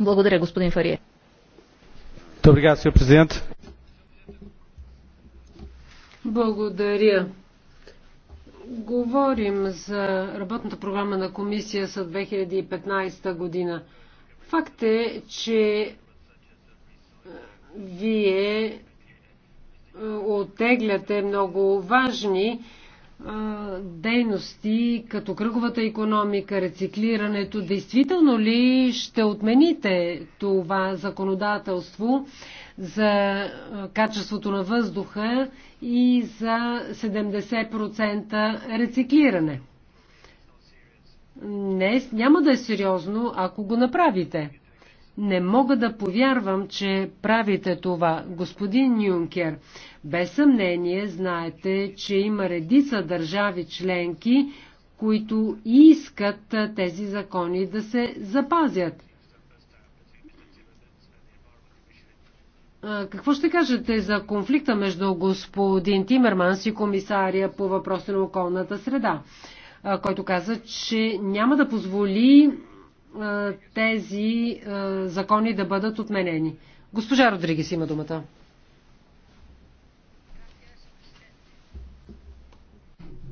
Благодаря, господин Фарие. Добре, господин президент. Благодаря. Говорим за работната програма на комисия за 2015 година. Факт е, че вие отегляте много важни дейности, като кръговата економика, рециклирането, действително ли ще отмените това законодателство за качеството на въздуха и за 70% рециклиране? Не, няма да е сериозно, ако го направите. Не мога да повярвам, че правите това, господин Нюнкер, Без съмнение знаете, че има редица държави членки, които искат тези закони да се запазят. Какво ще кажете за конфликта между господин Тимерманс и комисария по въпроса на околната среда, който каза, че няма да позволи тези закони да бъдат отменени. Госпожа Родригес има думата.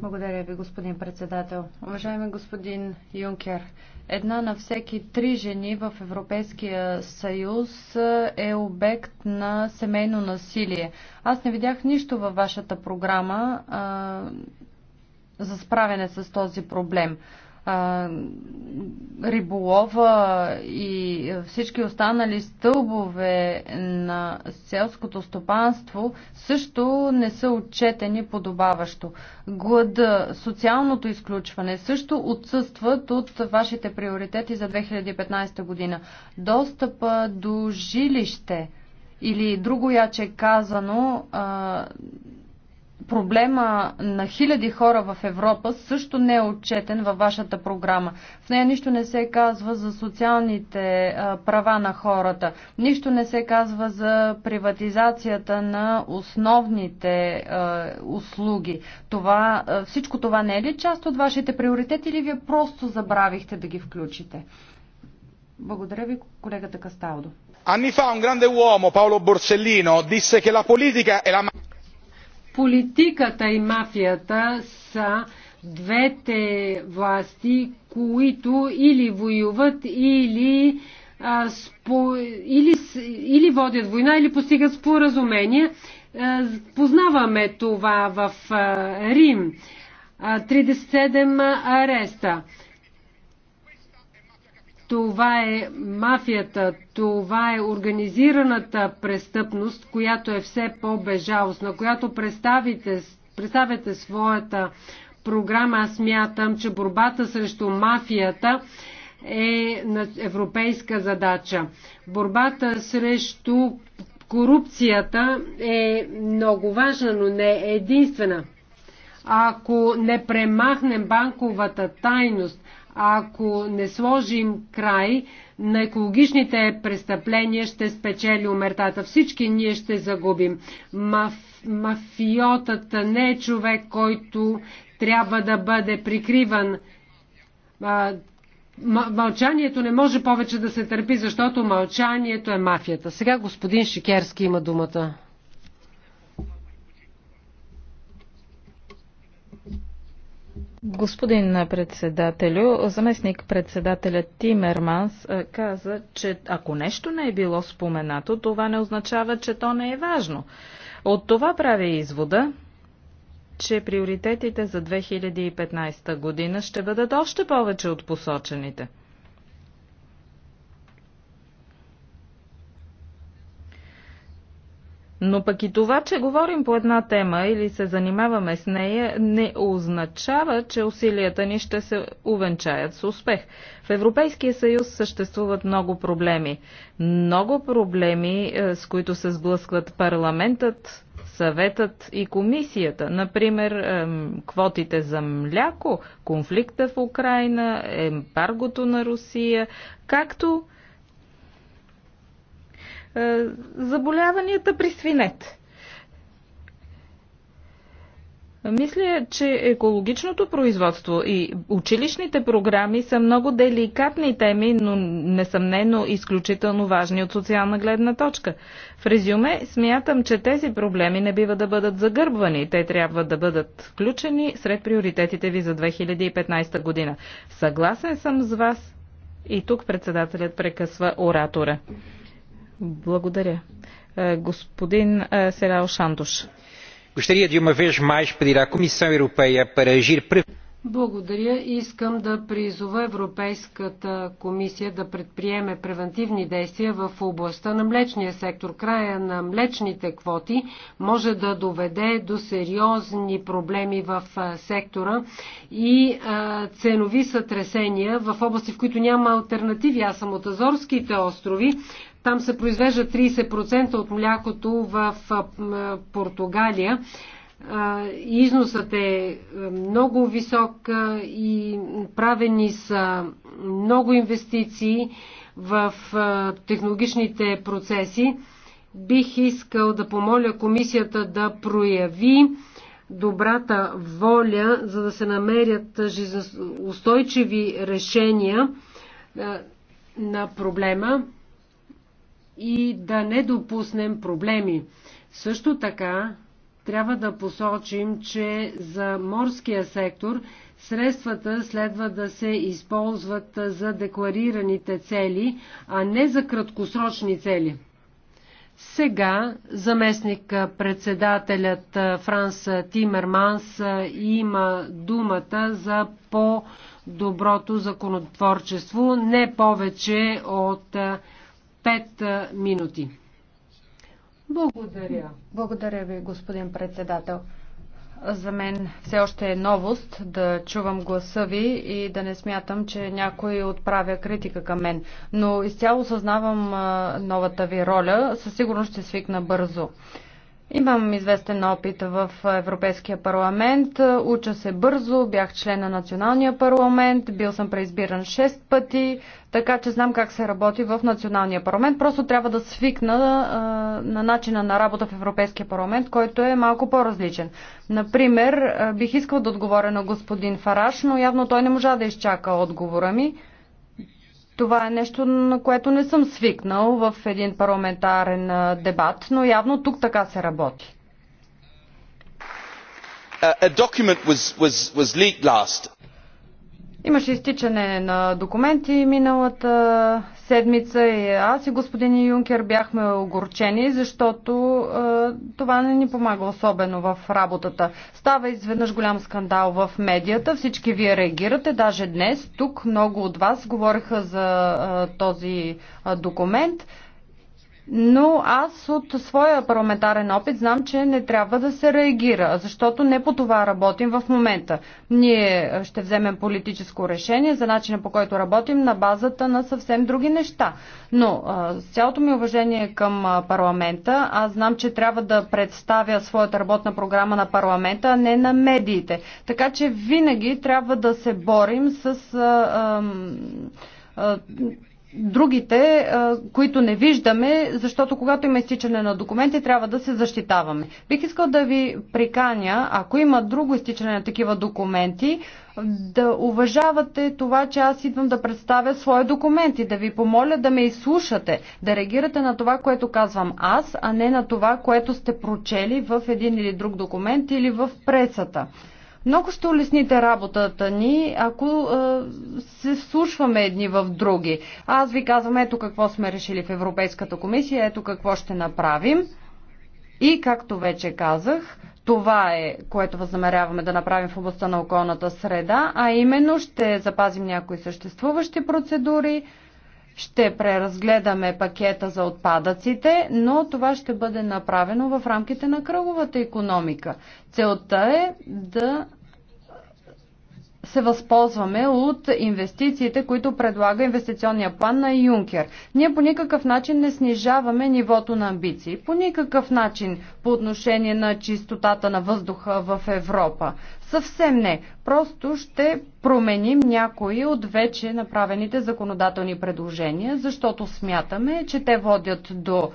Благодаря ви, господин председател. Уважаеми господин Юнкер, една на всеки три жени в Европейския съюз е обект на семейно насилие. Аз не видях нищо във вашата програма а, за справяне с този проблем риболова и всички останали стълбове на селското стопанство също не са отчетени подобаващо. Глада, социалното изключване също отсъстват от вашите приоритети за 2015 година. Достъпа до жилище или друго яче казано проблема на хиляди хора в Европа също не е отчетен във вашата програма. В нея нищо не се казва за социалните права на хората, нищо не се казва за приватизацията на основните услуги. Това, всичко това не е ли част от вашите приоритети или вие просто забравихте да ги включите? Благодаря ви, колегата Касталдо. Anni fa un grande uomo, Paolo Borsellino, disse che la politica è la Политиката и мафията са двете власти, които или воюват, или, а, спо, или, или водят война, или постигат споразумения, Познаваме това в Рим. 37 ареста. Това е мафията, това е организираната престъпност, която е все по-бежалостна, която представите, представяте своята програма. Аз мятам, че борбата срещу мафията е европейска задача. Борбата срещу корупцията е много важна, но не е единствена. Ако не премахнем банковата тайност, ако не сложим край на екологичните престъпления, ще спечели умертата. Всички ние ще загубим. Маф... Мафиотът не е човек, който трябва да бъде прикриван. Мълчанието не може повече да се търпи, защото мълчанието е мафията. Сега господин Шикерски има думата. Господин председателю, заместник председателят Тимерманс каза, че ако нещо не е било споменато, това не означава, че то не е важно. От това прави извода, че приоритетите за 2015 година ще бъдат още повече от посочените. Но пък и това, че говорим по една тема или се занимаваме с нея, не означава, че усилията ни ще се увенчаят с успех. В Европейския съюз съществуват много проблеми. Много проблеми, е, с които се сблъскват парламентът, съветът и комисията. Например, квотите за мляко, конфликта в Украина, ембаргото на Русия, както е, заболяванията при свинете. Мисля, че екологичното производство и училищните програми са много деликатни теми, но несъмнено изключително важни от социална гледна точка. В резюме смятам, че тези проблеми не бива да бъдат загърбвани. Те трябва да бъдат включени сред приоритетите ви за 2015 година. Съгласен съм с вас и тук председателят прекъсва оратора. Благодаря. Е, господин е, Серал Шандуш. Gostaria de uma vez mais pedir à Comissão Europeia para agir благодаря. Искам да призова Европейската комисия да предприеме превентивни действия в областта на млечния сектор. Края на млечните квоти може да доведе до сериозни проблеми в сектора и ценови сътресения в области, в които няма альтернативи. Аз съм от Азорските острови. Там се произвежда 30% от млякото в Португалия. Износът е много висок и правени са много инвестиции в технологичните процеси. Бих искал да помоля комисията да прояви добрата воля, за да се намерят устойчиви решения на проблема и да не допуснем проблеми. Също така трябва да посочим, че за морския сектор средствата следва да се използват за декларираните цели, а не за краткосрочни цели. Сега заместник председателят Франс Тимерманс има думата за по-доброто законотворчество, не повече от 5 минути. Благодаря. Благодаря ви, господин председател. За мен все още е новост да чувам гласа ви и да не смятам, че някой отправя критика към мен. Но изцяло съзнавам новата ви роля. Със сигурност ще свикна бързо. Имам известен опит в Европейския парламент. Уча се бързо, бях член на Националния парламент, бил съм преизбиран 6 пъти, така че знам как се работи в Националния парламент. Просто трябва да свикна а, на начина на работа в Европейския парламент, който е малко по-различен. Например, бих искал да отговоря на господин Фараш, но явно той не можа да изчака отговора ми. Това е нещо, на което не съм свикнал в един парламентарен дебат, но явно тук така се работи. Имаше изтичане на документи миналата седмица и аз и господин Юнкер бяхме огорчени, защото е, това не ни помага особено в работата. Става изведнъж голям скандал в медията, всички вие реагирате, даже днес тук много от вас говориха за е, този е, документ но аз от своя парламентарен опит знам, че не трябва да се реагира, защото не по това работим в момента. Ние ще вземем политическо решение за начина по който работим на базата на съвсем други неща. Но с цялото ми уважение към парламента, аз знам, че трябва да представя своята работна програма на парламента, а не на медиите. Така че винаги трябва да се борим с. А, а, другите, които не виждаме, защото когато има изтичане на документи, трябва да се защитаваме. Бих искал да ви приканя, ако има друго изтичане на такива документи, да уважавате това, че аз идвам да представя свои документи, да ви помоля да ме изслушате, да реагирате на това, което казвам аз, а не на това, което сте прочели в един или друг документ или в пресата. Много ще улесните работата ни, ако се слушваме едни в други. Аз ви казвам, ето какво сме решили в Европейската комисия, ето какво ще направим. И, както вече казах, това е, което възнамеряваме да направим в областта на околната среда, а именно ще запазим някои съществуващи процедури, ще преразгледаме пакета за отпадъците, но това ще бъде направено в рамките на кръговата економика. Целта е да се възползваме от инвестициите, които предлага инвестиционния план на Юнкер. Ние по никакъв начин не снижаваме нивото на амбиции. По никакъв начин по отношение на чистотата на въздуха в Европа. Съвсем не. Просто ще променим някои от вече направените законодателни предложения, защото смятаме, че те водят до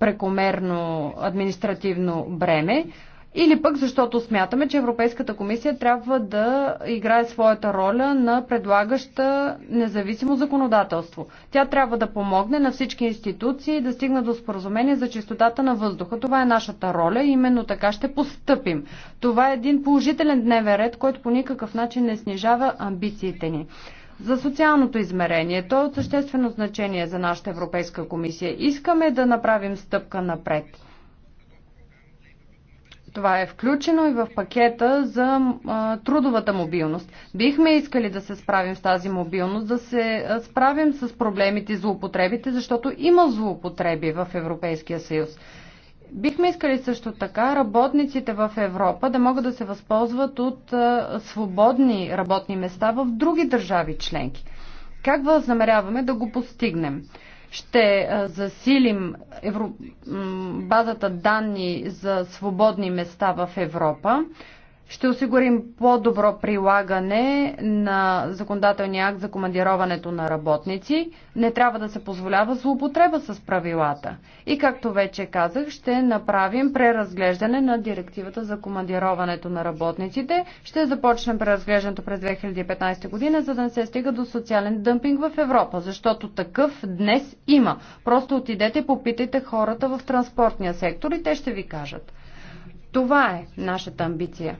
прекомерно административно бреме, или пък защото смятаме, че Европейската комисия трябва да играе своята роля на предлагаща независимо законодателство. Тя трябва да помогне на всички институции да стигнат до споразумение за чистотата на въздуха. Това е нашата роля и именно така ще постъпим. Това е един положителен дневен ред, който по никакъв начин не снижава амбициите ни. За социалното измерение, то е от съществено значение за нашата Европейска комисия. Искаме да направим стъпка напред – това е включено и в пакета за а, трудовата мобилност. Бихме искали да се справим с тази мобилност, да се справим с проблемите злоупотребите, защото има злоупотреби в Европейския съюз. Бихме искали също така работниците в Европа да могат да се възползват от а, свободни работни места в други държави членки. Как възнамеряваме да го постигнем? Ще засилим евро... базата данни за свободни места в Европа. Ще осигурим по-добро прилагане на законодателния акт за командироването на работници. Не трябва да се позволява злоупотреба с правилата. И както вече казах, ще направим преразглеждане на директивата за командироването на работниците. Ще започнем преразглеждането през 2015 година, за да не се стига до социален дъмпинг в Европа, защото такъв днес има. Просто отидете попитайте хората в транспортния сектор и те ще ви кажат. Това е нашата амбиция.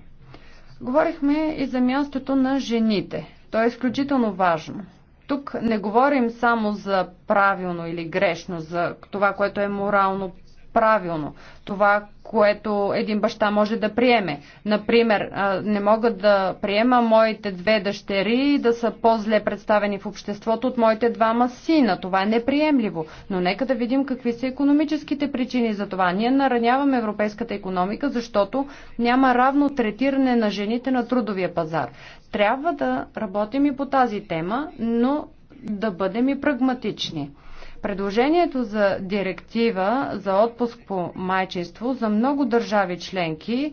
Говорихме и за мястото на жените. То е изключително важно. Тук не говорим само за правилно или грешно, за това, което е морално правилно. Това, което един баща може да приеме. Например, не мога да приема моите две дъщери да са по-зле представени в обществото от моите двама сина. Това е неприемливо. Но нека да видим какви са економическите причини за това. Ние нараняваме европейската економика, защото няма равно третиране на жените на трудовия пазар. Трябва да работим и по тази тема, но да бъдем и прагматични. Предложението за директива за отпуск по майчинство за много държави членки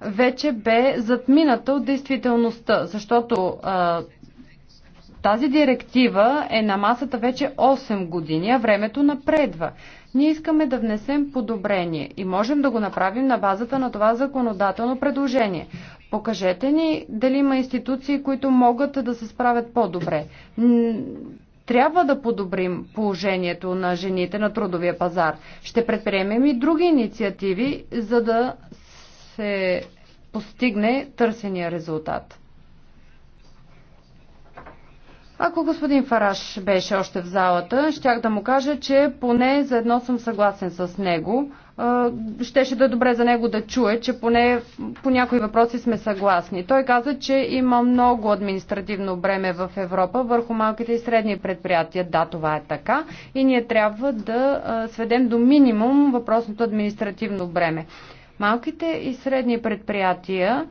вече бе затмината от действителността, защото а, тази директива е на масата вече 8 години, а времето напредва. Ние искаме да внесем подобрение и можем да го направим на базата на това законодателно предложение. Покажете ни дали има институции, които могат да се справят по-добре. Трябва да подобрим положението на жените на трудовия пазар. Ще предприемем и други инициативи, за да се постигне търсения резултат. Ако господин Фараш беше още в залата, щях да му кажа, че поне за едно съм съгласен с него, щеше да е добре за него да чуе, че поне по някои въпроси сме съгласни. Той каза, че има много административно бреме в Европа върху малките и средни предприятия. Да, това е така и ние трябва да сведем до минимум въпросното административно бреме. Малките и средни предприятия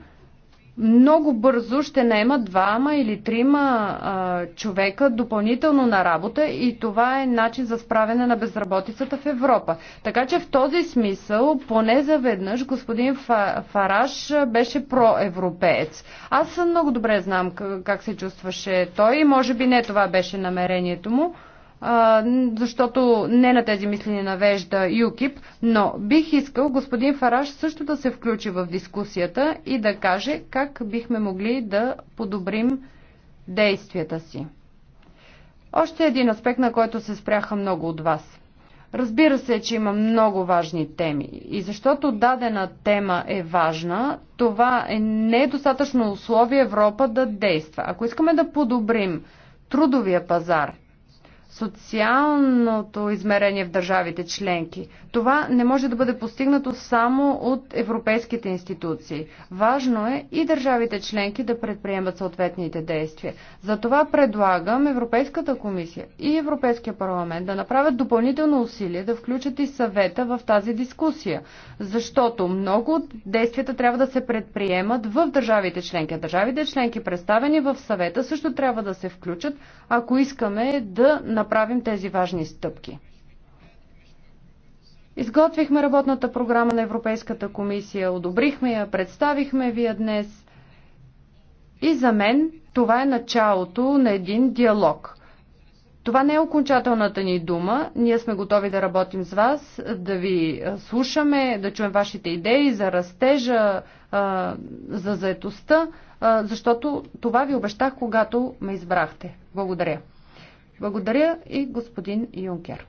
много бързо ще наема двама или трима а, човека допълнително на работа и това е начин за справяне на безработицата в Европа. Така че в този смисъл, поне заведнъж, господин Фараш беше проевропеец. Аз много добре знам как се чувстваше той и може би не това беше намерението му защото не на тези мисли ни навежда ЮКИП, но бих искал господин Фараш също да се включи в дискусията и да каже как бихме могли да подобрим действията си. Още един аспект, на който се спряха много от вас. Разбира се, че има много важни теми и защото дадена тема е важна, това е не е достатъчно условие Европа да действа. Ако искаме да подобрим трудовия пазар, социалното измерение в държавите членки. Това не може да бъде постигнато само от европейските институции. Важно е и държавите членки да предприемат съответните действия. Затова предлагам Европейската комисия и Европейския парламент да направят допълнително усилие да включат и съвета в тази дискусия, защото много от действията трябва да се предприемат в държавите членки. Държавите членки, представени в съвета, също трябва да се включат, ако искаме да направим тези важни стъпки. Изготвихме работната програма на Европейската комисия, одобрихме я, представихме вие днес. И за мен това е началото на един диалог. Това не е окончателната ни дума. Ние сме готови да работим с вас, да ви слушаме, да чуем вашите идеи за растежа, за заетостта, защото това ви обещах, когато ме избрахте. Благодаря. Благодаря и господин Юнкер.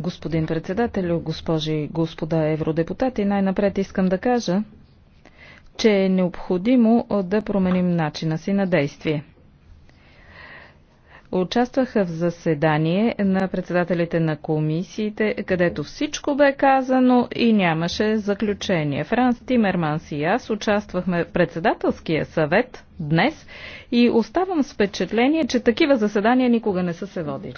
Господин председател, госпожи и господа евродепутати, най-напред искам да кажа, че е необходимо да променим начина си на действие. Участваха в заседание на председателите на комисиите, където всичко бе казано и нямаше заключение. Франс Тимерманс и аз участвахме в председателския съвет днес и оставам с впечатление, че такива заседания никога не са се водили.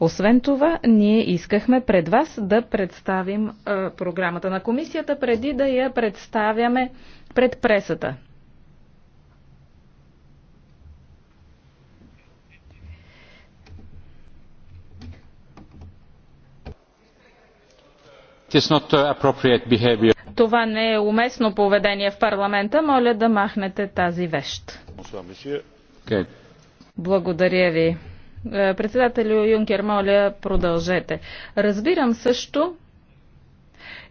Освен това, ние искахме пред вас да представим а, програмата на комисията, преди да я представяме пред пресата. Uh, Това не е уместно поведение в парламента. Моля да махнете тази вещ. Благодаря ви. Е, председателю Юнкер, моля, продължете. Разбирам също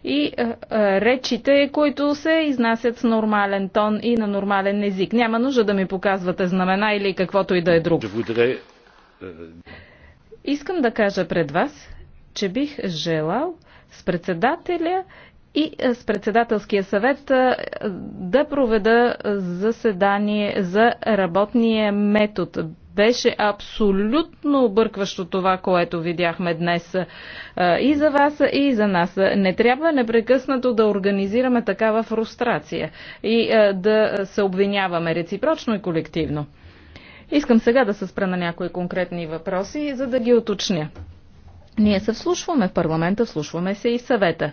и е, е, речите, които се изнасят с нормален тон и на нормален език. Няма нужда да ми показвате знамена или каквото и да е друго. Искам да кажа пред вас, че бих желал с председателя и е, с председателския съвет е, да проведа заседание за работния метод. Беше абсолютно объркващо това, което видяхме днес е, и за вас, и за нас. Не трябва непрекъснато да организираме такава фрустрация и да се обвиняваме реципрочно и колективно. Искам сега да се спра на някои конкретни въпроси, за да ги уточня. Ние се вслушваме в парламента, вслушваме се и съвета.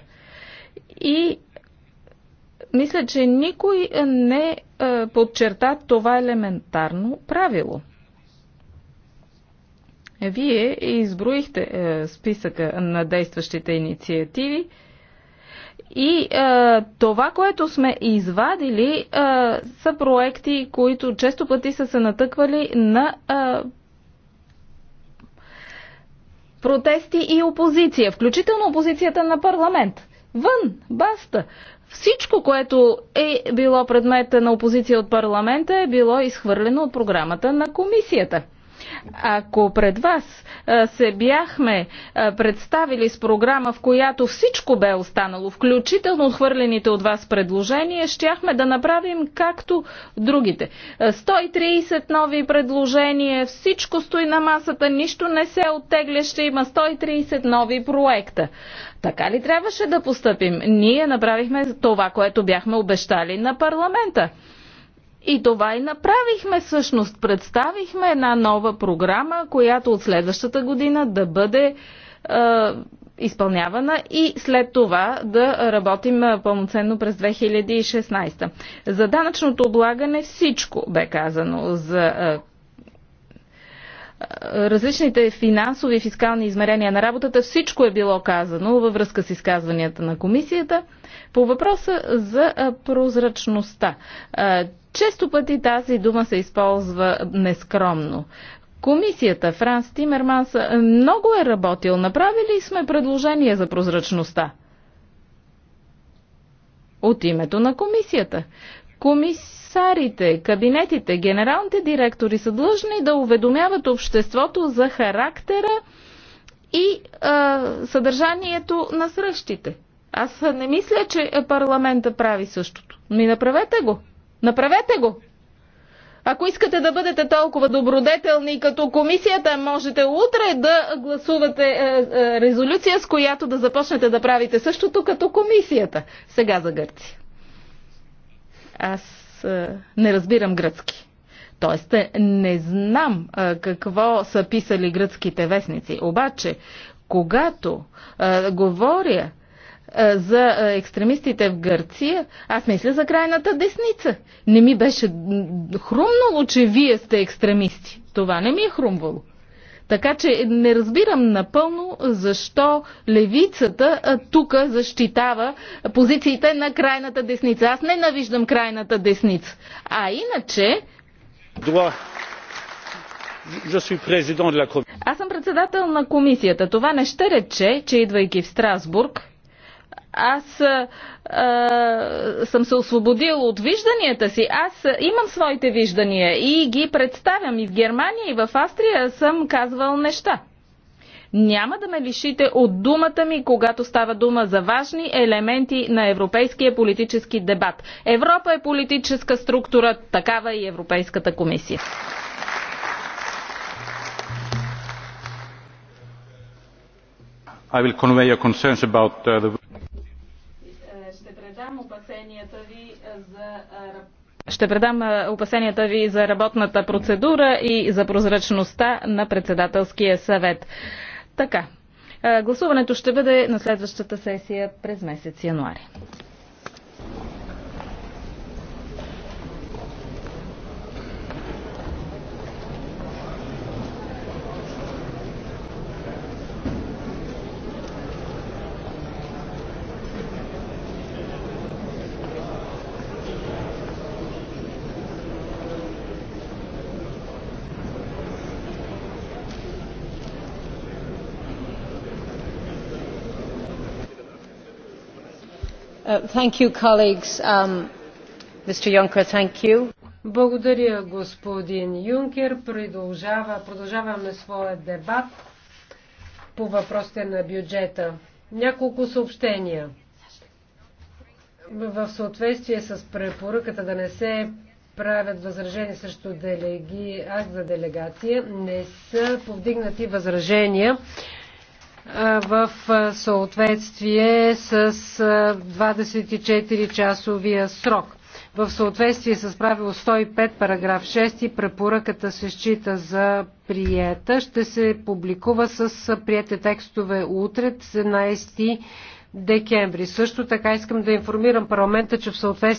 И мисля, че никой не е, подчерта това елементарно правило. Вие изброихте е, списъка на действащите инициативи и е, това, което сме извадили, са проекти, които често пъти са се натъквали на протести и опозиция, включително опозицията на парламент. Вън, баста. Всичко, което е било предмет на опозиция от парламента, е било изхвърлено от програмата на комисията. Ако пред вас се бяхме представили с програма, в която всичко бе останало, включително отхвърлените от вас предложения, щяхме да направим както другите. 130 нови предложения, всичко стои на масата, нищо не се оттегля, ще има 130 нови проекта. Така ли трябваше да поступим? Ние направихме това, което бяхме обещали на парламента. И това и направихме всъщност. Представихме една нова програма, която от следващата година да бъде е, изпълнявана и след това да работим е, пълноценно през 2016. За данъчното облагане всичко бе казано. За е, е, различните финансови и фискални измерения на работата, всичко е било казано във връзка с изказванията на комисията. По въпроса за е, прозрачността. Често пъти тази дума се използва нескромно. Комисията Франс Тимерманс много е работил. Направили сме предложение за прозрачността. От името на комисията. Комисарите, кабинетите, генералните директори са длъжни да уведомяват обществото за характера и а, съдържанието на срещите. Аз не мисля, че парламента прави същото. Ми направете го. Направете го! Ако искате да бъдете толкова добродетелни като комисията, можете утре да гласувате е, е, резолюция, с която да започнете да правите същото като комисията. Сега за Гърция. Аз е, не разбирам гръцки. Тоест, е, не знам е, какво са писали гръцките вестници. Обаче, когато е, говоря е, за е, екстремистите в Гърция, аз мисля за крайната десница. Не ми беше хрумнало, че вие сте екстремисти. Това не ми е хрумвало. Така че не разбирам напълно защо левицата е, тук защитава позициите на крайната десница. Аз ненавиждам крайната десница. А иначе... Два. Аз съм председател на комисията. Това не ще рече, че идвайки в Страсбург, аз а, съм се освободил от вижданията си. Аз имам своите виждания и ги представям и в Германия, и в Австрия съм казвал неща. Няма да ме лишите от думата ми, когато става дума за важни елементи на европейския политически дебат. Европа е политическа структура, такава и Европейската комисия. I will convey your concerns about uh, the предам опасенията ви за ще предам опасенията ви за работната процедура и за прозрачността на председателския съвет. Така, гласуването ще бъде на следващата сесия през месец януари. Um, Благодаря, господин Юнкер. Продължава, продължаваме своя дебат по въпросите на бюджета. Няколко съобщения. В съответствие с препоръката да не се правят възражения срещу делеги, акт за делегация, не са повдигнати възражения в съответствие с 24-часовия срок. В съответствие с правило 105, параграф 6, препоръката се счита за приета. Ще се публикува с приете текстове утре, 17 декември. Също така искам да информирам парламента, че в съответствие